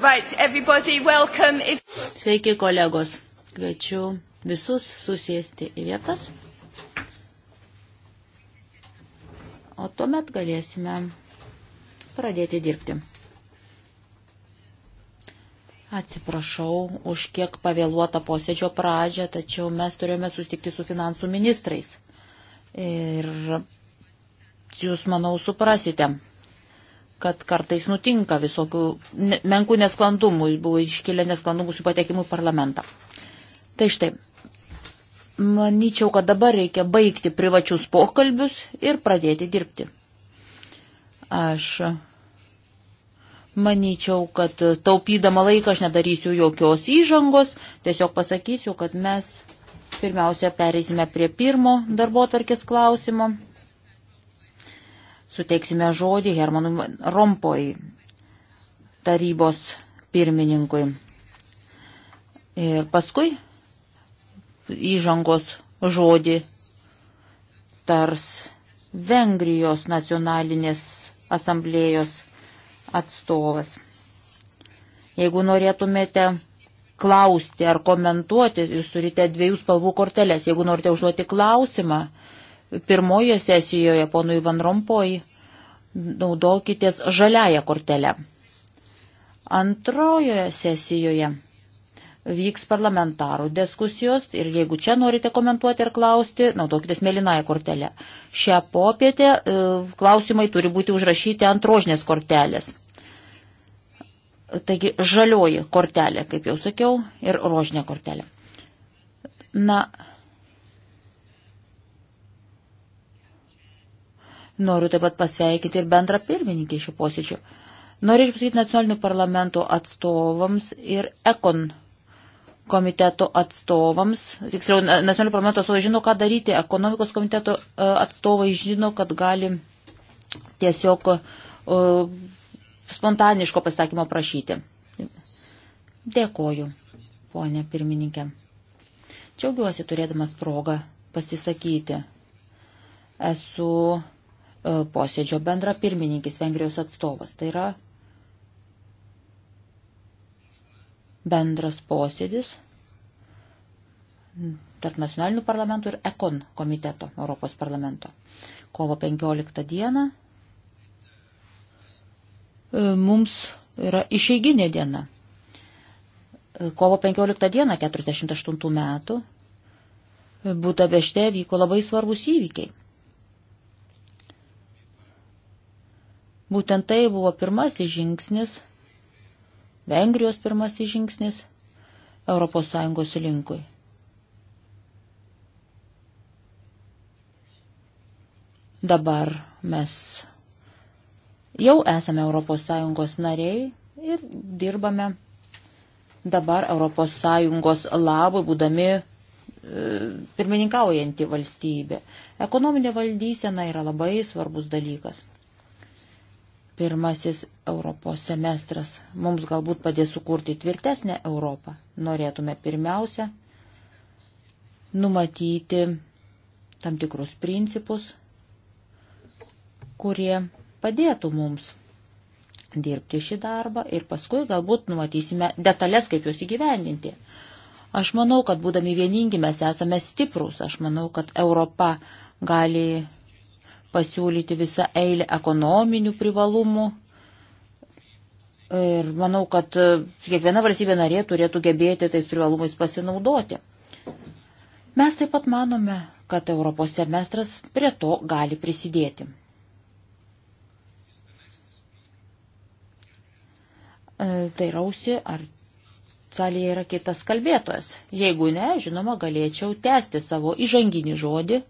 Right, everybody, welcome. If... Sveiki, kolegos. Kviečiu visus susėsti į vietas. O tuomet galėsime pradėti dirbti. Atsiprašau už kiek pavėluotą posėdžio pradžią, tačiau mes turėjome sustikti su finansų ministrais. Ir jūs, manau, suprasite kad kartais nutinka visokių menkų nesklandumų, buvo iškilę nesklandumų su patekimu į parlamentą. Tai štai, manyčiau, kad dabar reikia baigti privačius pokalbius ir pradėti dirbti. Aš manyčiau, kad taupydama laiką aš nedarysiu jokios įžangos, tiesiog pasakysiu, kad mes pirmiausia pereisime prie pirmo darbo tarkės klausimo suteiksime žodį Hermanui Rompoj tarybos pirmininkui. Ir paskui įžangos žodį tars Vengrijos nacionalinės asamblėjos atstovas. Jeigu norėtumėte klausti ar komentuoti, jūs turite dviejų spalvų korteles. Jeigu norite užduoti klausimą, pirmoje sesijoje ponui Van Rompoj naudokitės žaliają kortelę. Antrojoje sesijoje vyks parlamentarų diskusijos ir jeigu čia norite komentuoti ir klausti, naudokitės mėlynąją kortelę. Šią popietę e, klausimai turi būti užrašyti ant rožinės kortelės. Taigi žalioji kortelė, kaip jau sakiau, ir rožinė kortelė. Na, Noriu taip pat pasveikinti ir bendrą pirmininkį šio posėdžio. Norėčiau pasakyti nacionalinių parlamentų atstovams ir ekon komiteto atstovams, tiksliau, nacionalinio parlamento atstovai žino, ką daryti, ekonomikos komiteto e, atstovai žino, kad gali tiesiog uh, spontaniško pasakymo prašyti. Dėkoju, ponė pirmininkė. Džiaugiuosi turėdamas progą pasisakyti. Esu E, posėdžio bendra pirmininkis Vengrijos atstovas. Tai yra bendras posėdis tarp nacionalinių parlamentų ir ECON komiteto Europos parlamento. Kovo 15 dieną e, mums yra išeiginė diena. E, kovo 15 dieną 48 metų Būdabešte vyko labai svarbus įvykiai. Būtent tai buvo pirmasis žingsnis, Vengrijos pirmasis žingsnis ES linkui. Dabar mes jau esame ES nariai ir dirbame dabar ES labui, būdami e, pirmininkaujanti valstybė. Ekonominė valdysena yra labai svarbus dalykas. Pirmasis Europos semestras mums galbūt padės sukurti tvirtesnę Europą. Norėtume pirmiausia numatyti tam tikrus principus, kurie padėtų mums dirbti šį darbą ir paskui galbūt numatysime detalės, kaip juos įgyvendinti. Aš manau, kad būdami vieningi mes esame stiprus, aš manau, kad Europa gali pasiūlyti visą eilę ekonominių privalumų. Ir manau, kad e, kiekviena valstybė narė turėtų gebėti tais privalumais pasinaudoti. Mes taip pat manome, kad Europos semestras prie to gali prisidėti. E, Tairausi, ar salėje yra kitas kalbėtojas. Jeigu ne, žinoma, galėčiau tęsti savo įžanginį žodį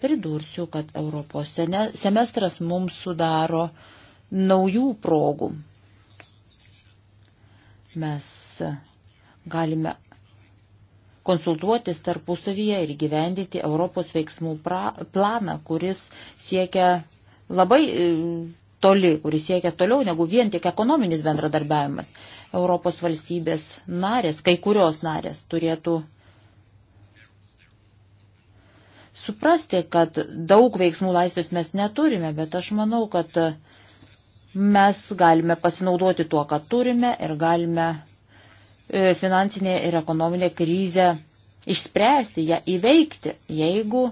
Pridursiu, kad Europos semestras mums sudaro naujų progų. Mes galime konsultuotis tarpusavyje ir gyvendyti Europos veiksmų pra, planą, kuris siekia labai e, toli, kuris siekia toliau negu vien tik ekonominis bendradarbiavimas. Europos valstybės narės, kai kurios narės turėtų suprasti, kad daug veiksmų laisvės mes neturime, bet aš manau, kad mes galime pasinaudoti tuo, ką turime ir galime e, finansinė ir ekonominė krizė išspręsti, ją įveikti, jeigu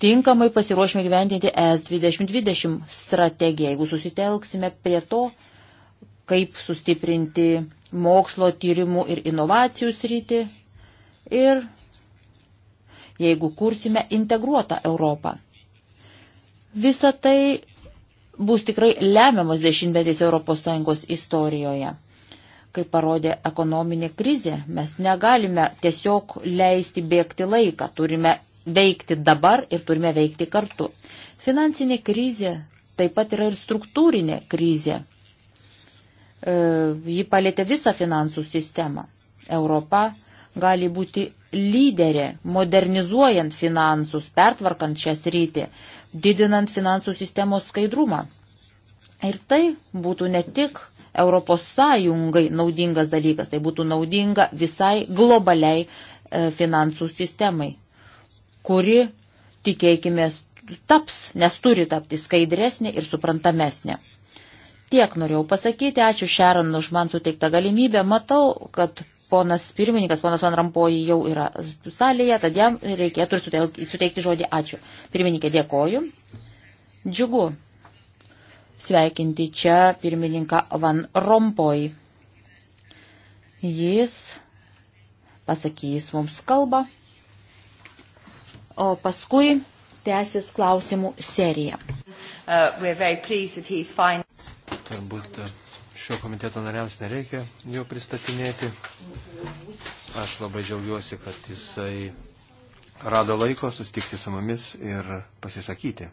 tinkamai pasiruošime gyventinti e S2020 strategiją, jeigu susitelksime prie to, kaip sustiprinti mokslo tyrimų ir inovacijų sritį ir jeigu kursime integruotą Europą. Visa tai bus tikrai lemiamas dešimtmetis ES istorijoje. Kaip parodė ekonominė krizė, mes negalime tiesiog leisti bėgti laiką, turime veikti dabar ir turime veikti kartu. Finansinė krizė taip pat yra ir struktūrinė krizė. E, ji palėtė visą finansų sistemą. Europa gali būti lyderė, modernizuojant finansus, pertvarkant šią sritį, didinant finansų sistemos skaidrumą. Ir tai būtų ne tik Europos Sąjungai naudingas dalykas, tai būtų naudinga visai globaliai e, finansų sistemai, kuri, tikėkime, taps, nes turi tapti skaidresnė ir suprantamesnė. Tiek norėjau pasakyti, ačiū Šeron už man suteiktą galimybę, matau, kad ponas pirmininkas, ponas Van Rampoji jau yra salėje, tad jam reikėtų ir suteikti žodį ačiū. Pirmininkė, dėkoju. Džiugu sveikinti čia pirmininką Van Rompoji. Jis pasakys mums kalbą, o paskui tęsis klausimų seriją. Uh, Turbūt uh, šio komiteto nariams nereikia jo pristatinėti. Aš labai džiaugiuosi, kad jisai rado laiko sustikti su mumis ir pasisakyti.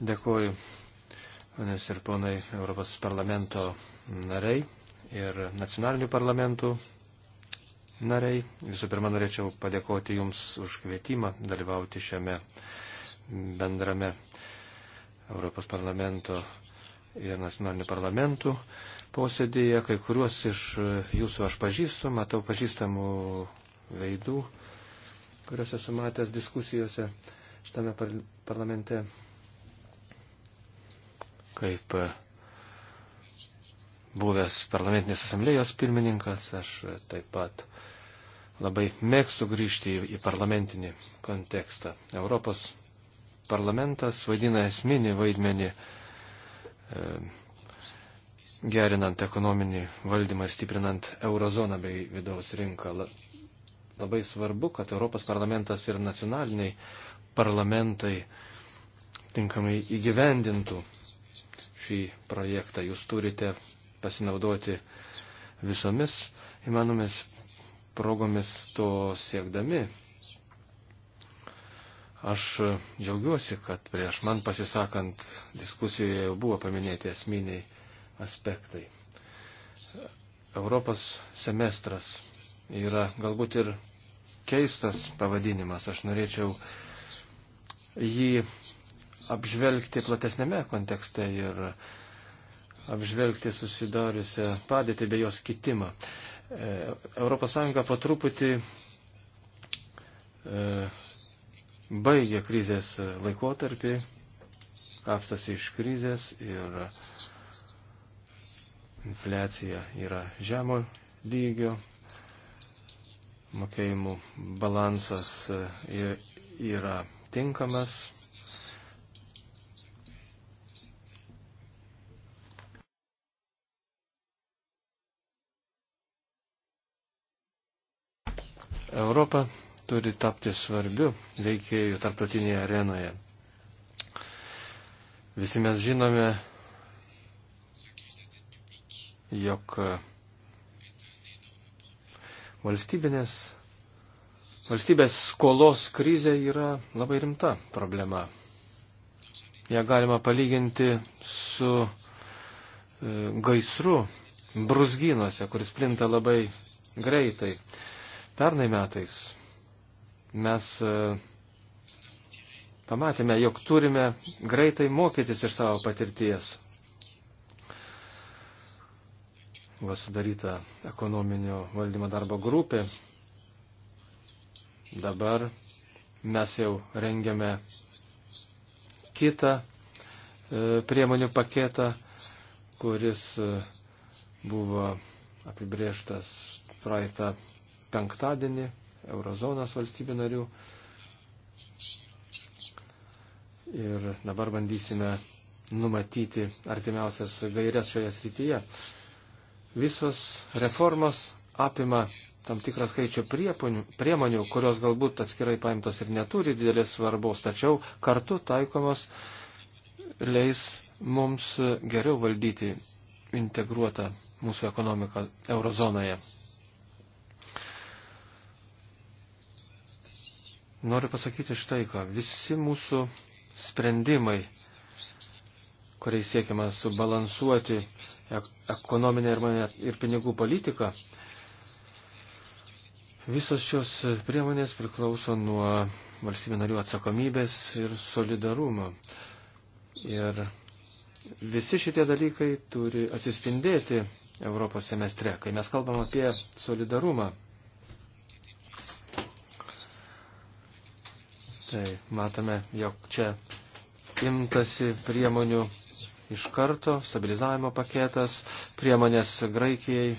Dėkuoju, nes ir ponai Europos parlamento nariai ir nacionalinių parlamentų nariai. Visų pirma, norėčiau padėkoti Jums už kvietimą dalyvauti šiame bendrame Europos parlamento ir nacionalinių parlamentų posėdėje. Kai kuriuos iš Jūsų aš pažįstu, matau pažįstamų veidų, kuriuos esu matęs diskusijose šitame par parlamente. Kaip e, buvęs parlamentinės asamblėjos pirmininkas, aš taip pat uh, labai mėgstu grįžti į, į parlamentinį kontekstą. Europos parlamentas vaidina esminį vaidmenį e, gerinant ekonominį valdymą ir stiprinant eurozoną bei vidaus rinką. Labai svarbu, kad Europos parlamentas ir nacionaliniai parlamentai tinkamai įgyvendintų šį projektą. Jūs turite pasinaudoti visomis įmanomis progomis to siekdami. Aš džiaugiuosi, kad prieš man pasisakant diskusijoje jau buvo paminėti esminiai aspektai. Europos semestras yra galbūt ir keistas pavadinimas. Aš norėčiau jį apžvelgti platesnėme kontekste ir apžvelgti susidariusią padėtį bei jos kitimą. ES po truputį e, baigė krizės laikotarpį, kapstasi iš krizės ir infliacija yra žemo lygio, mokėjimų balansas e, yra tinkamas, Europa turi tapti svarbiu veikėjų tarptautinėje arenoje. Visi mes žinome, jog valstybinės, valstybės skolos krizė yra labai rimta problema. Ja galima palyginti su e, gaisru brusgynuose, kuris plinta labai greitai. Pernai metais mes e, pamatėme, jog turime greitai mokytis iš savo patirties. Buvo sudaryta ekonominio valdymo darbo grupė. Dabar mes jau rengiame kitą e, priemonių paketą, kuris e, buvo apibrieštas praeitą penktadienį Eurozonos valstybių narių. Ir dabar bandysime numatyti artimiausias gairias šioje srityje. Visos reformos apima tam tikrą skaičių prieponių, priemonių, kurios galbūt atskirai paimtos ir neturi didelės svarbos, tačiau kartu taikomos leis mums geriau valdyti integruotą mūsų ekonomiką eurozonoje. Noriu pasakyti štai ką. Visi mūsų sprendimai, kuriais siekiama subalansuoti ekonominę ir, mane, ir pinigų politiką, visos šios priemonės priklauso nuo valstybių narių atsakomybės ir solidarumo. Ir visi šitie dalykai turi atsispindėti Europos semestre, kai mes kalbam apie solidarumą Tai matome, jog čia imtasi priemonių iš karto, stabilizavimo paketas, priemonės Graikijai,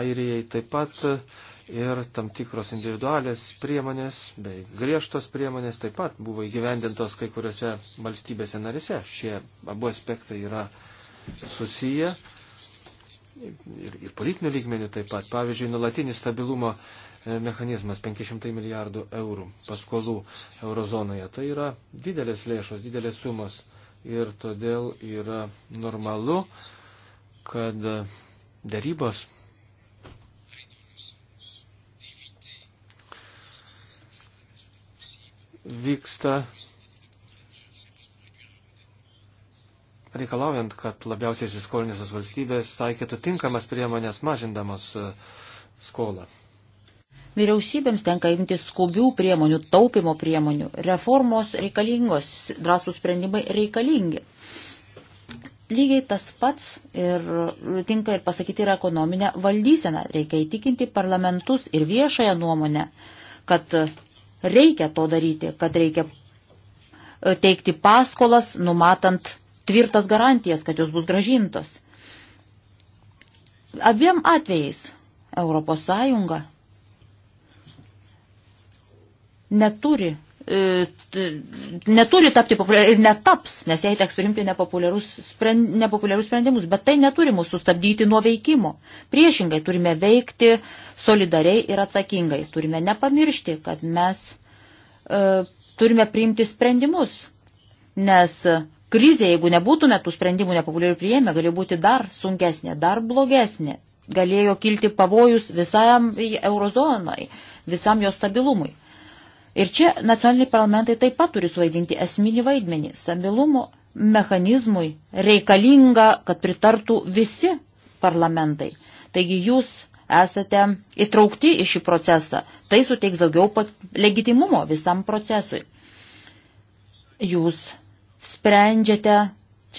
Airijai taip pat ir tam tikros individualės priemonės bei griežtos priemonės taip pat buvo įgyvendintos kai kuriuose valstybėse narise. Šie abu aspektai yra susiję ir, ir politinių lygmenių taip pat. Pavyzdžiui, nulatinis stabilumo E, mechanizmas 500 milijardų eurų paskolų eurozonoje. Tai yra didelės lėšos, didelės sumos ir todėl yra normalu, kad darybos vyksta reikalaujant, kad labiausiai įsiskolinusios valstybės taikytų tinkamas priemonės mažindamos e, skolą. Vyriausybėms tenka imti skubių priemonių, taupimo priemonių. Reformos reikalingos, drąsų sprendimai reikalingi. Lygiai tas pats ir tinka ir pasakyti yra ekonominė valdysena. Reikia įtikinti parlamentus ir viešąją nuomonę, kad reikia to daryti, kad reikia e, teikti paskolas, numatant tvirtas garantijas, kad jos bus gražintos. Abiem atvejais ES neturi, e, neturi tapti populiariai ir netaps, nes jai teks priimti nepopuliarus, sprend, nepopuliarus sprendimus, bet tai neturi mūsų sustabdyti nuo veikimo. Priešingai turime veikti solidariai ir atsakingai. Turime nepamiršti, kad mes e, turime priimti sprendimus, nes krizė, jeigu nebūtume tų sprendimų nepopuliarių prieėmę, galėjo būti dar sunkesnė, dar blogesnė. Galėjo kilti pavojus visam eurozonai, visam jo stabilumui. Ir čia nacionaliniai parlamentai taip pat turi suvaidinti esminį vaidmenį. Stabilumo mechanizmui reikalinga, kad pritartų visi parlamentai. Taigi jūs esate įtraukti į šį procesą. Tai suteiks daugiau legitimumo visam procesui. Jūs sprendžiate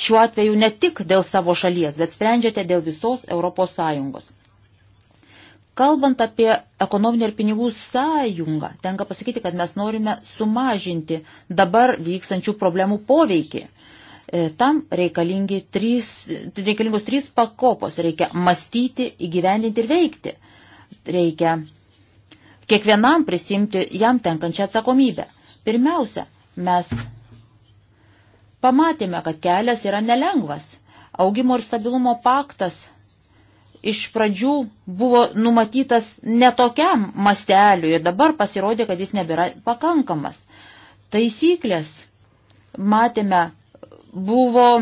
šiuo atveju ne tik dėl savo šalies, bet sprendžiate dėl visos Europos Sąjungos. Kalbant apie ekonominę ir pinigų sąjungą, tenka pasakyti, kad mes norime sumažinti dabar vykstančių problemų poveikį. E, tam trys, reikalingos trys pakopos. Reikia mąstyti, įgyvendinti ir veikti. Reikia kiekvienam prisimti jam tenkančią atsakomybę. Pirmiausia, mes pamatėme, kad kelias yra nelengvas. Augimo ir stabilumo paktas iš pradžių buvo numatytas netokiam masteliui ir dabar pasirodė, kad jis nebėra pakankamas. Taisyklės, matėme, buvo e,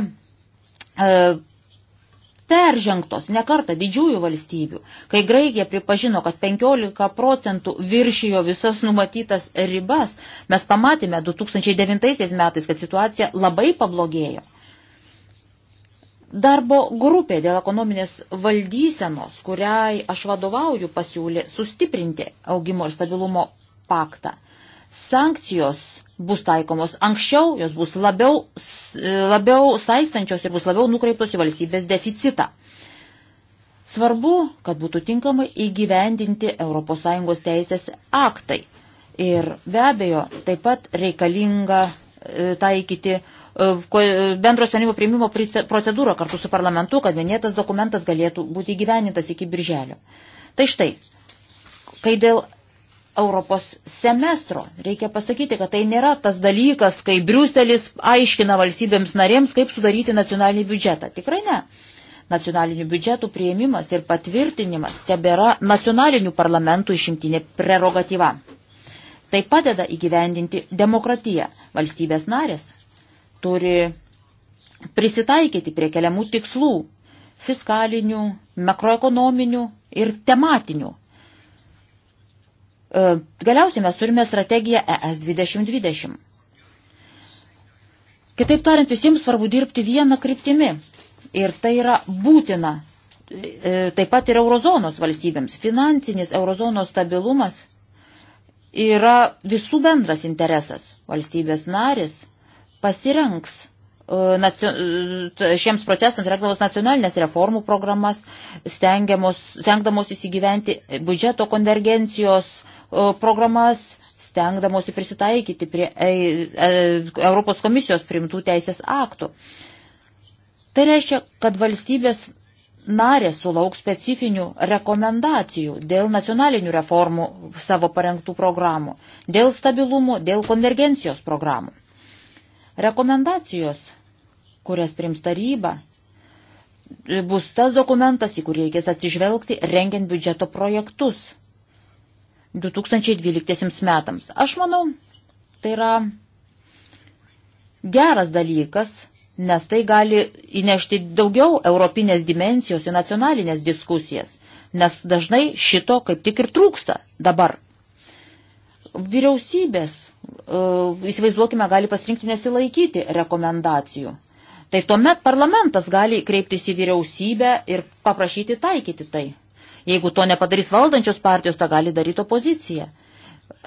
peržengtos nekarta didžiųjų valstybių, kai Graikija pripažino, kad 15 procentų viršijo visas numatytas ribas, mes pamatėme 2009 metais, kad situacija labai pablogėjo. Darbo grupė dėl ekonominės valdysenos, kuriai aš vadovauju, pasiūlė sustiprinti augimo ir stabilumo paktą. Sankcijos bus taikomos anksčiau, jos bus labiau, labiau saistančios ir bus labiau nukreiptos į valstybės deficitą. Svarbu, kad būtų tinkamai įgyvendinti ES teisės aktai. Ir be abejo, taip pat reikalinga e, taikyti E, e, bendro sprendimo priimimo procedūrą kartu su parlamentu, kad minėtas dokumentas galėtų būti įgyvenintas iki birželio. Tai štai, kai dėl Europos semestro. Reikia pasakyti, kad tai nėra tas dalykas, kai Briuselis aiškina valstybėms narėms, kaip sudaryti nacionalinį biudžetą. Tikrai ne. Nacionalinių biudžetų prieimimas ir patvirtinimas tebėra nacionalinių parlamentų išimtinė prerogatyva. Tai padeda įgyvendinti demokratiją. Valstybės narės turi prisitaikyti prie keliamų tikslų - fiskalinių, makroekonominių ir tematinių. E, galiausiai mes turime strategiją ES 2020. Kitaip tariant, visiems svarbu dirbti vieną kryptimį. Ir tai yra būtina e, taip pat ir eurozonos valstybėms. Finansinis eurozonos stabilumas yra visų bendras interesas. Valstybės narės pasirenks e, šiems procesams reglamos nacionalinės reformų programas, stengdamos įsigyventi biudžeto konvergencijos e, programas, stengdamosi prisitaikyti prie e, Europos komisijos primtų teisės aktų. Tai reiškia, kad valstybės narės sulauks specifinių rekomendacijų dėl nacionalinių reformų savo parengtų programų, dėl stabilumo, dėl konvergencijos programų. Rekomendacijos, kurias prims taryba, bus tas dokumentas, į kurį reikės atsižvelgti, rengiant biudžeto projektus 2012 metams. Aš manau, tai yra geras dalykas, nes tai gali įnešti daugiau europinės dimensijos į nacionalinės diskusijas, nes dažnai šito kaip tik ir trūksta dabar. Vyriausybės E, įsivaizduokime, gali pasirinkti nesilaikyti rekomendacijų. Tai tuomet parlamentas gali kreiptis į vyriausybę ir paprašyti taikyti tai. Jeigu to nepadarys valdančios partijos, tą gali daryti opozicija.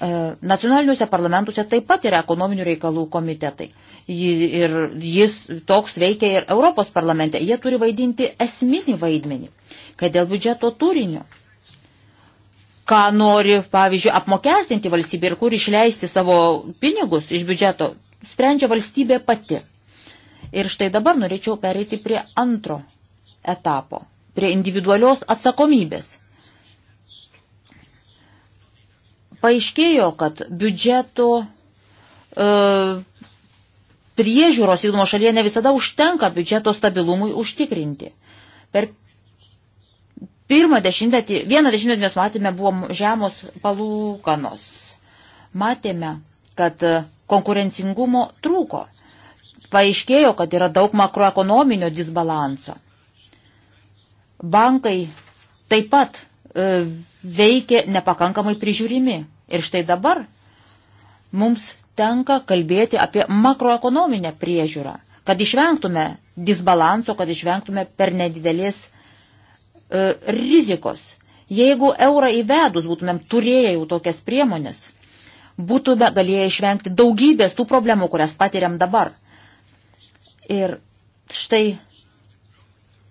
E, nacionaliniuose parlamentuose taip pat yra ekonominių reikalų komitetai. Ir jis toks veikia ir Europos parlamente. Jie turi vaidinti esminį vaidmenį, kad dėl biudžeto turinio ką nori, pavyzdžiui, apmokestinti valstybė ir kur išleisti savo pinigus iš biudžeto, sprendžia valstybė pati. Ir štai dabar norėčiau pereiti prie antro etapo, prie individualios atsakomybės. Paaiškėjo, kad biudžeto e, priežiūros įdomo šalyje ne visada užtenka biudžeto stabilumui užtikrinti. Per Pirmą dešimtmetį, vieną dešimtmetį mes matėme, buvo žemos palūkanos. Matėme, kad e, konkurencingumo trūko. Paaiškėjo, kad yra daug makroekonominio disbalanso. Bankai taip pat e, veikia nepakankamai prižiūrimi. Ir štai dabar mums tenka kalbėti apie makroekonominę priežiūrą, kad išvengtume disbalanso, kad išvengtume per nedidelės e, rizikos. Jeigu eurą įvedus būtumėm turėję jau tokias priemonės, būtume galėję išvengti daugybės tų problemų, kurias patiriam dabar. Ir štai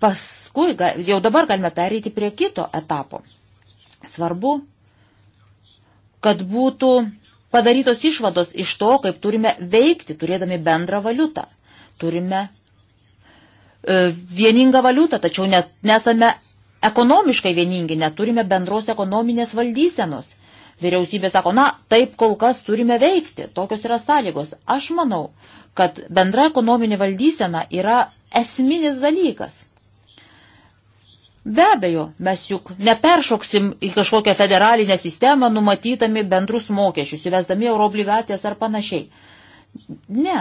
paskui, jau dabar galime pereiti prie kito etapo. Svarbu, kad būtų padarytos išvados iš to, kaip turime veikti, turėdami bendrą valiutą. Turime e, vieningą valiutą, tačiau net nesame ekonomiškai vieningi, neturime bendros ekonominės valdysenos. Vyriausybė sako, na, taip kol kas turime veikti, tokios yra sąlygos. Aš manau, kad bendra ekonominė valdysena yra esminis dalykas. Be abejo, mes juk neperšoksim į kažkokią federalinę sistemą, numatytami bendrus mokesčius, įvesdami euroobligacijas ar panašiai. Ne,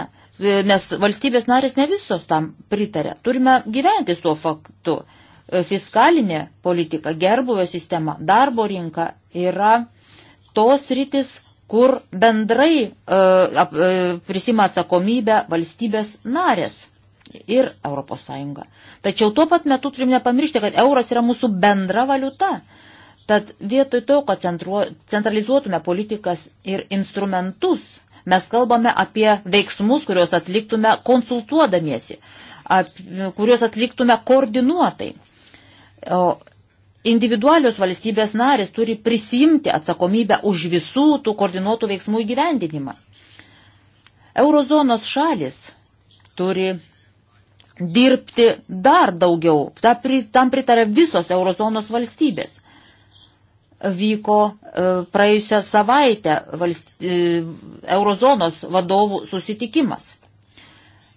nes valstybės narės ne visos tam pritarė. Turime gyventi su tuo faktu fiskalinė politika, gerbuvio sistema, darbo rinka yra tos rytis, kur bendrai e, e, prisima atsakomybę valstybės narės ir ES. Tačiau tuo pat metu turim nepamiršti, kad euras yra mūsų bendra valiuta. Tad vietoj to, kad centruo, centralizuotume politikas ir instrumentus, mes kalbame apie veiksmus, kuriuos atliktume konsultuodamiesi, ap, kuriuos atliktume koordinuotai. O individualios valstybės narės turi prisimti atsakomybę už visų tų koordinuotų veiksmų įgyvendinimą. Eurozonos šalis turi dirbti dar daugiau, tam pritarė visos eurozonos valstybės. Vyko e, praėjusią savaitę valsty... E, eurozonos vadovų susitikimas.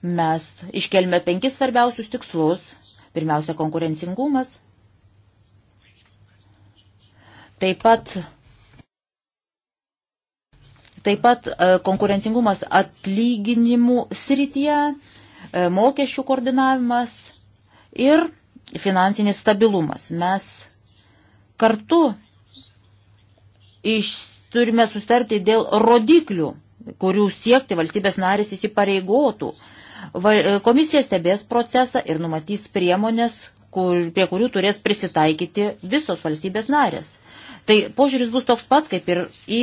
Mes iškelme penkis svarbiausius tikslus. Pirmiausia, konkurencingumas, Taip pat Taip pat e, konkurencingumas atlyginimų srityje, e, mokesčių koordinavimas ir finansinis stabilumas. Mes kartu iš, turime sustarti dėl rodiklių, kurių siekti valstybės narės įsipareigotų. E, komisija stebės procesą ir numatys priemonės, kur, prie kurių turės prisitaikyti visos valstybės narės. Tai požiūris bus toks pat kaip ir į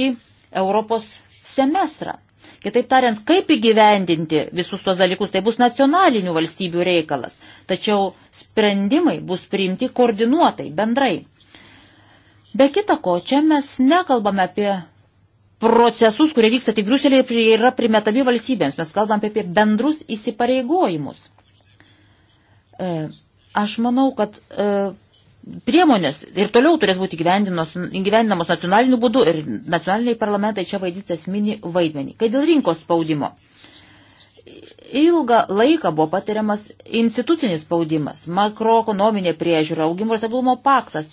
Europos semestrą. Kitaip tariant, kaip įgyvendinti visus tos dalykus, tai bus nacionalinių valstybių reikalas. Tačiau sprendimai bus priimti koordinuotai, bendrai. Be kita ko, čia mes nekalbame apie procesus, kurie vyksta tik Briuselėje ir yra primetami valstybėms. Mes kalbame apie bendrus įsipareigojimus. E, aš manau, kad e, priemonės ir toliau turės būti gyvendinamos nacionaliniu būdu ir nacionaliniai parlamentai čia vaidins esminį vaidmenį. Kai dėl rinkos spaudimo. Ilgą laiką buvo patiriamas institucinis spaudimas, makroekonominė priežiūra, augimo ir stabilumo paktas.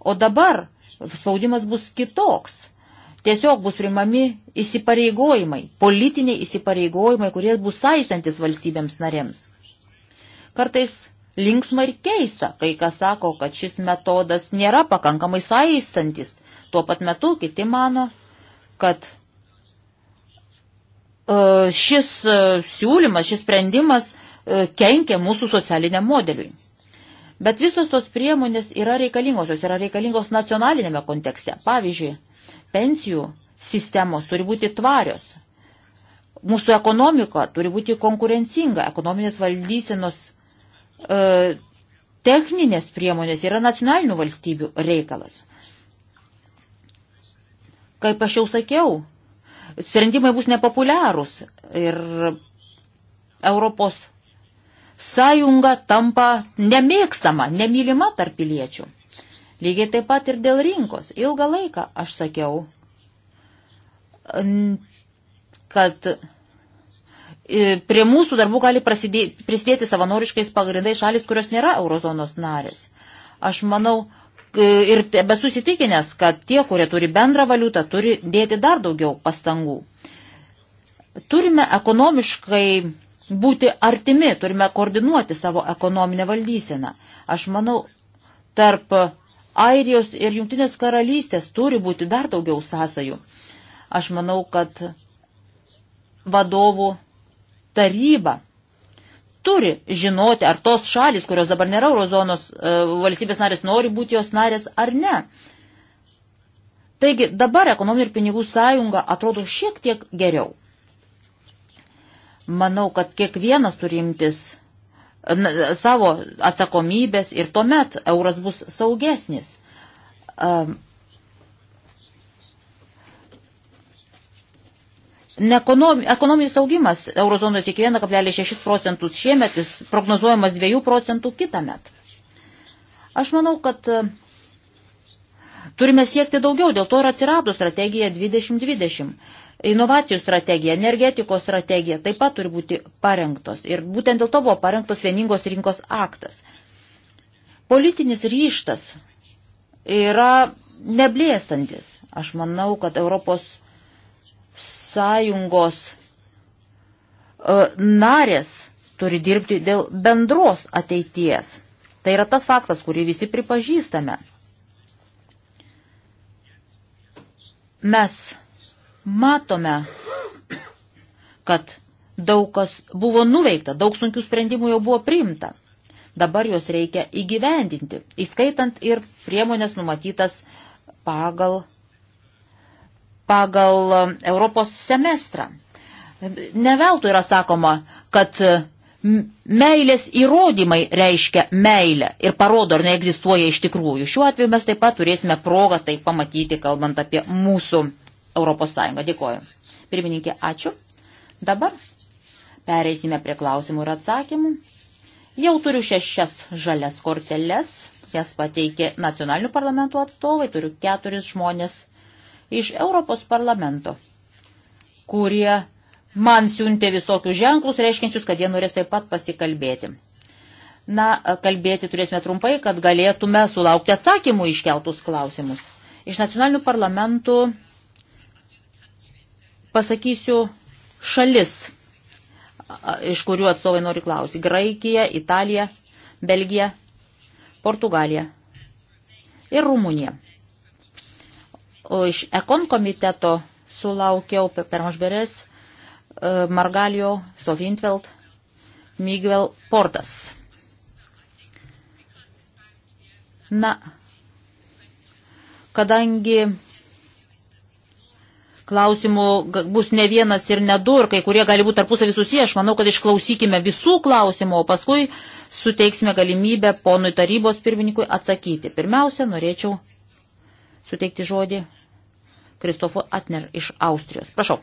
O dabar spaudimas bus kitoks. Tiesiog bus primami įsipareigojimai, politiniai įsipareigojimai, kurie bus saistantis valstybėms narėms. Kartais linksma ir keista. Kai kas sako, kad šis metodas nėra pakankamai saistantis. Tuo pat metu kiti mano, kad e, šis e, siūlymas, šis sprendimas e, kenkia mūsų socialiniam modeliui. Bet visos tos priemonės yra reikalingos, jos yra reikalingos nacionalinėme kontekste. Pavyzdžiui, pensijų sistemos turi būti tvarios. Mūsų ekonomika turi būti konkurencinga, ekonominės valdysenos E, techninės priemonės yra nacionalinių valstybių reikalas. Kaip aš jau sakiau, sprendimai bus nepopuliarūs ir Europos sąjunga tampa nemėgstama, nemylima tarp piliečių. Lygiai taip pat ir dėl rinkos. Ilgą laiką aš sakiau, kad E, prie mūsų darbų gali prasidėti, prisidėti savanoriškais pagrindai šalis, kurios nėra eurozonos narės. Aš manau e, ir besusitikinęs, kad tie, kurie turi bendrą valiutą, turi dėti dar daugiau pastangų. Turime ekonomiškai būti artimi, turime koordinuoti savo ekonominę valdyseną. Aš manau, tarp Airijos ir Junktinės karalystės turi būti dar daugiau sąsajų. Aš manau, kad vadovų taryba turi žinoti, ar tos šalis, kurios dabar nėra eurozonos e, valstybės narės, nori būti jos narės ar ne. Taigi dabar ekonominė ir pinigų sąjunga atrodo šiek tiek geriau. Manau, kad kiekvienas turi imtis savo atsakomybės ir tuomet euras bus saugesnis. Nekonom, ekonominis augimas eurozonos iki 1,6 procentus šiemet, jis prognozuojamas 2 procentų kitą met. Aš manau, kad e, turime siekti daugiau, dėl to ir atsirado strategija 2020. Inovacijų strategija, energetikos strategija taip pat turi būti parengtos. Ir būtent dėl to buvo parengtos vieningos rinkos aktas. Politinis ryštas yra neblėstantis. Aš manau, kad Europos Sąjungos e, narės turi dirbti dėl bendros ateities. Tai yra tas faktas, kurį visi pripažįstame. Mes matome, kad daug kas buvo nuveikta, daug sunkių sprendimų jau buvo priimta. Dabar juos reikia įgyvendinti, įskaitant ir priemonės numatytas pagal pagal e, Europos semestrą. Neveltui yra sakoma, kad e, meilės įrodymai reiškia meilę ir parodo, ar neegzistuoja iš tikrųjų. Šiuo atveju mes taip pat turėsime progą tai pamatyti, kalbant apie mūsų ES. Dėkoju. Pirmininkė, ačiū. Dabar pereisime prie klausimų ir atsakymų. Jau turiu šešias žalias korteles, jas pateikė nacionalinių parlamentų atstovai, turiu keturis žmonės iš Europos parlamento, kurie man siuntė visokius ženklus, reiškiančius, kad jie norės taip pat pasikalbėti. Na, kalbėti turėsime trumpai, kad galėtume sulaukti atsakymų iškeltus klausimus. Iš nacionalinių parlamentų pasakysiu šalis, iš kurių atstovai nori klausti. Graikija, Italija, Belgija, Portugalija ir Rumunija. O iš Ekon komiteto sulaukiau per Mažberės e, Margalio, Sofintveld, Miguel Portas. Na, kadangi klausimų bus ne vienas ir ne du, ir kai kurie gali būti tarpusavį susiję, aš manau, kad išklausykime visų klausimų, o paskui suteiksime galimybę ponui tarybos pirmininkui atsakyti. Pirmiausia, norėčiau suteikti žodį Kristofo Atner iš Austrijos. Prašau.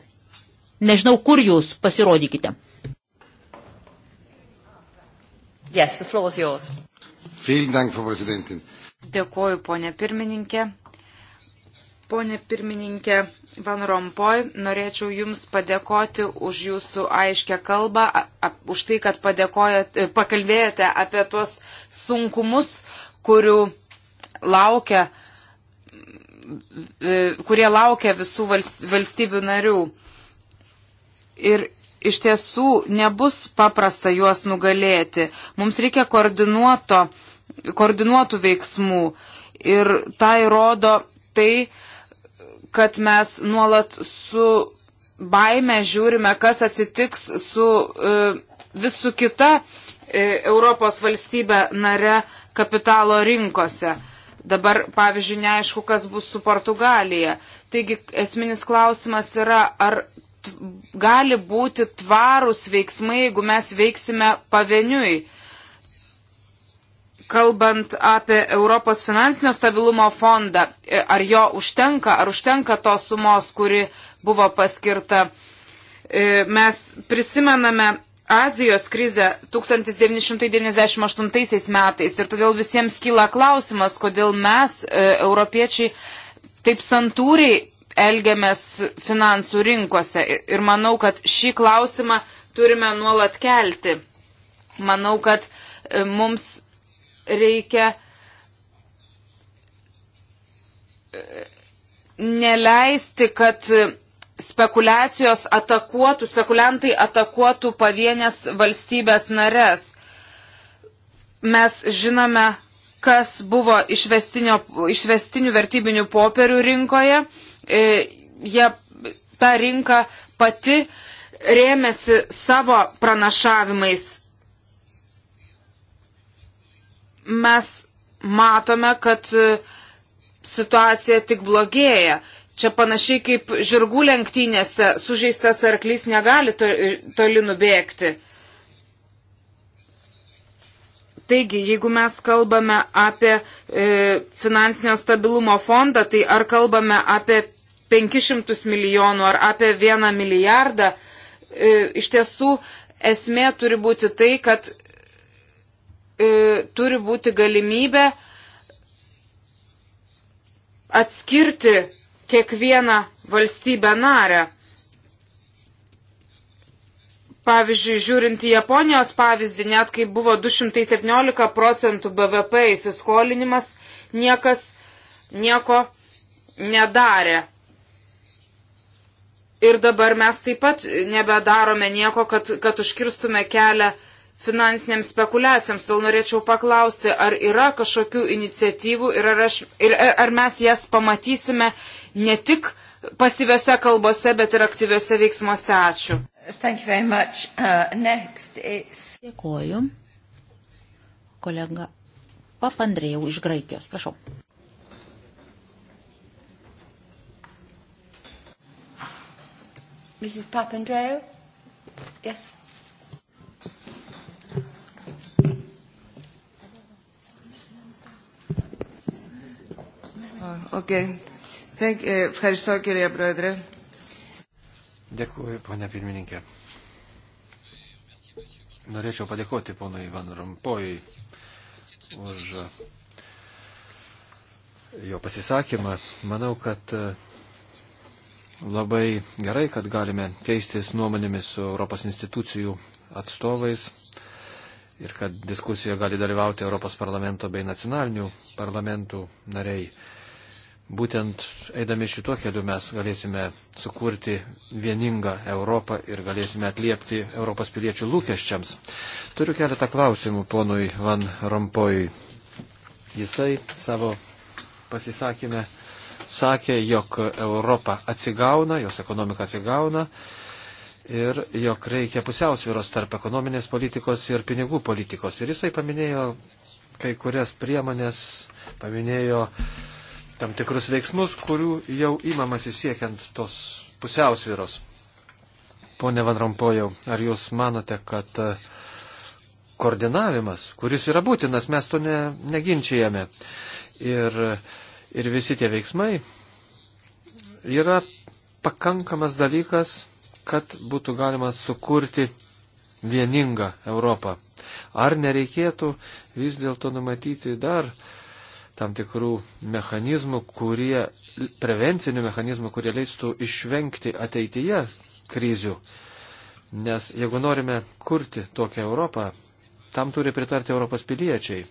Nežinau, kur jūs pasirodykite. Yes, the floor is yours. Vielen Dank, Frau Präsidentin. Dėkuoju, ponė pirmininkė. Pone pirmininkė Van Rompoj, norėčiau Jums padėkoti už Jūsų aiškę kalbą, ap, už tai, kad e, pakalbėjote apie tuos sunkumus, kurių laukia uh, E, kurie laukia visų valstybių narių. Ir iš tiesų nebus paprasta juos nugalėti. Mums reikia koordinuoto, koordinuotų veiksmų. Ir tai rodo tai, kad mes nuolat su baime žiūrime, kas atsitiks su e, visų kita e, Europos valstybė nare kapitalo rinkose. Dabar, pavyzdžiui, neaišku, kas bus su Portugalija. Taigi esminis klausimas yra, ar gali būti tvarūs veiksmai, jeigu mes veiksime pavieniui. Kalbant apie Europos finansinio stabilumo fondą, e, ar jo užtenka, ar užtenka tos sumos, kuri buvo paskirta, e, mes prisimename Azijos krizę 1998 metais ir todėl visiems kyla klausimas, kodėl mes, e, europiečiai, taip santūriai elgiamės finansų rinkose. Ir manau, kad šį klausimą turime nuolat kelti. Manau, kad e, mums reikia e, neleisti, kad spekulacijos atakuotų, spekuliantai atakuotų pavienės valstybės nares. Mes žinome, kas buvo išvestinių vertybinių popierių rinkoje. E, jie tą rinką pati rėmėsi savo pranašavimais. Mes matome, kad e, situacija tik blogėja. Čia panašiai kaip žirgų lenktynėse sužeistas arklys negali toli nubėgti. Taigi, jeigu mes kalbame apie e, finansinio stabilumo fondą, tai ar kalbame apie 500 milijonų ar apie 1 milijardą, e, iš tiesų esmė turi būti tai, kad e, turi būti galimybė atskirti kiekvieną valstybę narę. Pavyzdžiui, žiūrint į Japonijos pavyzdį, net kai buvo 217 procentų BVP įsiskolinimas, niekas nieko nedarė. Ir dabar mes taip pat nebedarome nieko, kad, kad užkirstume kelią finansiniams spekulacijoms. Tol norėčiau paklausti, ar yra kažkokių iniciatyvų ir ar, aš, ir ar mes jas pamatysime ne tik pasyviose kalbose, bet ir aktyviose veiksmuose. Ačiū. Uh, Dėkuoju. Kolega Papandrėjau iš Graikijos. Prašau. Mrs. Papandreou? Yes. Uh, okay. Thank, eh, ευχαριστώ κύριε Πρόεδρε. Dėkuoju, ponia pirmininkė. Norėčiau padėkoti ponui Ivan Rampojui už jo pasisakymą. Manau, kad eh, labai gerai, kad galime keistis nuomonėmis su Europos institucijų atstovais ir kad diskusijoje gali dalyvauti Europos parlamento bei nacionalinių parlamentų nariai. Būtent eidami šituo keliu mes galėsime sukurti vieningą Europą ir galėsime atliepti Europos piliečių lūkesčiams. Turiu keletą klausimų ponui Van Rompojui. Jisai savo pasisakymę sakė, jog Europa atsigauna, jos ekonomika atsigauna ir jog reikia pusiausvyros tarp ekonominės politikos ir pinigų politikos. Ir jisai paminėjo kai kurias priemonės, paminėjo tam tikrus veiksmus, kurių jau įmamasi siekiant tos pusiausvyros. Pone Van Rompojau, ar jūs manote, kad e, koordinavimas, kuris yra būtinas, mes to ne, neginčijame. Ir, ir visi tie veiksmai yra pakankamas dalykas, kad būtų galima sukurti vieningą Europą. Ar nereikėtų vis dėlto numatyti dar uh, tam tikrų mechanizmų, kurie, prevencinių mechanizmų, kurie leistų išvengti ateityje krizių. Nes jeigu norime kurti tokią Europą, tam turi pritarti Europos piliečiai.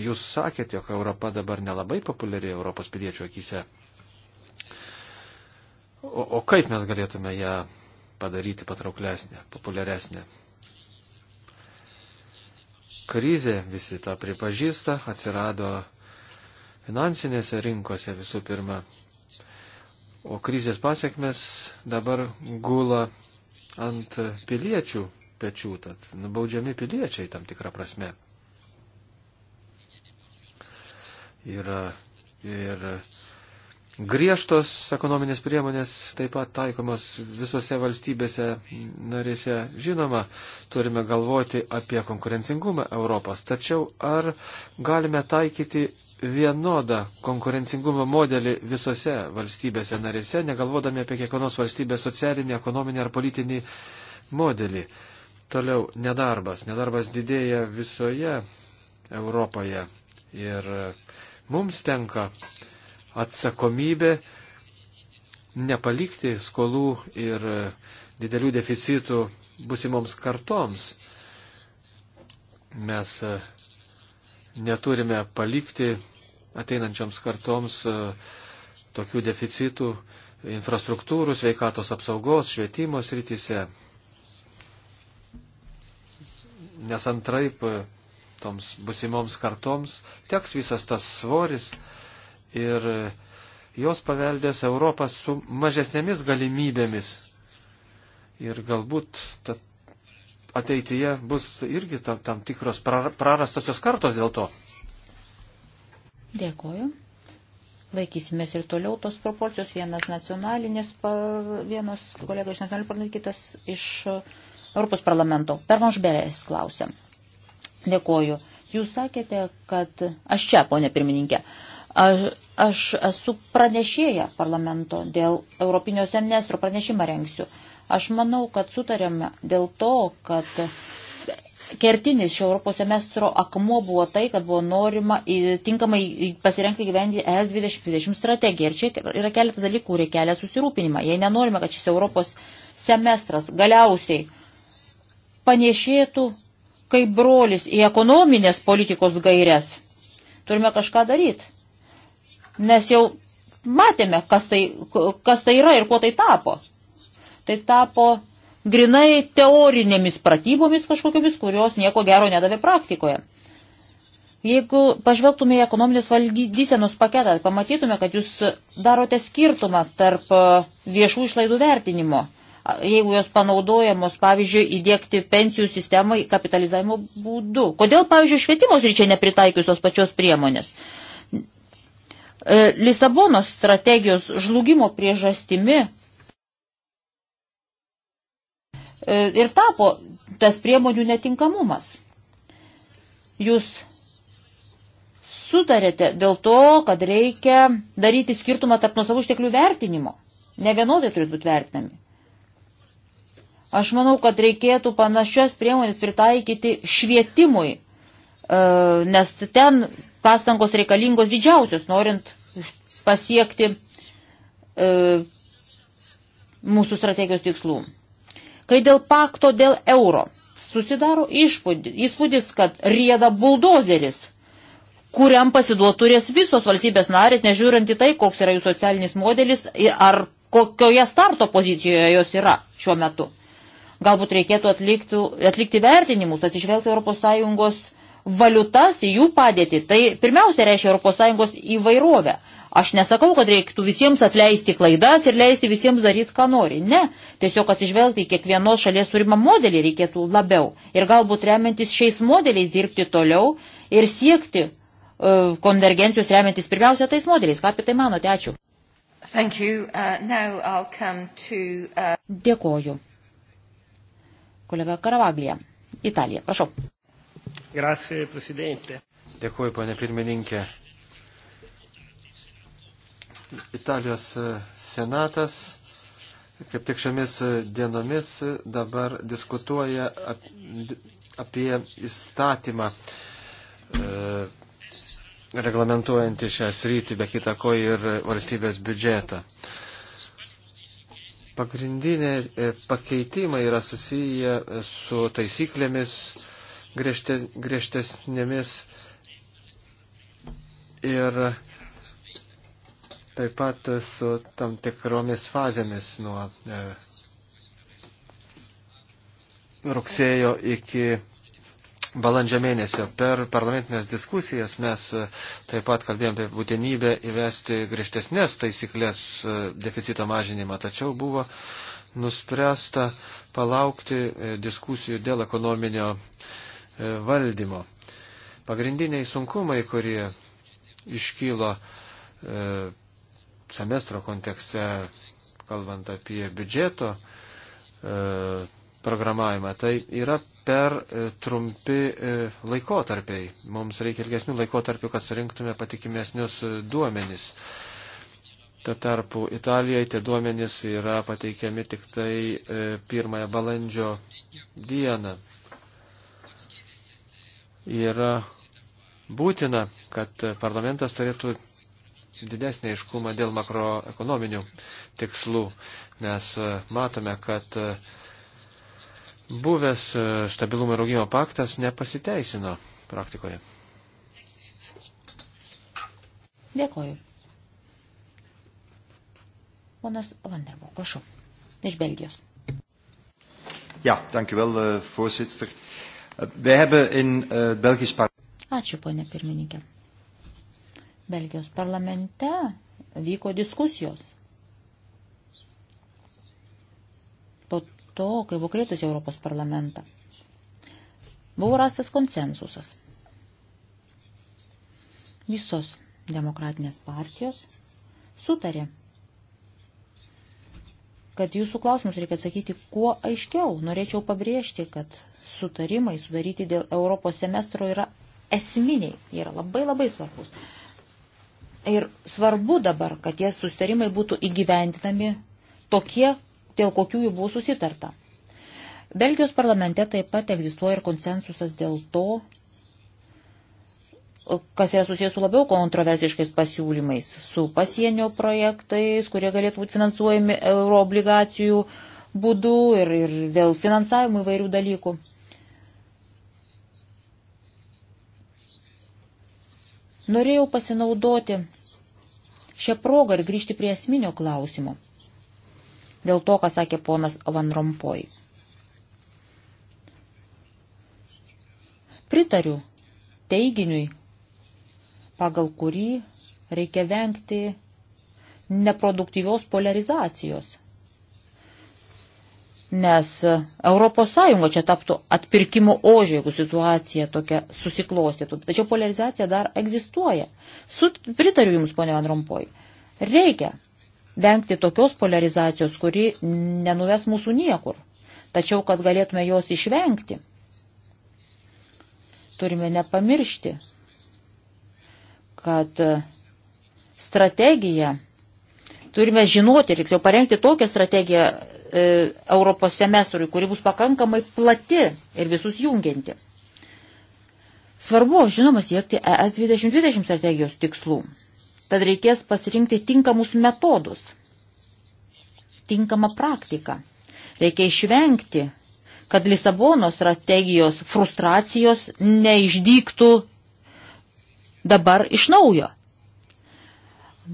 Jūs sakėte, jog Europa dabar nelabai populiari Europos piliečių akise. O, o kaip mes galėtume ją padaryti patrauklesnę, populiaresnę? Krizė, visi tą pripažįsta, atsirado finansinėse rinkose visų pirma. O krizės pasiekmes dabar gula ant piliečių pečių, tad nubaudžiami piliečiai tam tikrą prasme. Yra ir griežtos ekonominės priemonės taip pat taikomos visose valstybėse narėse. Žinoma, turime galvoti apie konkurencingumą Europos, tačiau ar galime taikyti vienodą konkurencingumo modelį visose valstybėse narėse, negalvodami apie kiekvienos valstybės socialinį, ekonominį ar politinį modelį. Toliau nedarbas. Nedarbas didėja visoje Europoje. Ir mums tenka atsakomybė nepalikti skolų ir didelių deficitų busimoms kartoms. Mes neturime palikti ateinančioms kartoms e, tokių deficitų infrastruktūrų, sveikatos apsaugos, švietimo srityse. Nes antraip e, toms busimoms kartoms teks visas tas svoris ir e, jos paveldės Europą su mažesnėmis galimybėmis. Ir galbūt ateityje bus irgi tam, tam tikros prarastosios kartos dėl to. Dėkoju. Laikysimės ir toliau tos proporcijos. Vienas nacionalinės, par, vienas kolega iš nacionalinio parlamento, kitas iš Europos parlamento. Per Vanžberės klausė. Dėkoju. Jūs sakėte, kad aš čia, ponė pirmininkė, aš, aš esu pranešėja parlamento dėl Europinio semestro pranešimą rengsiu. Aš manau, kad sutarėme dėl to, kad kertinis šio Europos semestro akmuo buvo tai, kad buvo norima tinkamai pasirengti gyventi ES 2020 strategiją. Ir čia yra keletas dalykų, kurie kelia susirūpinimą. Jei nenorime, kad šis Europos semestras galiausiai panešėtų kaip brolis į ekonominės politikos gairias, turime kažką daryti. Nes jau matėme, kas tai, kas tai yra ir kuo tai tapo. Tai tapo grinai teorinėmis pratybomis kažkokiamis, kurios nieko gero nedavė praktikoje. Jeigu pažvelgtume į ekonominės valdysenos paketą, pamatytume, kad jūs darote skirtumą tarp e, viešų išlaidų vertinimo, jeigu jos panaudojamos, pavyzdžiui, įdėkti pensijų sistemai kapitalizavimo būdu. Kodėl, pavyzdžiui, švietimo sričiai nepritaikiusios pačios priemonės? E, Lisabonos strategijos žlugimo priežastimi E, ir tapo tas priemonių netinkamumas. Jūs sutarėte dėl to, kad reikia daryti skirtumą tarp nusavų išteklių vertinimo. Ne vienodai turi būti vertinami. Aš manau, kad reikėtų panašias priemonės pritaikyti švietimui, e, nes ten pastangos reikalingos didžiausios, norint pasiekti e, mūsų strategijos tikslų. Kai dėl pakto dėl euro susidaro įspūdis, kad rieda buldozeris, kuriam pasiduot turės visos valstybės narės, nežiūrint į tai, koks yra jų socialinis modelis ar kokioje starto pozicijoje jos yra šiuo metu. Galbūt reikėtų atlikti, atlikti vertinimus, atsižvelgti ES valiutas į jų padėtį. Tai pirmiausia reiškia ES įvairovę. Aš nesakau, kad reiktų visiems atleisti klaidas ir leisti visiems daryti, ką nori. Ne, tiesiog atsižvelgti į kiekvienos šalies turimą modelį reikėtų labiau. Ir galbūt remiantis šiais modeliais dirbti toliau ir siekti uh, konvergencijos remiantis pirmiausia tais modeliais. Ką apie tai manote? Ačiū. Thank you. Uh, now I'll come to, uh... Dėkoju. Kolega Karavaglija, Italija, prašau. Grazie, prezidente. Dėkuoju, ponė pirmininkė. Italijos e, senatas kaip tik šiomis e, dienomis e, dabar diskutuoja apie įstatymą reglamentuojantį šią sritį, be kita ko ir valstybės biudžetą. Pagrindiniai pakeitimai yra susiję su taisyklėmis griežte, griežtesnėmis ir taip pat su tam tikromis fazėmis nuo e, rugsėjo iki balandžio mėnesio. Per parlamentinės diskusijas mes e, taip pat kalbėjome apie būtinybę įvesti griežtesnės taisyklės e, deficito mažinimą, tačiau buvo nuspręsta palaukti e, diskusijų dėl ekonominio valdymo. Pagrindiniai sunkumai, kurie iškylo semestro kontekste, kalbant apie biudžeto e, programavimą, tai yra per e, trumpi e, laikotarpiai. Mums reikia ilgesnių laikotarpių, kad surinktume patikimesnius duomenis. Tuo tarpu Italijai tie duomenys yra pateikiami tik tai pirmąją balandžio dieną. Yra būtina, kad parlamentas turėtų didesnį aiškumą dėl makroekonominių tikslų, nes e, matome, kad e, buvęs e, stabilumo ir augimo paktas nepasiteisino praktikoje. Dėkoju. Ponas Vanderbo, prašau, iš Belgijos. Ja, dankjewel, eh, voorzitter. Eh, wij hebben in het eh, Belgisch parlement. Ačiū, ponė pirmininkė. Belgijos parlamente vyko diskusijos. Po to, kai buvo kreiptas Europos parlamentą, buvo rastas konsensusas. Visos demokratinės partijos sutarė, kad jūsų klausimus reikia atsakyti kuo aiškiau. Norėčiau pabrėžti, kad sutarimai sudaryti dėl Europos semestro yra esminiai, yra labai labai svarbus. Ir svarbu dabar, kad tie sustarimai būtų įgyvendinami tokie, dėl kokių jų buvo susitarta. Belgijos parlamente taip pat egzistuoja ir konsensusas dėl to, kas yra susijęs su labiau kontroversiškais pasiūlymais, su pasienio projektais, kurie galėtų būti finansuojami euroobligacijų būdu ir, ir dėl finansavimo įvairių dalykų. Norėjau pasinaudoti šią progą ir grįžti prie esminio klausimo. Dėl to, ką sakė ponas Van Rompoj. Pritariu teiginiui, pagal kurį reikia vengti neproduktyvios polarizacijos nes ES čia taptų atpirkimo ožė, jeigu situacija tokia susiklostytų. Tačiau polarizacija dar egzistuoja. Su, pritariu Jums, ponia Andrompoj. Reikia vengti tokios polarizacijos, kuri nenuves mūsų niekur. Tačiau, kad galėtume jos išvengti, turime nepamiršti, kad e, strategija, turime žinoti, tiksliau parengti tokią strategiją, E, Europos semestrui, kuri bus pakankamai plati ir visus jungianti. Svarbu, žinoma, siekti ES 2020 strategijos tikslų. Tad reikės pasirinkti tinkamus metodus, tinkamą praktiką. Reikia išvengti, kad Lisabono strategijos frustracijos neišdyktų dabar iš naujo.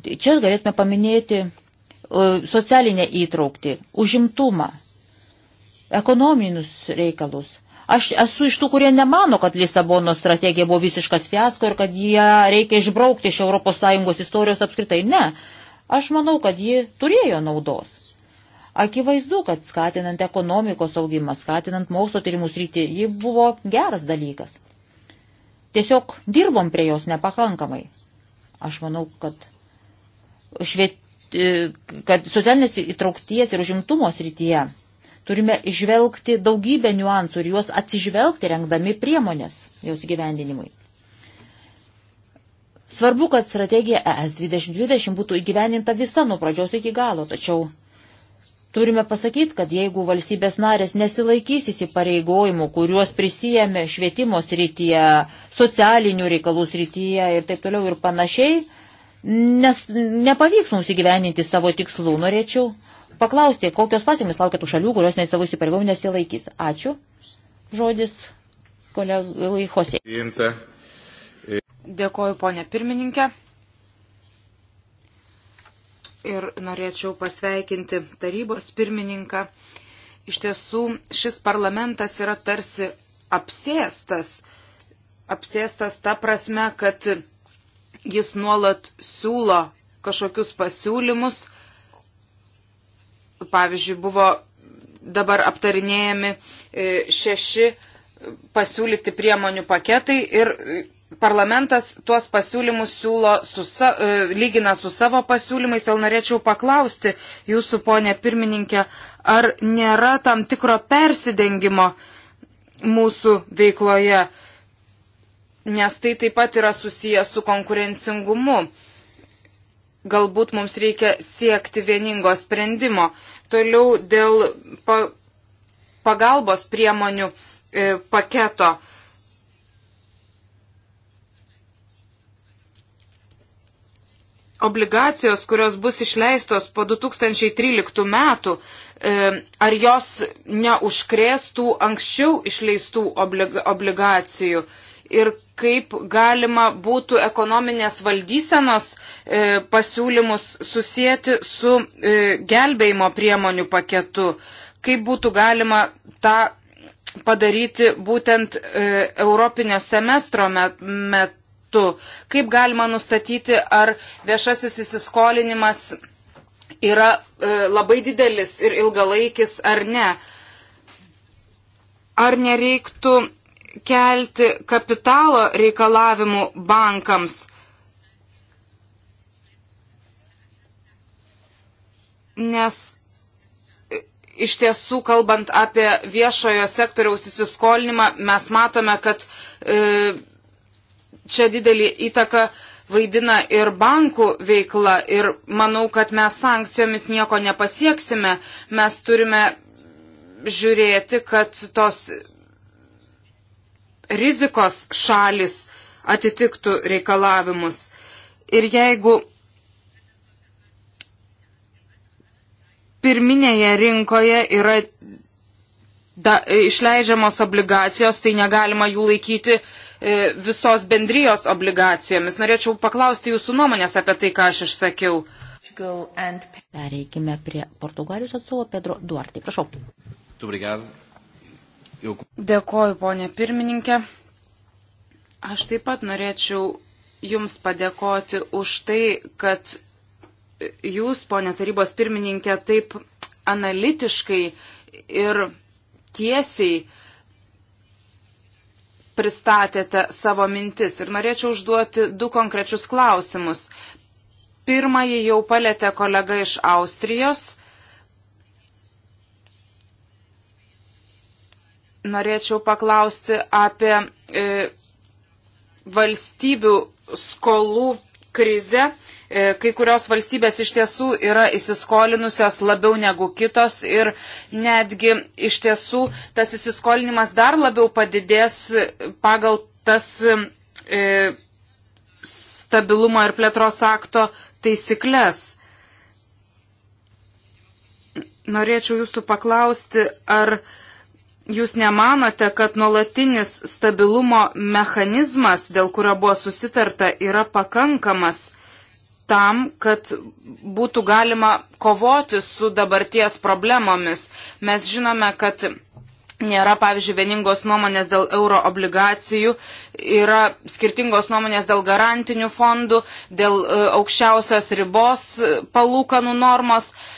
Čia galėtume paminėti socialinę įtraukti, užimtumą, ekonominius reikalus. Aš esu iš tų, kurie nemano, kad Lisabono strategija buvo visiškas fiasko ir kad ją reikia išbraukti iš ES istorijos apskritai. Ne, aš manau, kad ji turėjo naudos. Akivaizdu, kad skatinant ekonomikos augimą, skatinant mokslo tyrimus rytį, ji buvo geras dalykas. Tiesiog dirbom prie jos nepakankamai. Aš manau, kad švietimas E, kad socialinės įtraukties ir užimtumo srityje turime žvelgti daugybę niuansų ir juos atsižvelgti rengdami priemonės jos gyvendinimui. Svarbu, kad strategija ES 2020 būtų įgyveninta visa nuo pradžios iki galo, tačiau turime pasakyti, kad jeigu valstybės narės nesilaikys įsipareigojimų, kuriuos prisijėmė švietimo srityje, socialinių reikalų srityje ir taip toliau ir panašiai, nes nepavyks mums įgyveninti savo tikslų. Norėčiau paklausti, kokios pasėmis laukia tų šalių, kurios nei savo įsipareigojimų nesilaikys. Ačiū. Žodis kolegai Hosė. Dėkoju, ponė pirmininkė. Ir norėčiau pasveikinti tarybos pirmininką. Iš tiesų, šis parlamentas yra tarsi apsėstas. Apsėstas ta prasme, kad Jis nuolat siūlo kažkokius pasiūlymus. Pavyzdžiui, buvo dabar aptarinėjami e, šeši pasiūlyti priemonių paketai ir e, parlamentas tuos pasiūlymus siūlo su sa, e, lygina su savo pasiūlymais, jau norėčiau paklausti jūsų, ponė pirmininkė, ar nėra tam tikro persidengimo mūsų veikloje nes tai taip pat yra susijęs su konkurencingumu. Galbūt mums reikia siekti vieningo sprendimo. Toliau dėl pa, pagalbos priemonių e, paketo. Obligacijos, kurios bus išleistos po 2013 metų, e, ar jos neužkrėstų anksčiau išleistų obliga obligacijų? E, ir kaip galima būtų ekonominės valdysenos e, pasiūlymus susijęti su e, gelbėjimo priemonių paketu, kaip būtų galima tą padaryti būtent e, Europinio semestro metu, kaip galima nustatyti, ar viešasis įsiskolinimas yra e, labai didelis ir ilgalaikis ar ne. Ar nereiktų kelti kapitalo reikalavimų bankams. Nes iš tiesų, kalbant apie viešojo sektoriaus įsiskolinimą, mes matome, kad e, čia didelį įtaką vaidina ir bankų veikla ir manau, kad mes sankcijomis nieko nepasieksime. Mes turime žiūrėti, kad tos rizikos šalis atitiktų reikalavimus. Ir jeigu pirminėje rinkoje yra da, išleidžiamos obligacijos, tai negalima jų laikyti e, visos bendrijos obligacijomis. Norėčiau paklausti jūsų nuomonės apie tai, ką aš išsakiau. Pereikime prie Portugalijos atstovo Pedro Duartį. Prašau. Obrigado. Dėkoju, ponė pirmininkė. Aš taip pat norėčiau Jums padėkoti už tai, kad Jūs, ponė tarybos pirmininkė, taip analitiškai ir tiesiai pristatėte savo mintis. Ir norėčiau užduoti du konkrečius klausimus. Pirmąjį jau palėtė kolega iš Austrijos norėčiau paklausti apie e, valstybių skolų krizę. E, kai kurios valstybės iš tiesų yra įsiskolinusios labiau negu kitos ir netgi iš tiesų tas įsiskolinimas dar labiau padidės pagal tas e, stabilumo ir plėtros akto taisyklės. Norėčiau jūsų paklausti, ar e, jūs nemanote, kad nuolatinis stabilumo mechanizmas, dėl kurio buvo susitarta, yra pakankamas tam, kad būtų galima kovoti su dabarties problemomis? Mes žinome, kad nėra, pavyzdžiui, vieningos nuomonės dėl euro obligacijų, yra skirtingos nuomonės dėl garantinių fondų, dėl e, aukščiausios ribos e, palūkanų normos. E,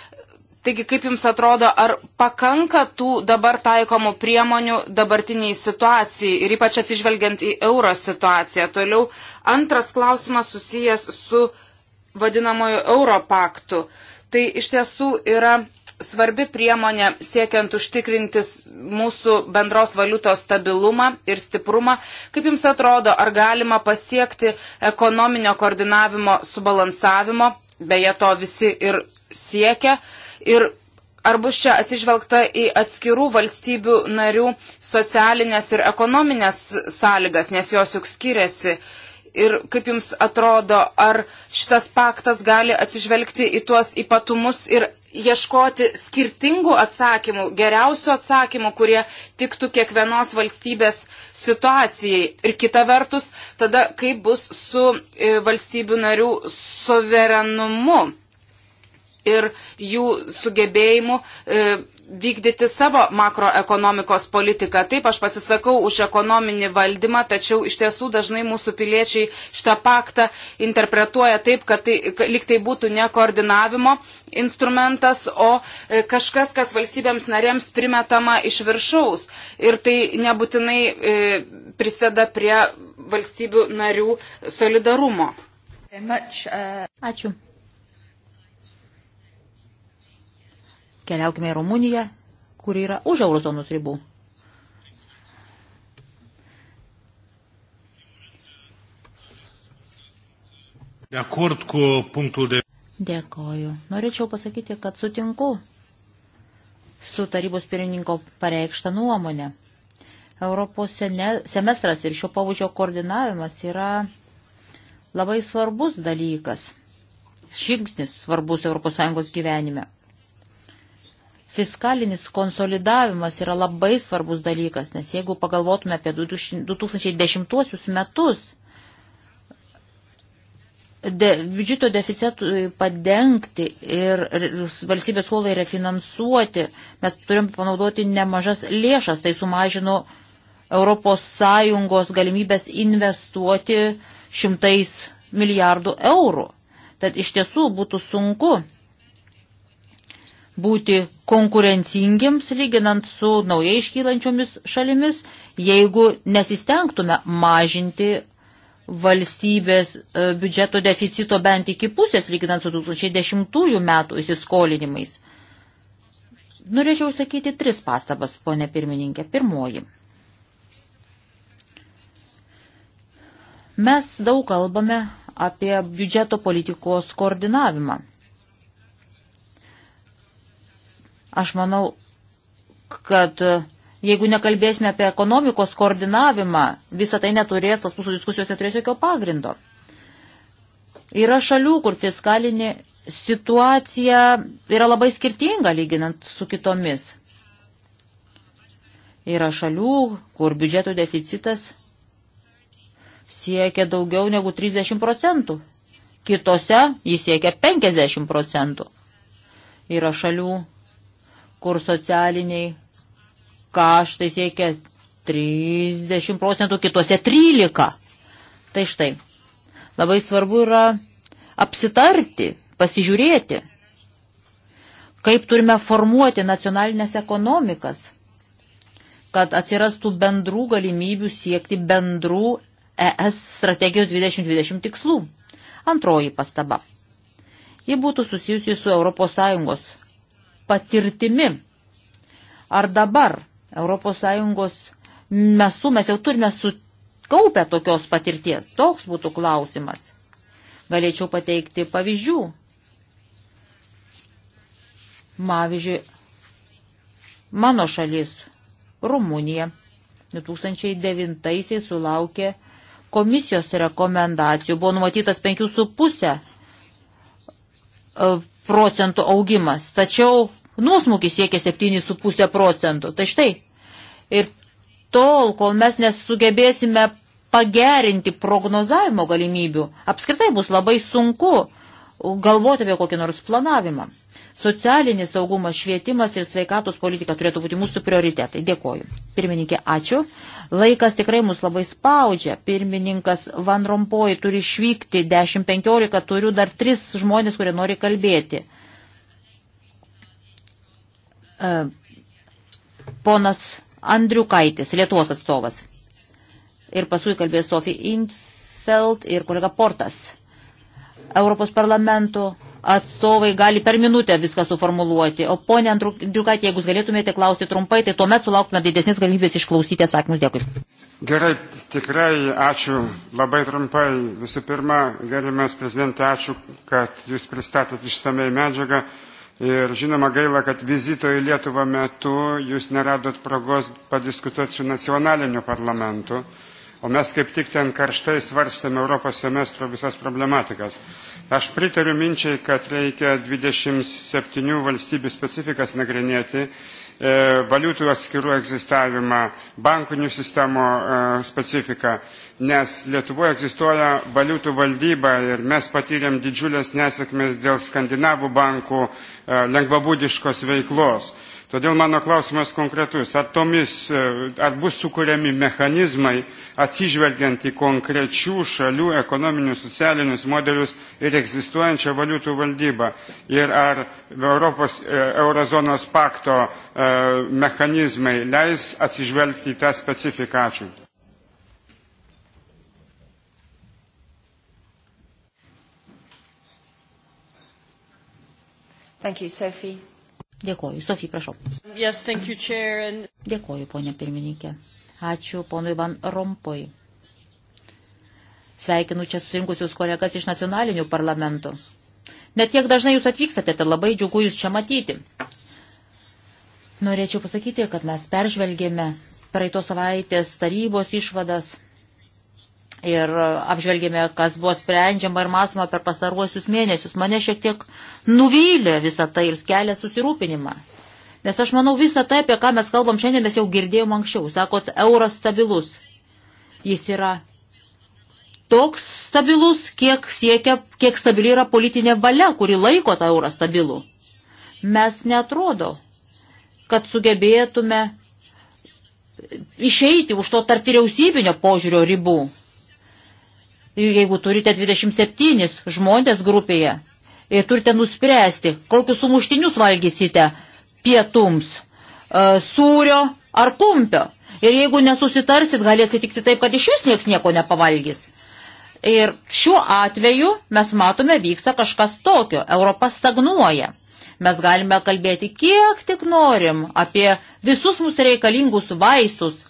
Taigi, kaip Jums atrodo, ar pakanka tų dabar taikomų priemonių dabartiniai situacijai ir ypač atsižvelgiant į euro situaciją? Toliau antras klausimas susijęs su vadinamoju Europaktu. Tai iš tiesų yra svarbi priemonė siekiant užtikrintis mūsų bendros valiutos stabilumą ir stiprumą. Kaip Jums atrodo, ar galima pasiekti ekonominio koordinavimo subalansavimo? Beje, to visi ir siekia ir ar bus čia atsižvelgta į atskirų valstybių narių socialinės ir ekonominės sąlygas, nes jos juk skiriasi. Ir kaip Jums atrodo, ar šitas paktas gali atsižvelgti į tuos ypatumus ir ieškoti skirtingų atsakymų, geriausių atsakymų, kurie tiktų kiekvienos valstybės situacijai. Ir kita vertus, tada kaip bus su e, valstybių narių suverenumu ir jų sugebėjimu e, vykdyti savo makroekonomikos politiką. Taip, aš pasisakau už ekonominį valdymą, tačiau iš tiesų dažnai mūsų piliečiai šitą paktą interpretuoja taip, kad tai, lyg tai būtų ne koordinavimo instrumentas, o e, kažkas, kas valstybėms narėms primetama iš viršaus. Ir tai nebūtinai e, prisėda prie valstybių narių solidarumo. Uh, Ačiū. Keliaukime į Rumuniją, kur yra už eurozonos ribų. Dėkoju. Norėčiau pasakyti, kad sutinku su tarybos pirinko pareikštą nuomonę. Europos semestras ir šio pavyzdžio koordinavimas yra labai svarbus dalykas, žingsnis svarbus ES gyvenime. Fiskalinis konsolidavimas yra labai svarbus dalykas, nes jeigu pagalvotume apie 2010 metus, de, biudžeto deficitui padengti ir, ir valstybės skolai refinansuoti, mes turim panaudoti nemažas lėšas, tai sumažino ES galimybės investuoti šimtais milijardų eurų. Tad iš tiesų būtų sunku būti konkurencingiams lyginant su naujai iškylančiomis šalimis, jeigu nesistengtume mažinti valstybės e, biudžeto deficito bent iki pusės, lyginant su 2010 metų įsiskolinimais. Norėčiau sakyti tris pastabas, ponė pirmininkė. Pirmoji. Mes daug kalbame apie biudžeto politikos koordinavimą. Aš manau, kad e, jeigu nekalbėsime apie ekonomikos koordinavimą, visą tai neturės, tas mūsų diskusijos neturės jokio pagrindo. Yra šalių, kur fiskalinė situacija yra labai skirtinga lyginant su kitomis. Yra šalių, kur biudžeto deficitas siekia daugiau negu 30 procentų. Kitose jis siekia 50 procentų. Yra šalių, kur socialiniai kaštai siekia 30 procentų, kitose 13. Tai štai, labai svarbu yra apsitarti, pasižiūrėti, kaip turime formuoti nacionalinės ekonomikas, kad atsirastų bendrų galimybių siekti bendrų ES strategijos 2020 tikslų. Antroji pastaba. Ji būtų susijusi su ES patirtimi. Ar dabar ES mesu mes jau turime sukaupę tokios patirties? Toks būtų klausimas. Galėčiau pateikti pavyzdžių. Pavyzdžiui, mano šalis, Rumunija, 2009 sulaukė komisijos rekomendacijų. Buvo numatytas 5,5 e, procentų augimas. Tačiau nuosmukis siekia 7,5 procentų. Tai štai. Ir tol, kol mes nesugebėsime pagerinti prognozavimo galimybių, apskritai bus labai sunku galvoti apie kokį nors planavimą. Socialinis saugumas, švietimas ir sveikatos politika turėtų būti mūsų prioritetai. Dėkoju. Pirmininkė, ačiū. Laikas tikrai mus labai spaudžia. Pirmininkas Van Rompoji turi išvykti 10.15, turiu dar tris žmonės, kurie nori kalbėti. E, ponas Andriukaitis, Lietuvos atstovas. Ir paskui kalbėjo Sofija Infeld ir kolega Portas. Europos parlamento atstovai gali per minutę viską suformuluoti. O ponė Andriukaitė, jeigu galėtumėte klausti trumpai, tai tuomet sulauktume didesnės galimybės išklausyti atsakymus. Dėkui. Gerai, tikrai ačiū labai trumpai. Visų pirma, gerimas prezidentė, ačiū, kad jūs pristatėt išsamei medžiagą. Ir žinoma gaila, kad vizito į Lietuvą metu jūs neradot progos padiskutuoti su nacionaliniu parlamentu, o mes kaip tik ten karštai svarstame Europos semestro visas problematikas. Aš pritariu minčiai, kad reikia 27 valstybių specifikas nagrinėti E, valiutų atskirų egzistavimą, bankinių sistemo e, specifiką, nes Lietuvoje egzistuoja valiutų valdyba ir mes patyrėm didžiulės nesėkmės dėl skandinavų bankų e, lengvabūdiškos veiklos. Todėl mano klausimas konkretus, ar, tomis, e, ar bus sukūriami mechanizmai atsižvelgiant į konkrečių šalių ekonominius, socialinius modelius ir egzistuojančią valiutų valdybą. Ir ar Europos e, eurozonos pakto e, mechanizmai leis atsižvelgti į tą specifiką. Ačiū. Thank you, Sophie. Dėkoju. Sofija, prašau. Yes, thank you, chair, and... Dėkoju, ponė pirmininkė. Ačiū ponui Van Rompoj. Sveikinu čia susirinkusius kolegas iš nacionalinių parlamentų. Net tiek dažnai jūs atvykstate, tai labai džiugu jūs čia matyti. Norėčiau pasakyti, kad mes peržvelgėme praeitos savaitės tarybos išvadas ir e, apžvelgėme, kas buvo sprendžiama ir mąstoma per pastaruosius mėnesius. Mane šiek tiek nuvylė visą tai ir kelia susirūpinimą. Nes aš manau, visą tai, apie ką mes kalbam šiandien, mes jau girdėjom anksčiau. Sakot, euras stabilus. Jis yra toks stabilus, kiek, siekia, kiek stabili yra politinė valia, kuri laiko tą eurą stabilų. Mes netrodo, kad sugebėtume išeiti už to tarp vyriausybinio požiūrio ribų jeigu turite 27 žmonės grupėje ir turite nuspręsti, kokius sumuštinius valgysite pietums, e, sūrio ar kumpio. Ir jeigu nesusitarsit, gali atsitikti taip, kad iš vis nieks nieko nepavalgys. Ir šiuo atveju mes matome vyksta kažkas tokio. Europa stagnuoja. Mes galime kalbėti kiek tik norim apie visus mūsų reikalingus vaistus,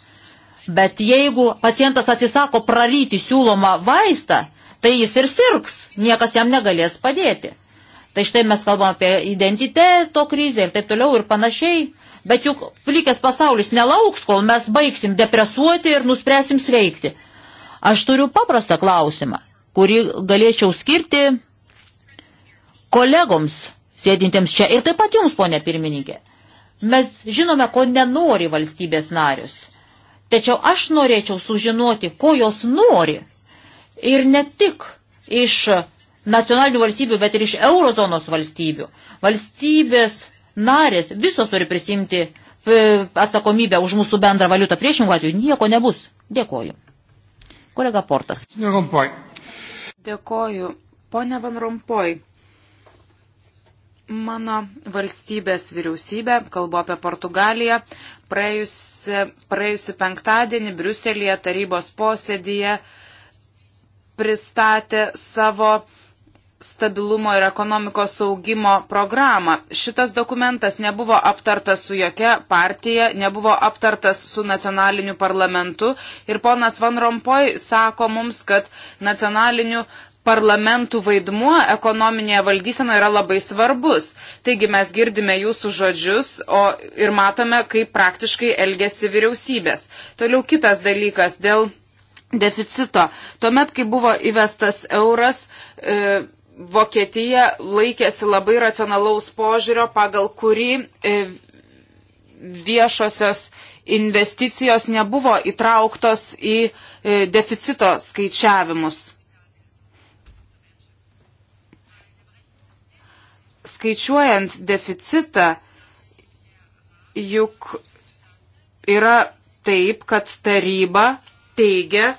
Bet jeigu pacientas atsisako praryti siūlomą vaistą, tai jis ir sirgs, niekas jam negalės padėti. Tai štai mes kalbam apie identiteto krizę ir taip toliau ir panašiai. Bet juk likęs pasaulis nelauks, kol mes baigsim depresuoti ir nuspręsim sveikti. Aš turiu paprastą klausimą, kurį galėčiau skirti kolegoms sėdintiems čia ir taip pat jums, ponė pirmininkė. Mes žinome, ko nenori valstybės narius. Tačiau aš norėčiau sužinoti, ko jos nori. Ir ne tik iš nacionalinių valstybių, bet ir iš eurozonos valstybių. Valstybės narės visos turi prisimti e, atsakomybę už mūsų bendrą valiutą. Priešingų atveju nieko nebus. Dėkoju. Kolega Portas. Dėkoju. Pone Van Rompoj, mano valstybės vyriausybė, kalbu apie Portugaliją, Praėjusi, praėjusi penktadienį Briuselėje tarybos posėdėje pristatė savo stabilumo ir ekonomikos saugimo programą. Šitas dokumentas nebuvo aptartas su jokia partija, nebuvo aptartas su nacionaliniu parlamentu ir ponas Van Rompoj sako mums, kad nacionaliniu parlamentų vaidmuo ekonominėje valdysenoje yra labai svarbus. Taigi mes girdime jūsų žodžius o, ir matome, kaip praktiškai elgesi vyriausybės. Toliau kitas dalykas dėl deficito. Tuomet, kai buvo įvestas euras, e, Vokietija laikėsi labai racionalaus požiūrio, pagal kurį e, viešosios investicijos nebuvo įtrauktos į e, deficito skaičiavimus. skaičiuojant deficitą, juk yra taip, kad taryba teigia,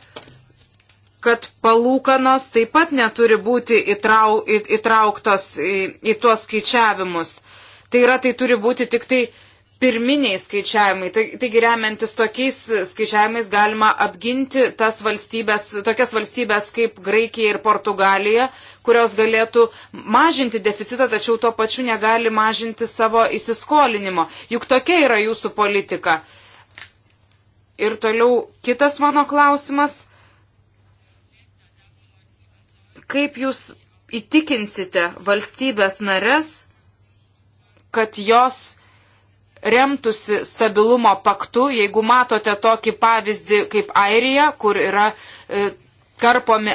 kad palūkanos taip pat neturi būti įtrau, įtrauktos į, į tuos skaičiavimus. Tai yra, tai turi būti tik tai pirminiai skaičiavimai. Tai, taigi remiantis tokiais skaičiavimais galima apginti tas valstybės, tokias valstybės kaip Graikija ir Portugalija, kurios galėtų mažinti deficitą, tačiau tuo pačiu negali mažinti savo įsiskolinimo. Juk tokia yra jūsų politika. Ir toliau kitas mano klausimas. Kaip jūs įtikinsite valstybės nares, kad jos remtusi stabilumo paktu, jeigu matote tokį pavyzdį kaip Airija, kur yra e, karpomi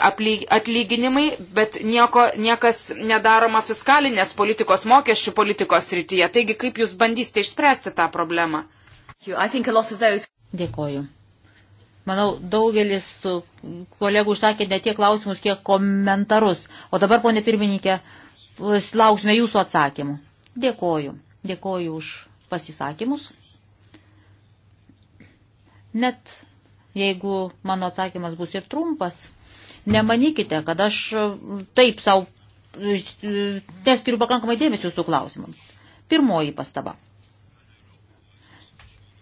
atlyginimai, bet nieko, niekas nedaroma fiskalinės politikos, mokesčių politikos rytyje. Taigi, kaip jūs bandysite išspręsti tą problemą? Dėkoju. Manau, daugelis kolegų užsakė ne tiek klausimus, kiek komentarus. O dabar, ponė pirmininkė, lauksime jūsų atsakymų. Dėkoju. Dėkoju už pasisakymus. Net jeigu mano atsakymas bus ir trumpas, nemanykite, kad aš e, taip savo neskiriu pakankamai dėmesio jūsų klausimams. Pirmoji pastaba.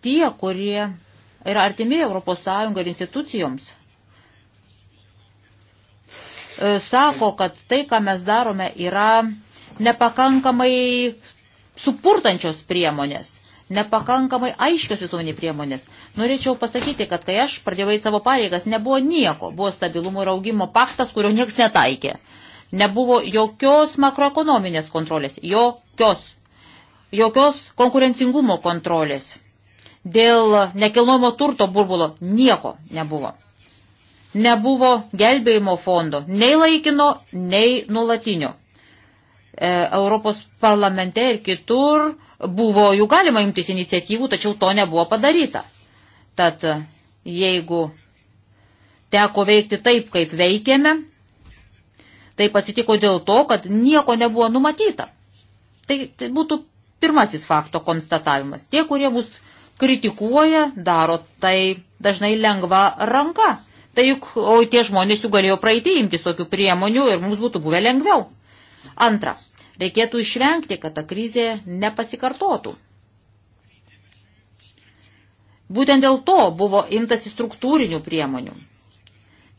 Tie, kurie yra artimi Europos Sąjunga ir institucijoms, e, sako, kad tai, ką mes darome, yra nepakankamai supurtančios priemonės, nepakankamai aiškios visuomenė priemonės. Norėčiau pasakyti, kad kai aš pradėjau eiti savo pareigas, nebuvo nieko, buvo stabilumo ir augimo paktas, kurio niekas netaikė. Nebuvo jokios makroekonominės kontrolės, jokios, jokios konkurencingumo kontrolės. Dėl nekilnojimo turto burbulo nieko nebuvo. Nebuvo gelbėjimo fondo, nei laikino, nei nulatinio E, Europos parlamente ir kitur buvo jų galima imtis iniciatyvų, tačiau to nebuvo padaryta. Tad jeigu teko veikti taip, kaip veikėme, taip atsitiko dėl to, kad nieko nebuvo numatyta. Tai, tai būtų pirmasis fakto konstatavimas. Tie, kurie mus kritikuoja, daro tai dažnai lengva ranka. Tai juk, o tie žmonės jau galėjo praeitį imtis tokių priemonių ir mums būtų buvę lengviau. Antra, reikėtų išvengti, kad ta krizė nepasikartotų. Būtent dėl to buvo imtasi struktūrinių priemonių.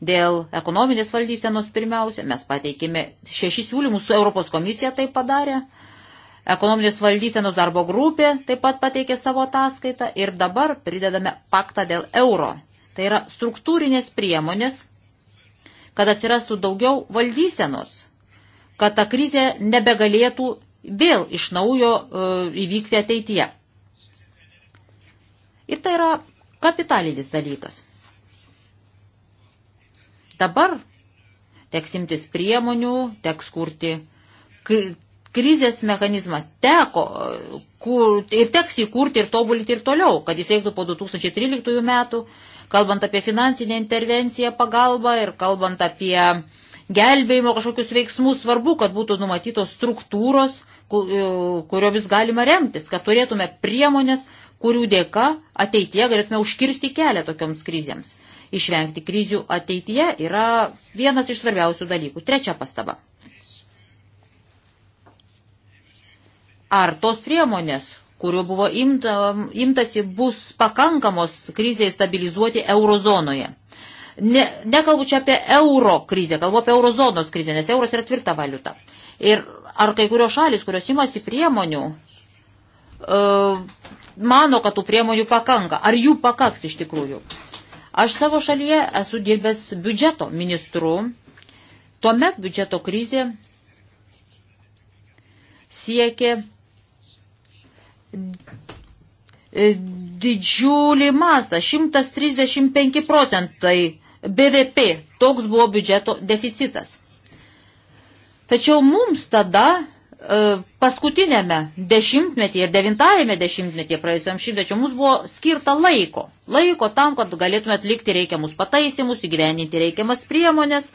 Dėl ekonominės valdysenos pirmiausia, mes pateikėme šešis siūlymus, su Europos komisija tai padarė, ekonominės valdysenos darbo grupė taip pat pateikė savo ataskaitą ir dabar pridedame paktą dėl euro. Tai yra struktūrinės priemonės, kad atsirastų daugiau valdysenos kad ta krizė nebegalėtų vėl iš naujo e, įvykti ateityje. Ir tai yra kapitalinis dalykas. Dabar teks imtis priemonių, teks kurti krizės mechanizmą teko e, kur, ir teks įkurti ir tobulinti ir toliau, kad jis veiktų po 2013 metų, kalbant apie finansinę intervenciją, pagalbą ir kalbant apie uh, gelbėjimo kažkokius veiksmus, svarbu, kad būtų numatytos struktūros, e, kuriomis galima remtis, kad turėtume priemonės, kurių dėka ateityje galėtume užkirsti kelią tokioms krizėms. Išvengti krizių ateityje yra vienas iš svarbiausių dalykų. Trečia pastaba. Ar tos priemonės, kuriuo buvo imta, imtasi, bus pakankamos kriziai stabilizuoti eurozonoje? Ne, nekalbu čia apie euro krizę, kalbu apie eurozonos krizę, nes euros yra tvirta valiuta. Ir ar kai kurios šalis, kurios imasi priemonių, e, mano, kad tų priemonių pakanka. Ar jų pakaks iš tikrųjų? Aš savo šalyje esu dirbęs biudžeto ministru. Tuomet biudžeto krizė siekė didžiulį mastą. 135 procentai BVP. Toks buvo biudžeto deficitas. Tačiau mums tada e, paskutinėme dešimtmetyje ir devintajame dešimtmetyje praėjusiam šimtmečiu mums buvo skirta laiko. Laiko tam, kad galėtume atlikti reikiamus pataisimus, įgyveninti reikiamas priemonės,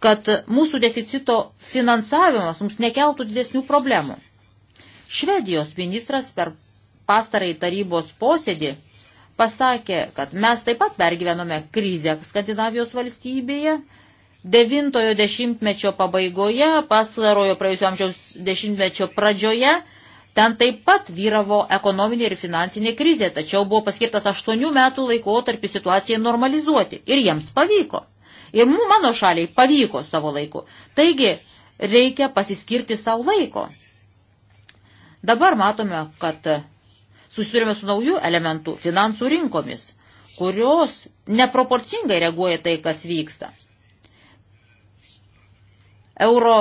kad mūsų deficito finansavimas mums nekeltų didesnių problemų. Švedijos ministras per pastarąjį tarybos posėdį pasakė, kad mes taip pat pergyvenome krizę Skandinavijos valstybėje. Devintojo dešimtmečio pabaigoje, pastarojo praėjusio amžiaus dešimtmečio pradžioje, ten taip pat vyravo ekonominė ir finansinė krizė, tačiau buvo paskirtas aštuonių metų laikotarpį situacijai normalizuoti. Ir jiems pavyko. Ir mano šaliai pavyko savo laiku. Taigi, reikia pasiskirti savo laiko. Dabar matome, kad susidurime su nauju elementu - finansų rinkomis, kurios neproporcingai reaguoja tai, kas vyksta. Euro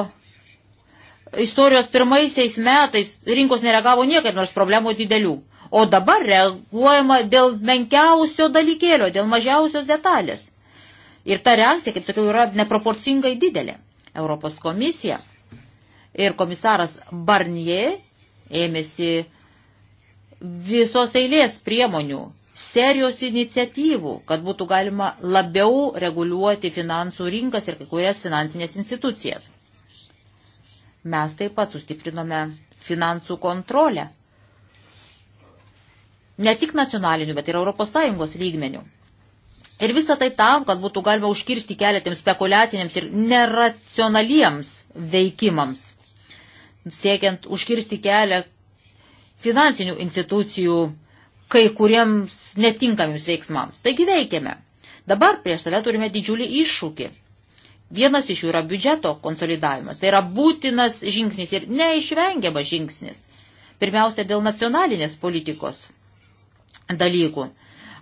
istorijos pirmaisiais metais rinkos nereagavo niekaip, nors problemų didelių. O dabar reaguojama dėl menkiausio dalykėlio, dėl mažiausios detalės. Ir ta reakcija, kaip sakiau, yra neproporcingai didelė. Europos komisija ir komisaras Barnier ėmėsi visos eilės priemonių, serijos iniciatyvų, kad būtų galima labiau reguliuoti finansų rinkas ir kai kurias finansinės institucijas. Mes taip pat sustiprinome finansų kontrolę. Ne tik nacionaliniu, bet ir ES lygmeniu. Ir visą tai tam, kad būtų galima užkirsti keliatiems spekuliaciniams ir neracionaliems veikimams, siekiant užkirsti kelią finansinių institucijų kai kuriems netinkamiams veiksmams. Taigi veikiame. Dabar prieš save turime didžiulį iššūkį. Vienas iš jų yra biudžeto konsolidavimas. Tai yra būtinas žingsnis ir neišvengiamas žingsnis. Pirmiausia, dėl nacionalinės politikos dalykų.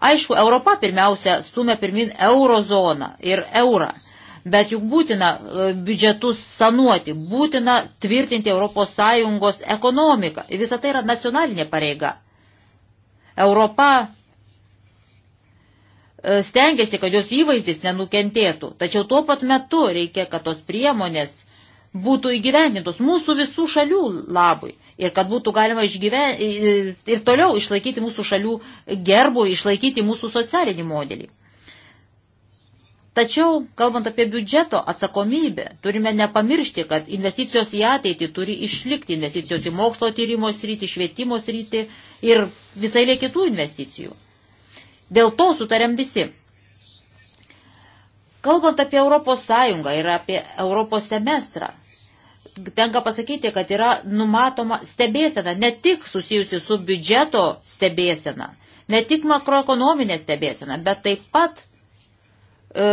Aišku, Europa pirmiausia stumia pirmin eurozoną ir eurą. Bet juk būtina e, biudžetus sanuoti, būtina tvirtinti ES ekonomiką. Visą tai yra nacionalinė pareiga. Europa e, stengiasi, kad jos įvaizdis nenukentėtų. Tačiau tuo pat metu reikia, kad tos priemonės būtų įgyvendintos mūsų visų šalių labui ir kad būtų galima išgyven... ir toliau išlaikyti mūsų šalių gerbų, išlaikyti mūsų socialinį modelį. Tačiau, kalbant apie biudžeto atsakomybę, turime nepamiršti, kad investicijos į ateitį turi išlikti investicijos į mokslo tyrimo sritį, švietimo sritį ir visai lė kitų investicijų. Dėl to sutarėm visi. Kalbant apie Europos Sąjungą ir apie Europos semestrą, tenka pasakyti, kad yra numatoma stebėsena, ne tik susijusi su biudžeto stebėsena, ne tik makroekonominė stebėsena, bet taip pat E,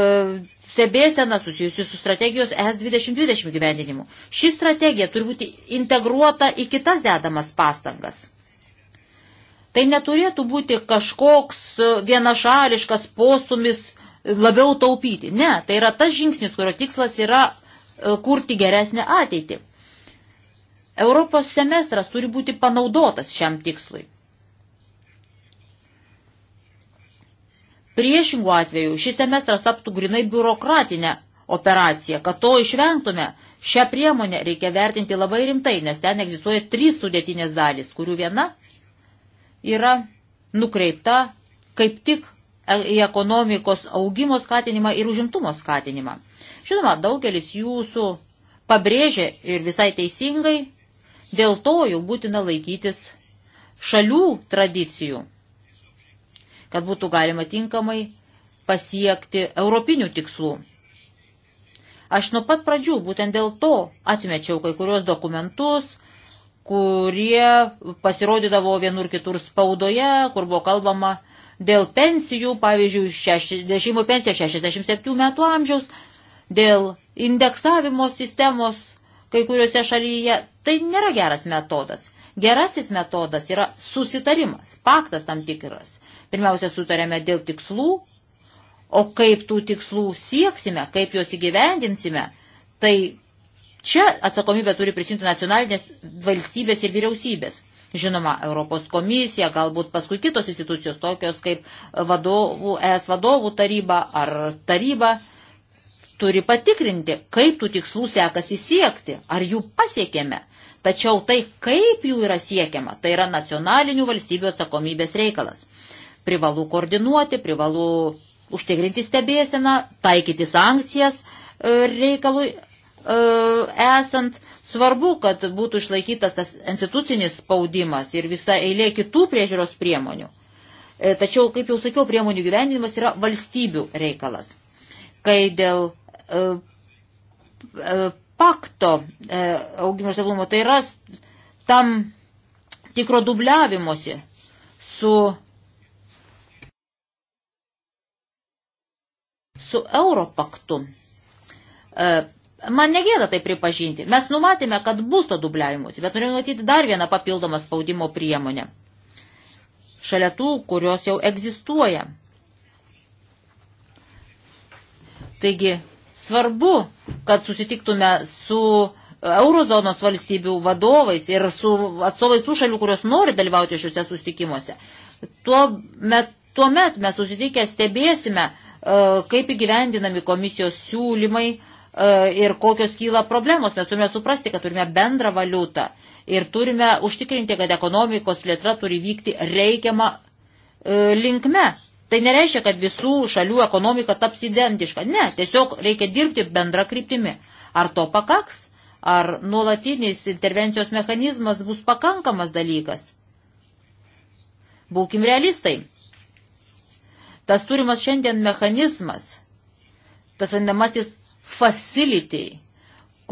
stebėsena susijusi su strategijos ES 2020 gyvendinimu. Ši strategija turi būti integruota į kitas dedamas pastangas. Tai neturėtų būti kažkoks e, vienašališkas postumis labiau taupyti. Ne, tai yra tas žingsnis, kurio tikslas yra e, kurti geresnę ateitį. Europos semestras turi būti panaudotas šiam tikslui. Priešingų atveju šis semestras taptų grinai biurokratinę operaciją. Kad to išvengtume, šią priemonę reikia vertinti labai rimtai, nes ten egzistuoja trys sudėtinės dalys, kurių viena yra nukreipta kaip tik į ekonomikos augimo skatinimą ir užimtumo skatinimą. Žinoma, daugelis jūsų pabrėžė ir visai teisingai, dėl to jau būtina laikytis šalių tradicijų kad būtų galima tinkamai pasiekti europinių tikslų. Aš nuo pat pradžių būtent dėl to atmečiau kai kurios dokumentus, kurie pasirodydavo vienur kitur spaudoje, kur buvo kalbama dėl pensijų, pavyzdžiui, dešimų pensija 67 metų amžiaus, dėl indeksavimo sistemos kai kuriuose šalyje. Tai nėra geras metodas. Gerasis metodas yra susitarimas, paktas tam tikras, Pirmiausia, sutarėme dėl tikslų, o kaip tų tikslų sieksime, kaip juos įgyvendinsime, tai čia atsakomybę turi prisimti nacionalinės valstybės ir vyriausybės. Žinoma, Europos komisija, galbūt paskui kitos institucijos, tokios kaip vadovų, ES vadovų taryba ar taryba, turi patikrinti, kaip tų tikslų sekasi siekti, ar jų pasiekėme. Tačiau tai, kaip jų yra siekiama, tai yra nacionalinių valstybių atsakomybės reikalas. Privalu koordinuoti, privalu užtikrinti stebėseną, taikyti sankcijas e, reikalui e, esant. Svarbu, kad būtų išlaikytas tas institucinis spaudimas ir visa eilė kitų priežiūros priemonių. E, tačiau, kaip jau sakiau, priemonių gyvenimas yra valstybių reikalas. Kai dėl pakto augimo ir stabilumo tai yra tam tikro dubliavimosi su su Europaktu. E, man negėda tai pripažinti. Mes numatėme, kad bus to dubliavimus, bet norėjome matyti dar vieną papildomą spaudimo priemonę. Šalia tų, kurios jau egzistuoja. Taigi, svarbu, kad susitiktume su eurozonos valstybių vadovais ir su atstovais tų šalių, kurios nori dalyvauti šiuose susitikimuose. Tuo met, tuomet mes susitikę stebėsime, E, kaip įgyvendinami komisijos siūlymai e, ir kokios kyla problemos. Mes turime suprasti, kad turime bendrą valiutą ir turime užtikrinti, kad ekonomikos plėtra turi vykti reikiamą e, linkme. Tai nereiškia, kad visų šalių ekonomika taps identiška. Ne, tiesiog reikia dirbti bendrą kryptimį. Ar to pakaks? Ar nuolatinis intervencijos mechanizmas bus pakankamas dalykas? Būkim realistai. Tas turimas šiandien mechanizmas, tas vadinamasis facility,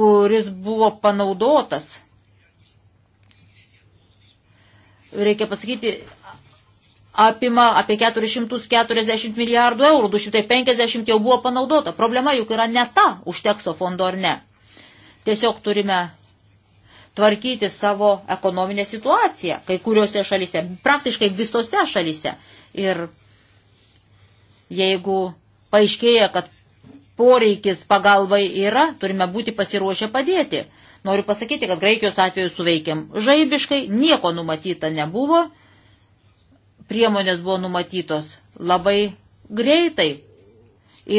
kuris buvo panaudotas, reikia pasakyti, apima apie 440 milijardų eurų, 250 jau buvo panaudota. Problema juk yra ne ta užtekso fondo ar ne. Tiesiog turime tvarkyti savo ekonominę situaciją kai kuriuose šalyse, praktiškai visose šalyse. Ir Jeigu paaiškėja, kad poreikis pagalbai yra, turime būti pasiruošę padėti. Noriu pasakyti, kad Graikijos atveju suveikėm žaibiškai, nieko numatyta nebuvo, priemonės buvo numatytos labai greitai.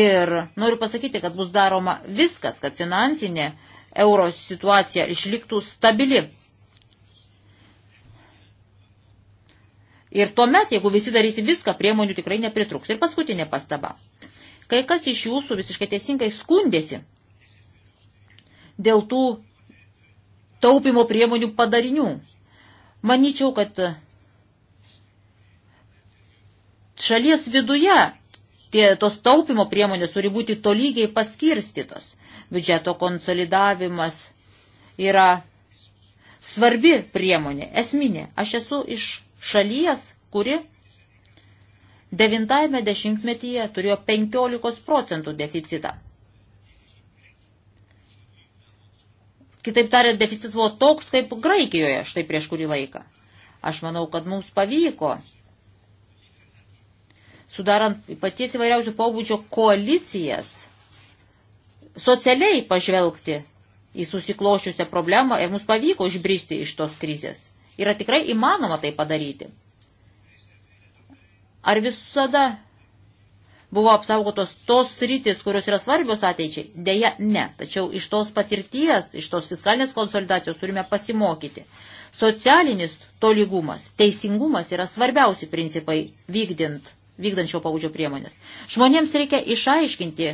Ir noriu pasakyti, kad bus daroma viskas, kad finansinė euro situacija išliktų stabili. Ir tuomet, jeigu visi darys viską, priemonių tikrai nepritruks. Ir paskutinė pastaba. Kai kas iš jūsų visiškai teisingai skundėsi dėl tų taupimo priemonių padarinių. Manyčiau, kad šalies viduje tie, tos taupimo priemonės turi būti tolygiai paskirstytos. Biudžeto konsolidavimas yra svarbi priemonė, esminė. Aš esu iš šalies, kuri 90-metyje turėjo 15 procentų deficitą. Kitaip tariant, deficitas buvo toks kaip Graikijoje štai prieš kurį laiką. Aš manau, kad mums pavyko, sudarant paties įvairiausių pobūdžio koalicijas, socialiai pažvelgti į susiklošiusią problemą ir mums pavyko išbristi iš tos krizės. Yra tikrai įmanoma tai padaryti. Ar visada buvo apsaugotos tos sritis, kurios yra svarbios ateičiai? Deja, ne. Tačiau iš tos patirties, iš tos fiskalinės konsolidacijos turime pasimokyti. Socialinis tolygumas, teisingumas yra svarbiausi principai vykdint, vykdančio pavyzdžio priemonės. Žmonėms reikia išaiškinti,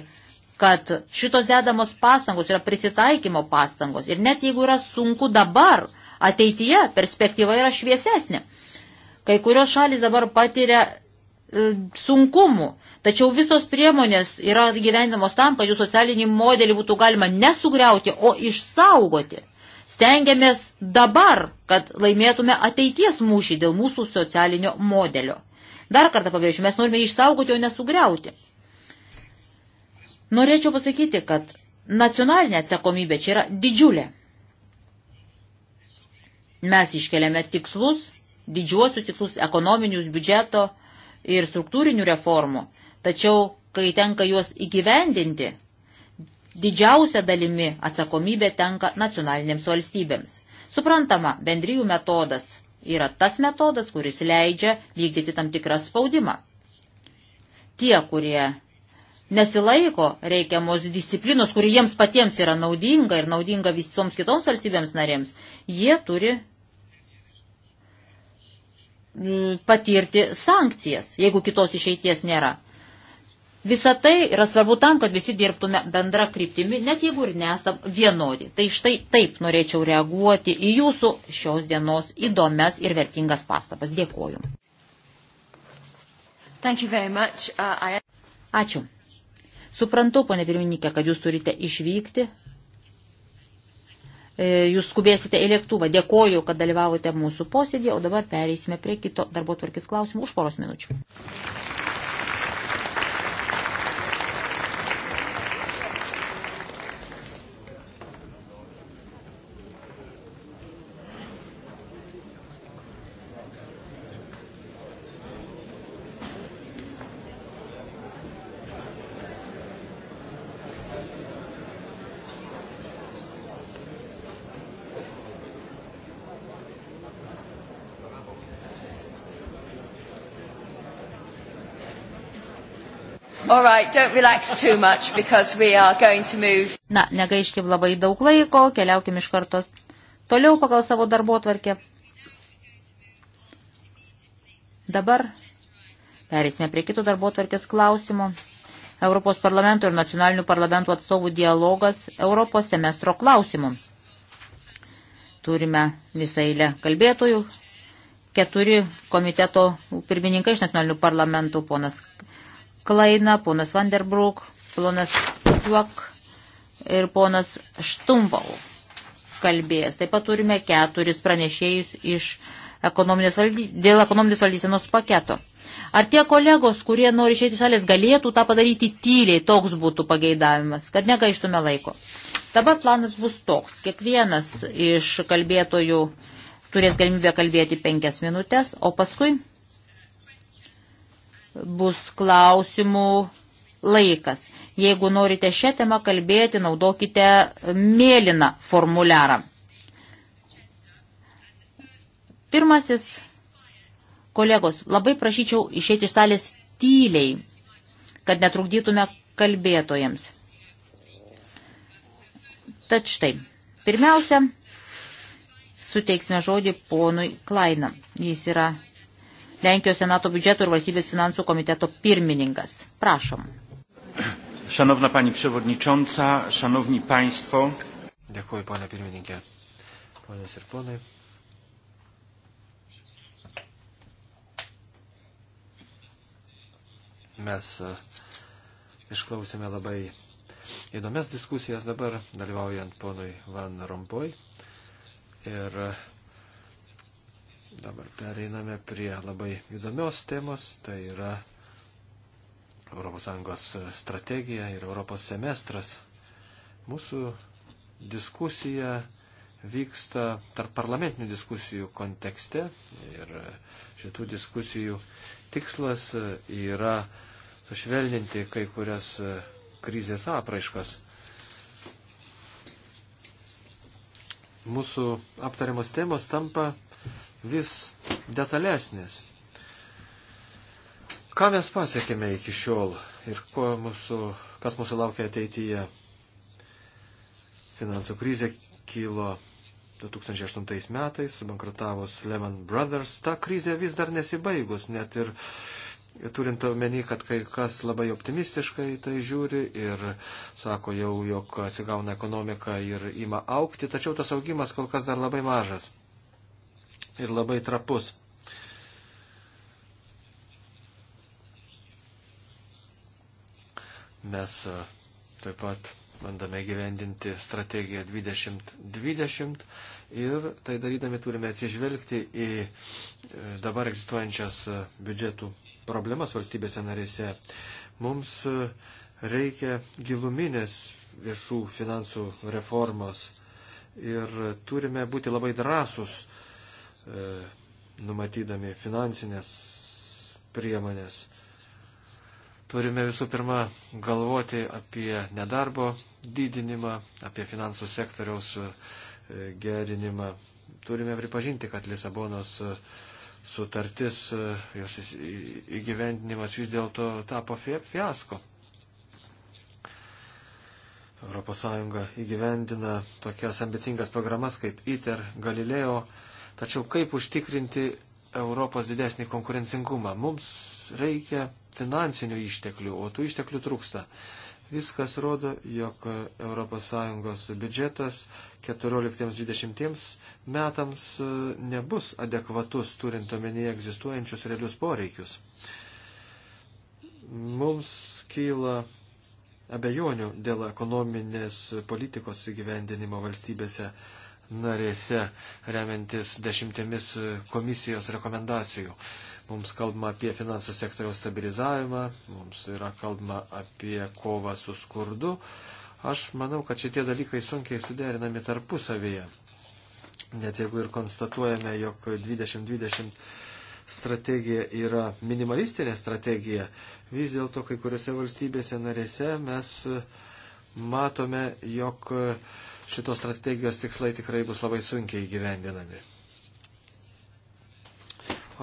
kad šitos dedamos pastangos yra prisitaikymo pastangos. Ir net jeigu yra sunku dabar, ateityje perspektyva yra šviesesnė. Kai kurios šalis dabar patiria e, sunkumų. Tačiau visos priemonės yra gyvendamos tam, kad jų socialinį modelį būtų galima nesugriauti, o išsaugoti. Stengiamės dabar, kad laimėtume ateities mūšį dėl mūsų socialinio modelio. Dar kartą pabrėžiu, mes norime išsaugoti, o nesugriauti. Norėčiau pasakyti, kad nacionalinė atsakomybė čia yra didžiulė. Mes iškeliame tikslus, didžiuosius tikslus, ekonominius biudžeto ir struktūrinių reformų, tačiau, kai tenka juos įgyvendinti, didžiausia dalimi atsakomybė tenka nacionalinėms valstybėms. Suprantama, bendrijų metodas yra tas metodas, kuris leidžia vykdyti tam tikrą spaudimą. Tie, kurie nesilaiko reikiamos disciplinos, kuri jiems patiems yra naudinga ir naudinga visoms kitoms valstybėms narėms, jie turi Mm, patirti sankcijas, jeigu kitos išeities nėra. Visą tai yra svarbu tam, kad visi dirbtume bendra kryptimi, net jeigu ir nesam vienodi. Tai štai taip norėčiau reaguoti į jūsų šios dienos įdomias ir vertingas pastabas. Dėkuoju. Uh, I... Ačiū. Suprantu, ponė pirmininkė, kad jūs turite išvykti, E, jūs skubėsite į lėktuvą. Dėkoju, kad dalyvavote mūsų posėdėje, o dabar pereisime prie kito darbo tvarkės klausimų už poros minučių. All right, don't relax too much because we are going to move. Na, negaiškim labai daug laiko, keliaukim iš karto toliau pagal savo darbo tvarkę. Dabar perėsime prie kito darbo tvarkės klausimo. Europos parlamento ir nacionalinių parlamentų atstovų dialogas Europos semestro klausimu. Turime visą eilę kalbėtojų. Keturi komiteto pirmininkai iš nacionalinių parlamentų, ponas Klaina, ponas Vanderbruk, ponas Tuok ir ponas Štumbau kalbės. Taip pat turime keturis pranešėjus iš ekonominės valdy... dėl ekonominės valdysenos paketo. Ar tie kolegos, kurie nori išėti iš salės, galėtų tą padaryti tyliai, toks būtų pageidavimas, kad negaištume laiko. Dabar planas bus toks. Kiekvienas iš kalbėtojų turės galimybę kalbėti penkias minutės, o paskui bus klausimų laikas. Jeigu norite šią temą kalbėti, naudokite mėlyną formuliarą. Pirmasis, kolegos, labai prašyčiau išėti iš salės tyliai, kad netrukdytume kalbėtojams. Tad štai, pirmiausia, suteiksime žodį ponui Klainam. Jis yra Lenkijos Senato biudžeto ir valstybės finansų komiteto pirmininkas. Prašom. Szanowna Pani Przewodnicząca, Szanowni Państwo. Dziękuję Panie Pirmininkė. Ponios ir ponai. Mes e, išklausėme labai įdomias diskusijas dabar, dalyvaujant ponui Van Rompoj. Ir e, Dabar pereiname prie labai įdomios temos, tai yra ES strategija ir Europos semestras. Mūsų diskusija vyksta tarp parlamentinių diskusijų kontekste ir šitų diskusijų tikslas yra sušvelninti kai kurias krizės apraiškas. Mūsų aptariamos temos tampa vis detalesnės. Ką mes pasiekėme iki šiol ir mūsų, kas mūsų laukia ateityje? Finansų krizė kilo 2008 metais, subankrutavus Lehman Brothers. Ta krizė vis dar nesibaigus, net ir turint omeny, kad kai kas labai optimistiškai tai žiūri ir sako jau, jog atsigauna ekonomika ir ima aukti, tačiau tas augimas kol kas dar labai mažas ir labai trapus. Mes e, taip pat bandome gyvendinti strategiją 2020 ir tai darydami turime atsižvelgti į e, dabar egzistuojančias e, biudžetų problemas valstybėse narėse. Mums reikia giluminės viešų finansų reformos ir turime būti labai drąsus E, numatydami finansinės priemonės. Turime visų pirma galvoti apie nedarbo didinimą, apie finansų sektoriaus e, gerinimą. Turime pripažinti, kad Lisabonos e, sutartis, jos įgyvendinimas vis dėlto tapo fiasko. ES įgyvendina tokias ambicingas programas kaip ITER, Galileo, Tačiau kaip užtikrinti Europos didesnį konkurencingumą? Mums reikia finansinių išteklių, o tų išteklių trūksta. Viskas rodo, jog ES biudžetas 14-20 metams e, nebus adekvatus turint omenyje egzistuojančius realius poreikius. Mums kyla abejonių dėl ekonominės politikos įgyvendinimo valstybėse narėse, remiantis dešimtėmis komisijos rekomendacijų. Mums kalbama apie finansų sektoriaus stabilizavimą, mums yra kalbama apie kovą su skurdu. Aš manau, kad šitie dalykai sunkiai suderinami tarpusavėje. Net jeigu ir konstatuojame, jog 2020 strategija yra minimalistinė strategija, vis dėlto kai kuriuose valstybėse narėse mes matome, jog uh, šitos strategijos tikslai tikrai bus labai sunkiai įgyvendinami.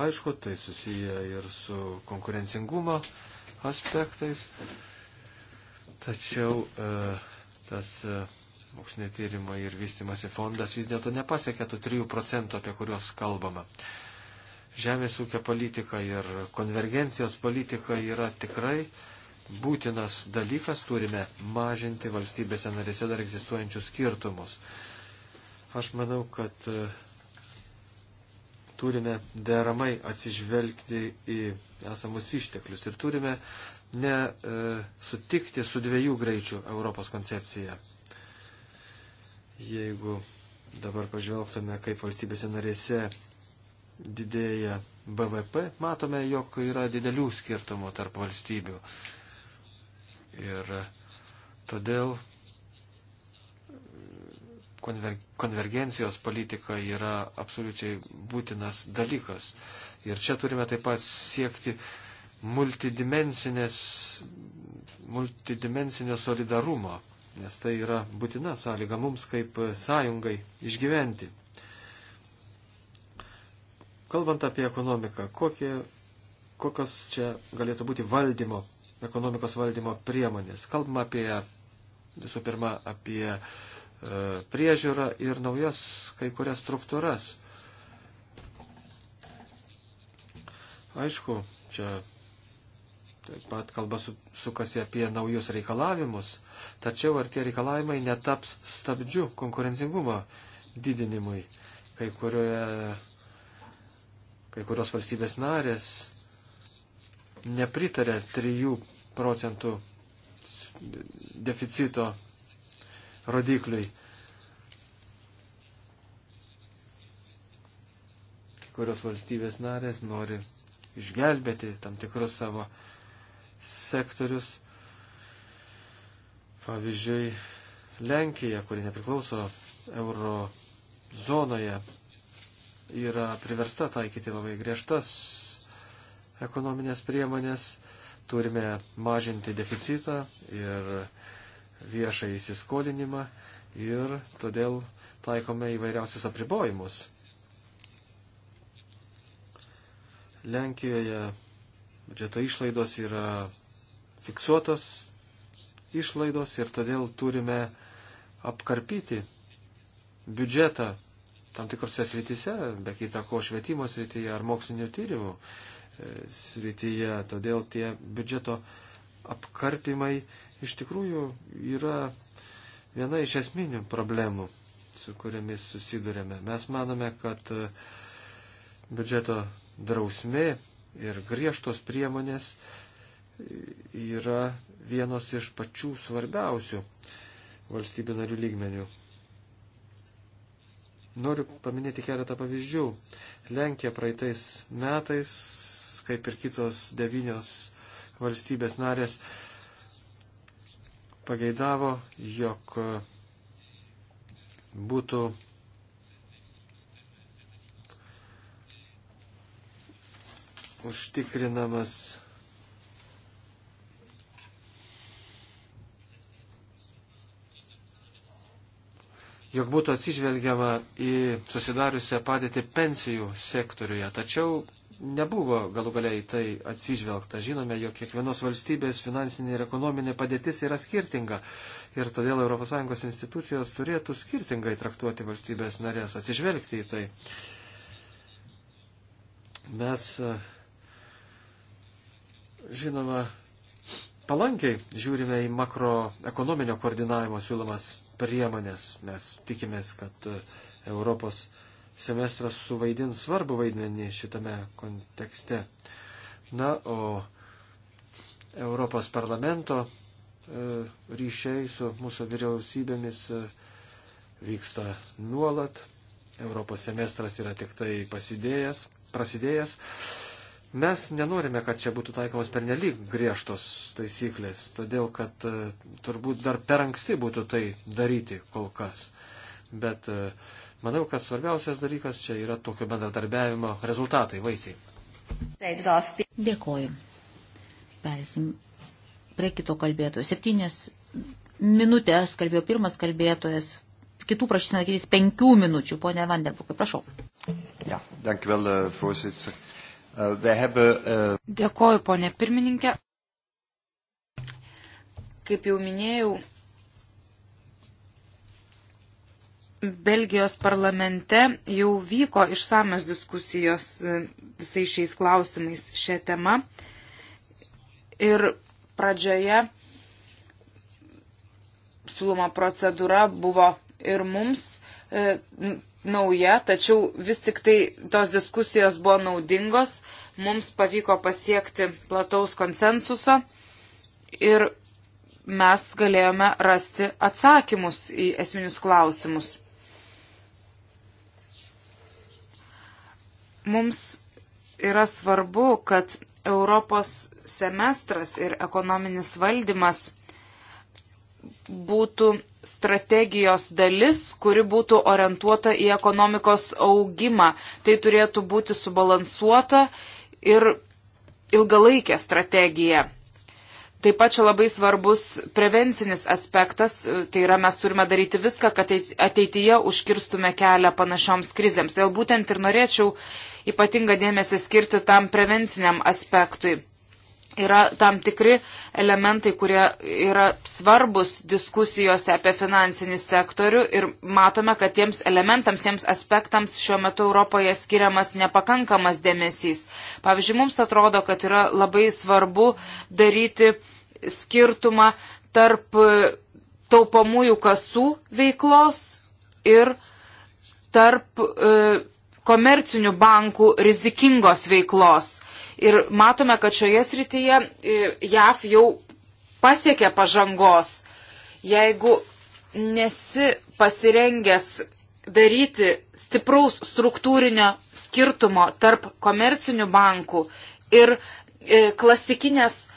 Aišku, tai susiję ir su konkurencingumo aspektais, tačiau e, tas e, mokslinio tyrimo ir vystimasi fondas vis dėlto nepasiekė tų 3 procentų, apie kuriuos kalbama. Žemės ūkio politika ir konvergencijos politika yra tikrai e, būtinas dalykas, turime mažinti valstybėse narėse dar egzistuojančius skirtumus. Aš manau, kad e, turime deramai atsižvelgti į esamus išteklius ir turime ne e, sutikti su dviejų greičių Europos koncepcija. Jeigu dabar pažvelgtume, kaip valstybėse narėse didėja BVP, matome, jog yra didelių skirtumų tarp valstybių. E, Ir todėl konvergencijos politika yra absoliučiai būtinas dalykas. Ir čia turime taip pat siekti multidimensinio solidarumo, nes tai yra būtina sąlyga mums kaip sąjungai išgyventi. Kalbant apie ekonomiką, kokie, kokios čia galėtų būti valdymo ekonomikos valdymo priemonės. Kalbam apie, visų pirma, apie e, priežiūrą ir naujas kai kurias struktūras. Aišku, čia taip pat kalba su, sukasi apie naujus reikalavimus, tačiau ar tie reikalavimai netaps stabdžių konkurencingumo didinimui, kai, kurioje, kai kurios valstybės narės nepritarė 3 procentų deficito rodikliui. kurios valstybės narės nori išgelbėti tam tikrus savo sektorius. Pavyzdžiui, Lenkija, kuri nepriklauso euro zonoje, yra priversta taikyti labai griežtas ekonominės priemonės, turime mažinti deficitą ir viešą įsiskolinimą ir todėl taikome įvairiausius apribojimus. Lenkijoje biudžeto išlaidos yra fiksuotos išlaidos ir todėl turime apkarpyti biudžetą tam tikrose srityse, be kita ko švietimo srityje ar mokslinių tyrimų E, srityje. Todėl tie biudžeto apkarpimai iš tikrųjų yra viena iš esminių problemų, su kuriamis susidurėme. Mes manome, kad e, biudžeto drausmė ir griežtos priemonės yra vienos iš pačių svarbiausių valstybių narių lygmenių. Noriu paminėti keletą pavyzdžių. Lenkija praeitais metais kaip ir kitos devynios valstybės narės, pageidavo, jog būtų užtikrinamas jog būtų atsižvelgiama į susidariusią padėtį pensijų sektoriuje. Tačiau nebuvo galų galiai tai atsižvelgta. Žinome, jog kiekvienos valstybės finansinė ir ekonominė padėtis yra skirtinga. Ir todėl ES institucijos turėtų skirtingai traktuoti valstybės narės, atsižvelgti į tai. Mes, e, žinoma, palankiai žiūrime į makroekonominio koordinavimo siūlomas priemonės. Mes tikimės, kad e, Europos semestras suvaidins svarbu vaidmenį šitame kontekste. Na, o Europos parlamento e, ryšiai su mūsų vyriausybėmis e, vyksta nuolat. Europos semestras yra tik tai pasidėjęs, prasidėjęs. Mes nenorime, kad čia būtų taikomos pernelyg griežtos taisyklės, todėl kad e, turbūt dar per anksti būtų tai daryti kol kas. Bet uh, Manau, kad svarbiausias dalykas čia yra tokio bendradarbiavimo rezultatai, vaisiai. Dėkoju. Perėsim prie kito kalbėtojo. Septynės minutės kalbėjo pirmas kalbėtojas. Kitų prašysime laikytis penkių minučių. Pone Vanderbukai, prašau. Ja, dankvėl, eh, voorzitter. Eh, eh, Dėkoju, ponė pirmininkė. Kaip jau minėjau, Belgijos parlamente jau vyko išsamios diskusijos e, visais šiais klausimais šią temą. Ir pradžioje siūloma procedūra buvo ir mums e, nauja, tačiau vis tik tai tos diskusijos buvo naudingos, mums pavyko pasiekti plataus konsensuso ir mes galėjome rasti atsakymus į esminius klausimus. Mums yra svarbu, kad Europos semestras ir ekonominis valdymas būtų strategijos dalis, kuri būtų orientuota į ekonomikos augimą. Tai turėtų būti subalansuota ir ilgalaikė strategija. Taip pat čia labai svarbus prevencinis aspektas, tai yra mes turime daryti viską, kad ateityje užkirstume kelią panašioms krizėms. Todėl būtent ir norėčiau uh, ypatingą dėmesį skirti tam prevenciniam aspektui. Yra tam tikri elementai, kurie yra svarbus diskusijose apie finansinį sektorių ir matome, kad tiems elementams, tiems aspektams šiuo metu Europoje skiriamas nepakankamas dėmesys. Pavyzdžiui, mums atrodo, kad yra labai svarbu daryti skirtumą tarp taupomųjų kasų veiklos ir tarp e, komercinių bankų rizikingos veiklos. Ir matome, kad šioje srityje e, JAF jau pasiekė pažangos. Jeigu nesi pasirengęs daryti stipraus struktūrinio skirtumo tarp komercinių bankų ir e, klasikinės e,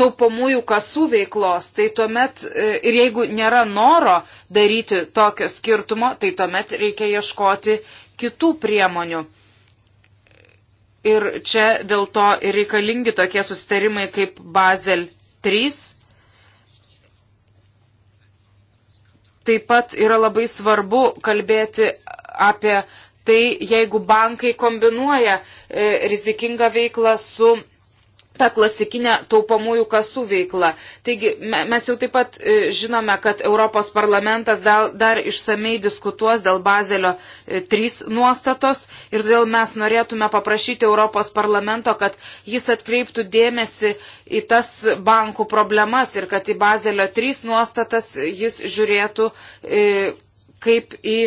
taupomųjų kasų veiklos, tai tuomet ir jeigu nėra noro daryti tokio skirtumo, tai tuomet reikia ieškoti kitų priemonių. Ir čia dėl to ir reikalingi tokie susitarimai kaip Bazel 3. Taip pat yra labai svarbu kalbėti apie tai, jeigu bankai kombinuoja e, rizikingą veiklą su tą klasikinę taupomųjų kasų veiklą. Taigi mes jau taip pat e, žinome, kad Europos parlamentas dar, dar išsamei diskutuos dėl Bazelio 3 e, nuostatos ir todėl mes norėtume paprašyti Europos parlamento, kad jis atkreiptų dėmesį į tas bankų problemas ir kad į Bazelio 3 nuostatas jis žiūrėtų e, kaip į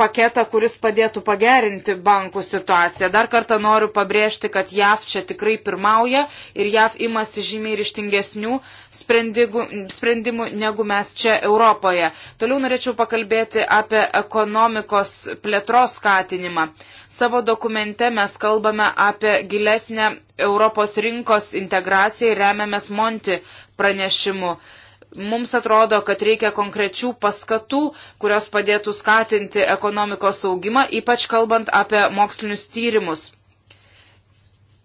paketą, kuris padėtų pagerinti bankų situaciją. Dar kartą noriu pabrėžti, kad JAV čia tikrai pirmauja ir JAV imasi žymiai ryštingesnių sprendimų negu mes čia Europoje. Toliau norėčiau pakalbėti apie ekonomikos plėtros skatinimą. Savo dokumente mes kalbame apie gilesnę Europos rinkos integraciją ir remiamės Monti pranešimu. Mums atrodo, kad reikia konkrečių paskatų, kurios padėtų skatinti ekonomikos augimą, ypač kalbant apie mokslinius tyrimus.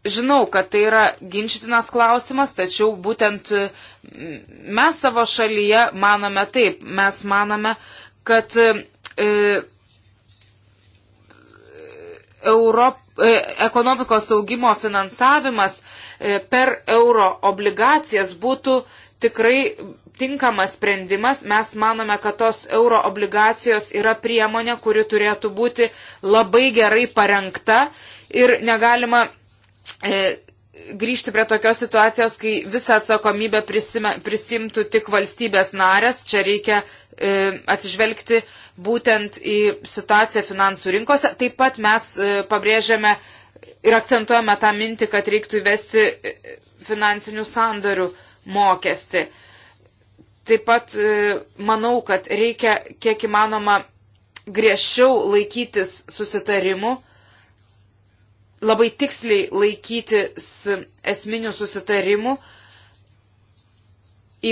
Žinau, kad tai yra ginčytinas klausimas, tačiau būtent mm, mes savo šalyje manome taip. Mes manome, kad e, Europ, e, ekonomikos augimo finansavimas e, per euro obligacijas būtų tikrai tinkamas sprendimas. Mes manome, kad tos euro obligacijos yra priemonė, kuri turėtų būti labai gerai parengta ir negalima e, grįžti prie tokios situacijos, kai visą atsakomybę prisime, prisimtų tik valstybės narės. Čia reikia e, atsižvelgti būtent į situaciją finansų rinkose. Taip pat mes e, pabrėžiame ir akcentuojame tą mintį, kad reiktų įvesti e, finansinių sandorių mokestį. Taip pat e, manau, kad reikia kiek įmanoma griežčiau laikytis susitarimų, labai tiksliai laikytis esminių susitarimų,